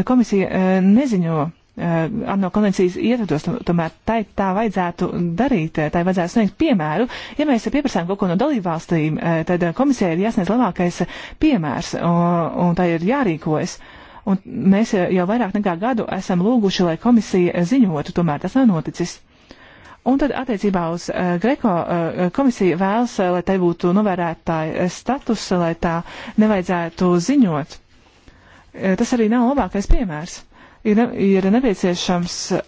komisija neziņo. ANO konvencijas ietvaros, tomēr tai tā vajadzētu darīt, tai vajadzētu sniegt piemēru. Ja mēs pieprasām kaut ko no dalībvalstīm, tad komisijai ir jāsniedz labākais piemērs un, un tai ir jārīkojas. Uh, Un mēs jau vairāk nekā gadu esam lūguši, lai komisija ziņotu, tomēr tas nav noticis. Un tad attiecībā uz uh, Greko uh, komisija vēlas, uh, lai tai būtu novērētāja status, lai tā nevajadzētu ziņot. Uh, tas arī nav labākais piemērs. Ir, ne, ir nepieciešams. Uh,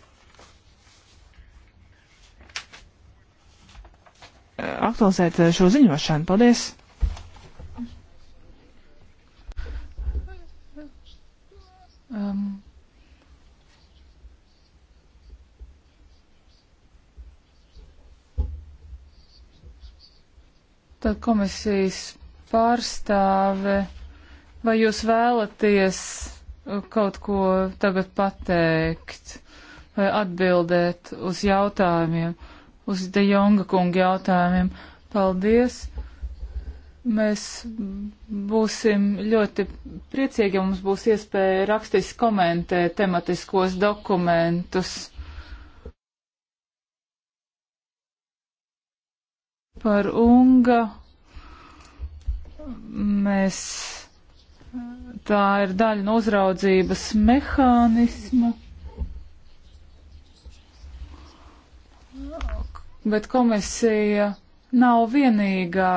aktualizēt uh, šo ziņošanu. Paldies! Um, Tad komisijas pārstāve, vai jūs vēlaties uh, kaut ko tagad pateikt vai atbildēt uz jautājumiem, uz De Jonga kunga jautājumiem? Paldies! Mēs būsim ļoti priecīgi, ja mums būs iespēja rakstiski komentēt tematiskos dokumentus. Par unga mēs, tā ir daļa no uzraudzības mehānisma, bet komisija nav vienīgā,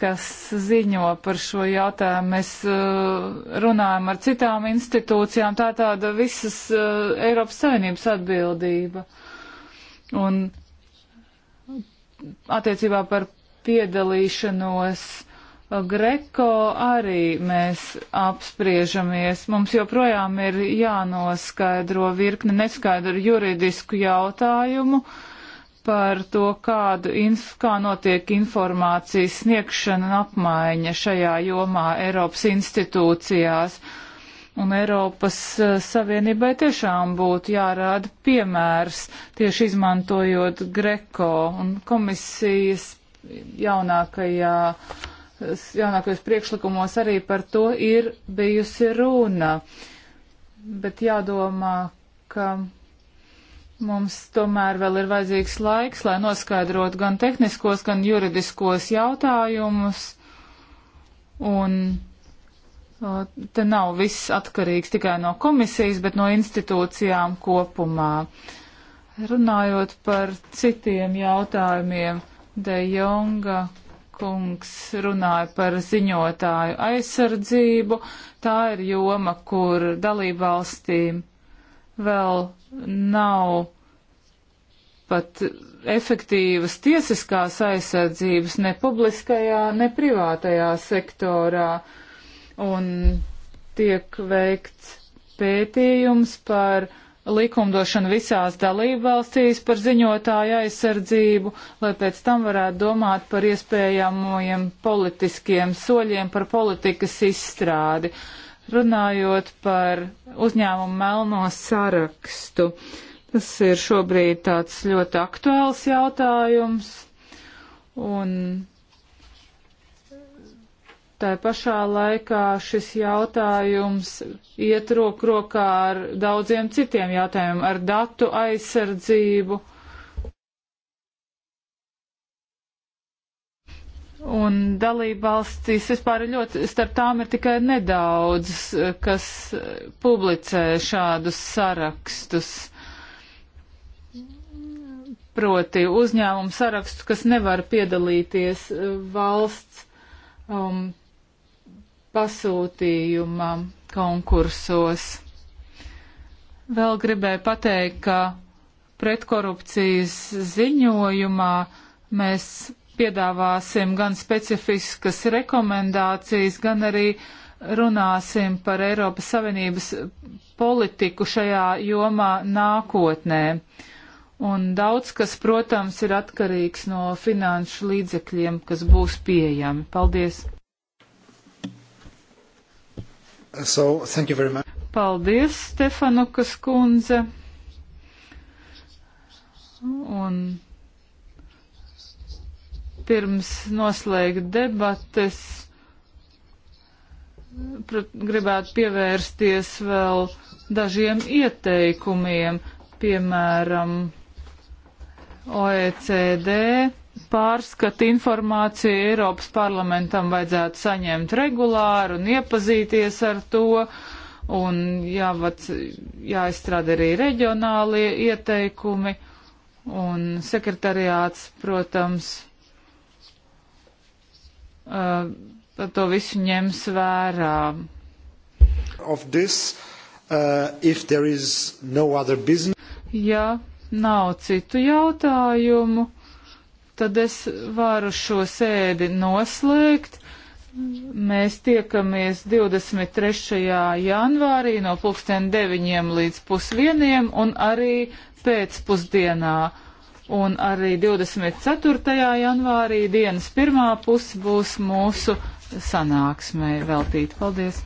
kas ziņo par šo jautājumu. Mēs uh, runājam ar citām institūcijām, tā tāda visas uh, Eiropas Savienības atbildība. Un attiecībā par piedalīšanos uh, Greko arī mēs apspriežamies. Mums joprojām ir jānoskaidro virkne neskaidru juridisku jautājumu. Uh, par to, kādu, inf, kā notiek informācijas sniegšana un apmaiņa šajā jomā Eiropas institūcijās. Un Eiropas eh, Savienībai tiešām būtu jārāda piemērs tieši izmantojot Greko un komisijas jaunākajā, jaunākajos priekšlikumos arī par to ir bijusi runa. Bet jādomā, ka Mums tomēr vēl ir vajadzīgs laiks, lai noskaidrotu gan tehniskos, gan juridiskos jautājumus. Un te nav viss atkarīgs tikai no komisijas, bet no institūcijām kopumā. Runājot par citiem jautājumiem, De Jonga kungs runāja par ziņotāju aizsardzību. Tā ir joma, kur dalībvalstīm vēl nav pat efektīvas tiesiskās aizsardzības ne publiskajā, ne privātajā sektorā. Un tiek veikts pētījums par likumdošanu visās dalībvalstīs par ziņotāju aizsardzību, lai pēc tam varētu domāt par iespējamajiem politiskiem soļiem, par politikas izstrādi runājot par uzņēmumu melno sarakstu. Tas ir šobrīd tāds ļoti aktuāls jautājums. Un tā pašā laikā šis jautājums iet roku rokā ar daudziem citiem jautājumiem, ar datu aizsardzību Un dalībvalstīs vispār ļoti, starp tām ir tikai nedaudz, eh, kas eh, publicē šādus sarakstus. Proti uzņēmumu sarakstus, kas nevar piedalīties eh, valsts um, pasūtījuma konkursos. Vēl gribēju pateikt, ka pretkorupcijas ziņojumā mēs piedāvāsim gan specifiskas rekomendācijas, gan arī runāsim par Eiropas Savienības politiku šajā jomā nākotnē. Un daudz kas, protams, ir atkarīgs no finanšu līdzekļiem, kas būs pieejami. Paldies! So, Paldies, Stefanukas kundze! Un pirms noslēgt debates, gribētu pievērsties vēl dažiem ieteikumiem, piemēram, OECD pārskata informāciju Eiropas parlamentam vajadzētu saņemt regulāri un iepazīties ar to, un jāvac, jāizstrāda arī reģionālie ieteikumi, un sekretariāts, protams, uh, to visu ņems vērā. This, uh, no ja nav citu jautājumu, tad es varu šo sēdi noslēgt. Mēs tiekamies 23. janvārī no pulksten 9 līdz pusvieniem un arī pēcpusdienā un arī 24. janvārī dienas pirmā puse būs mūsu sanāksmē veltīta. Paldies!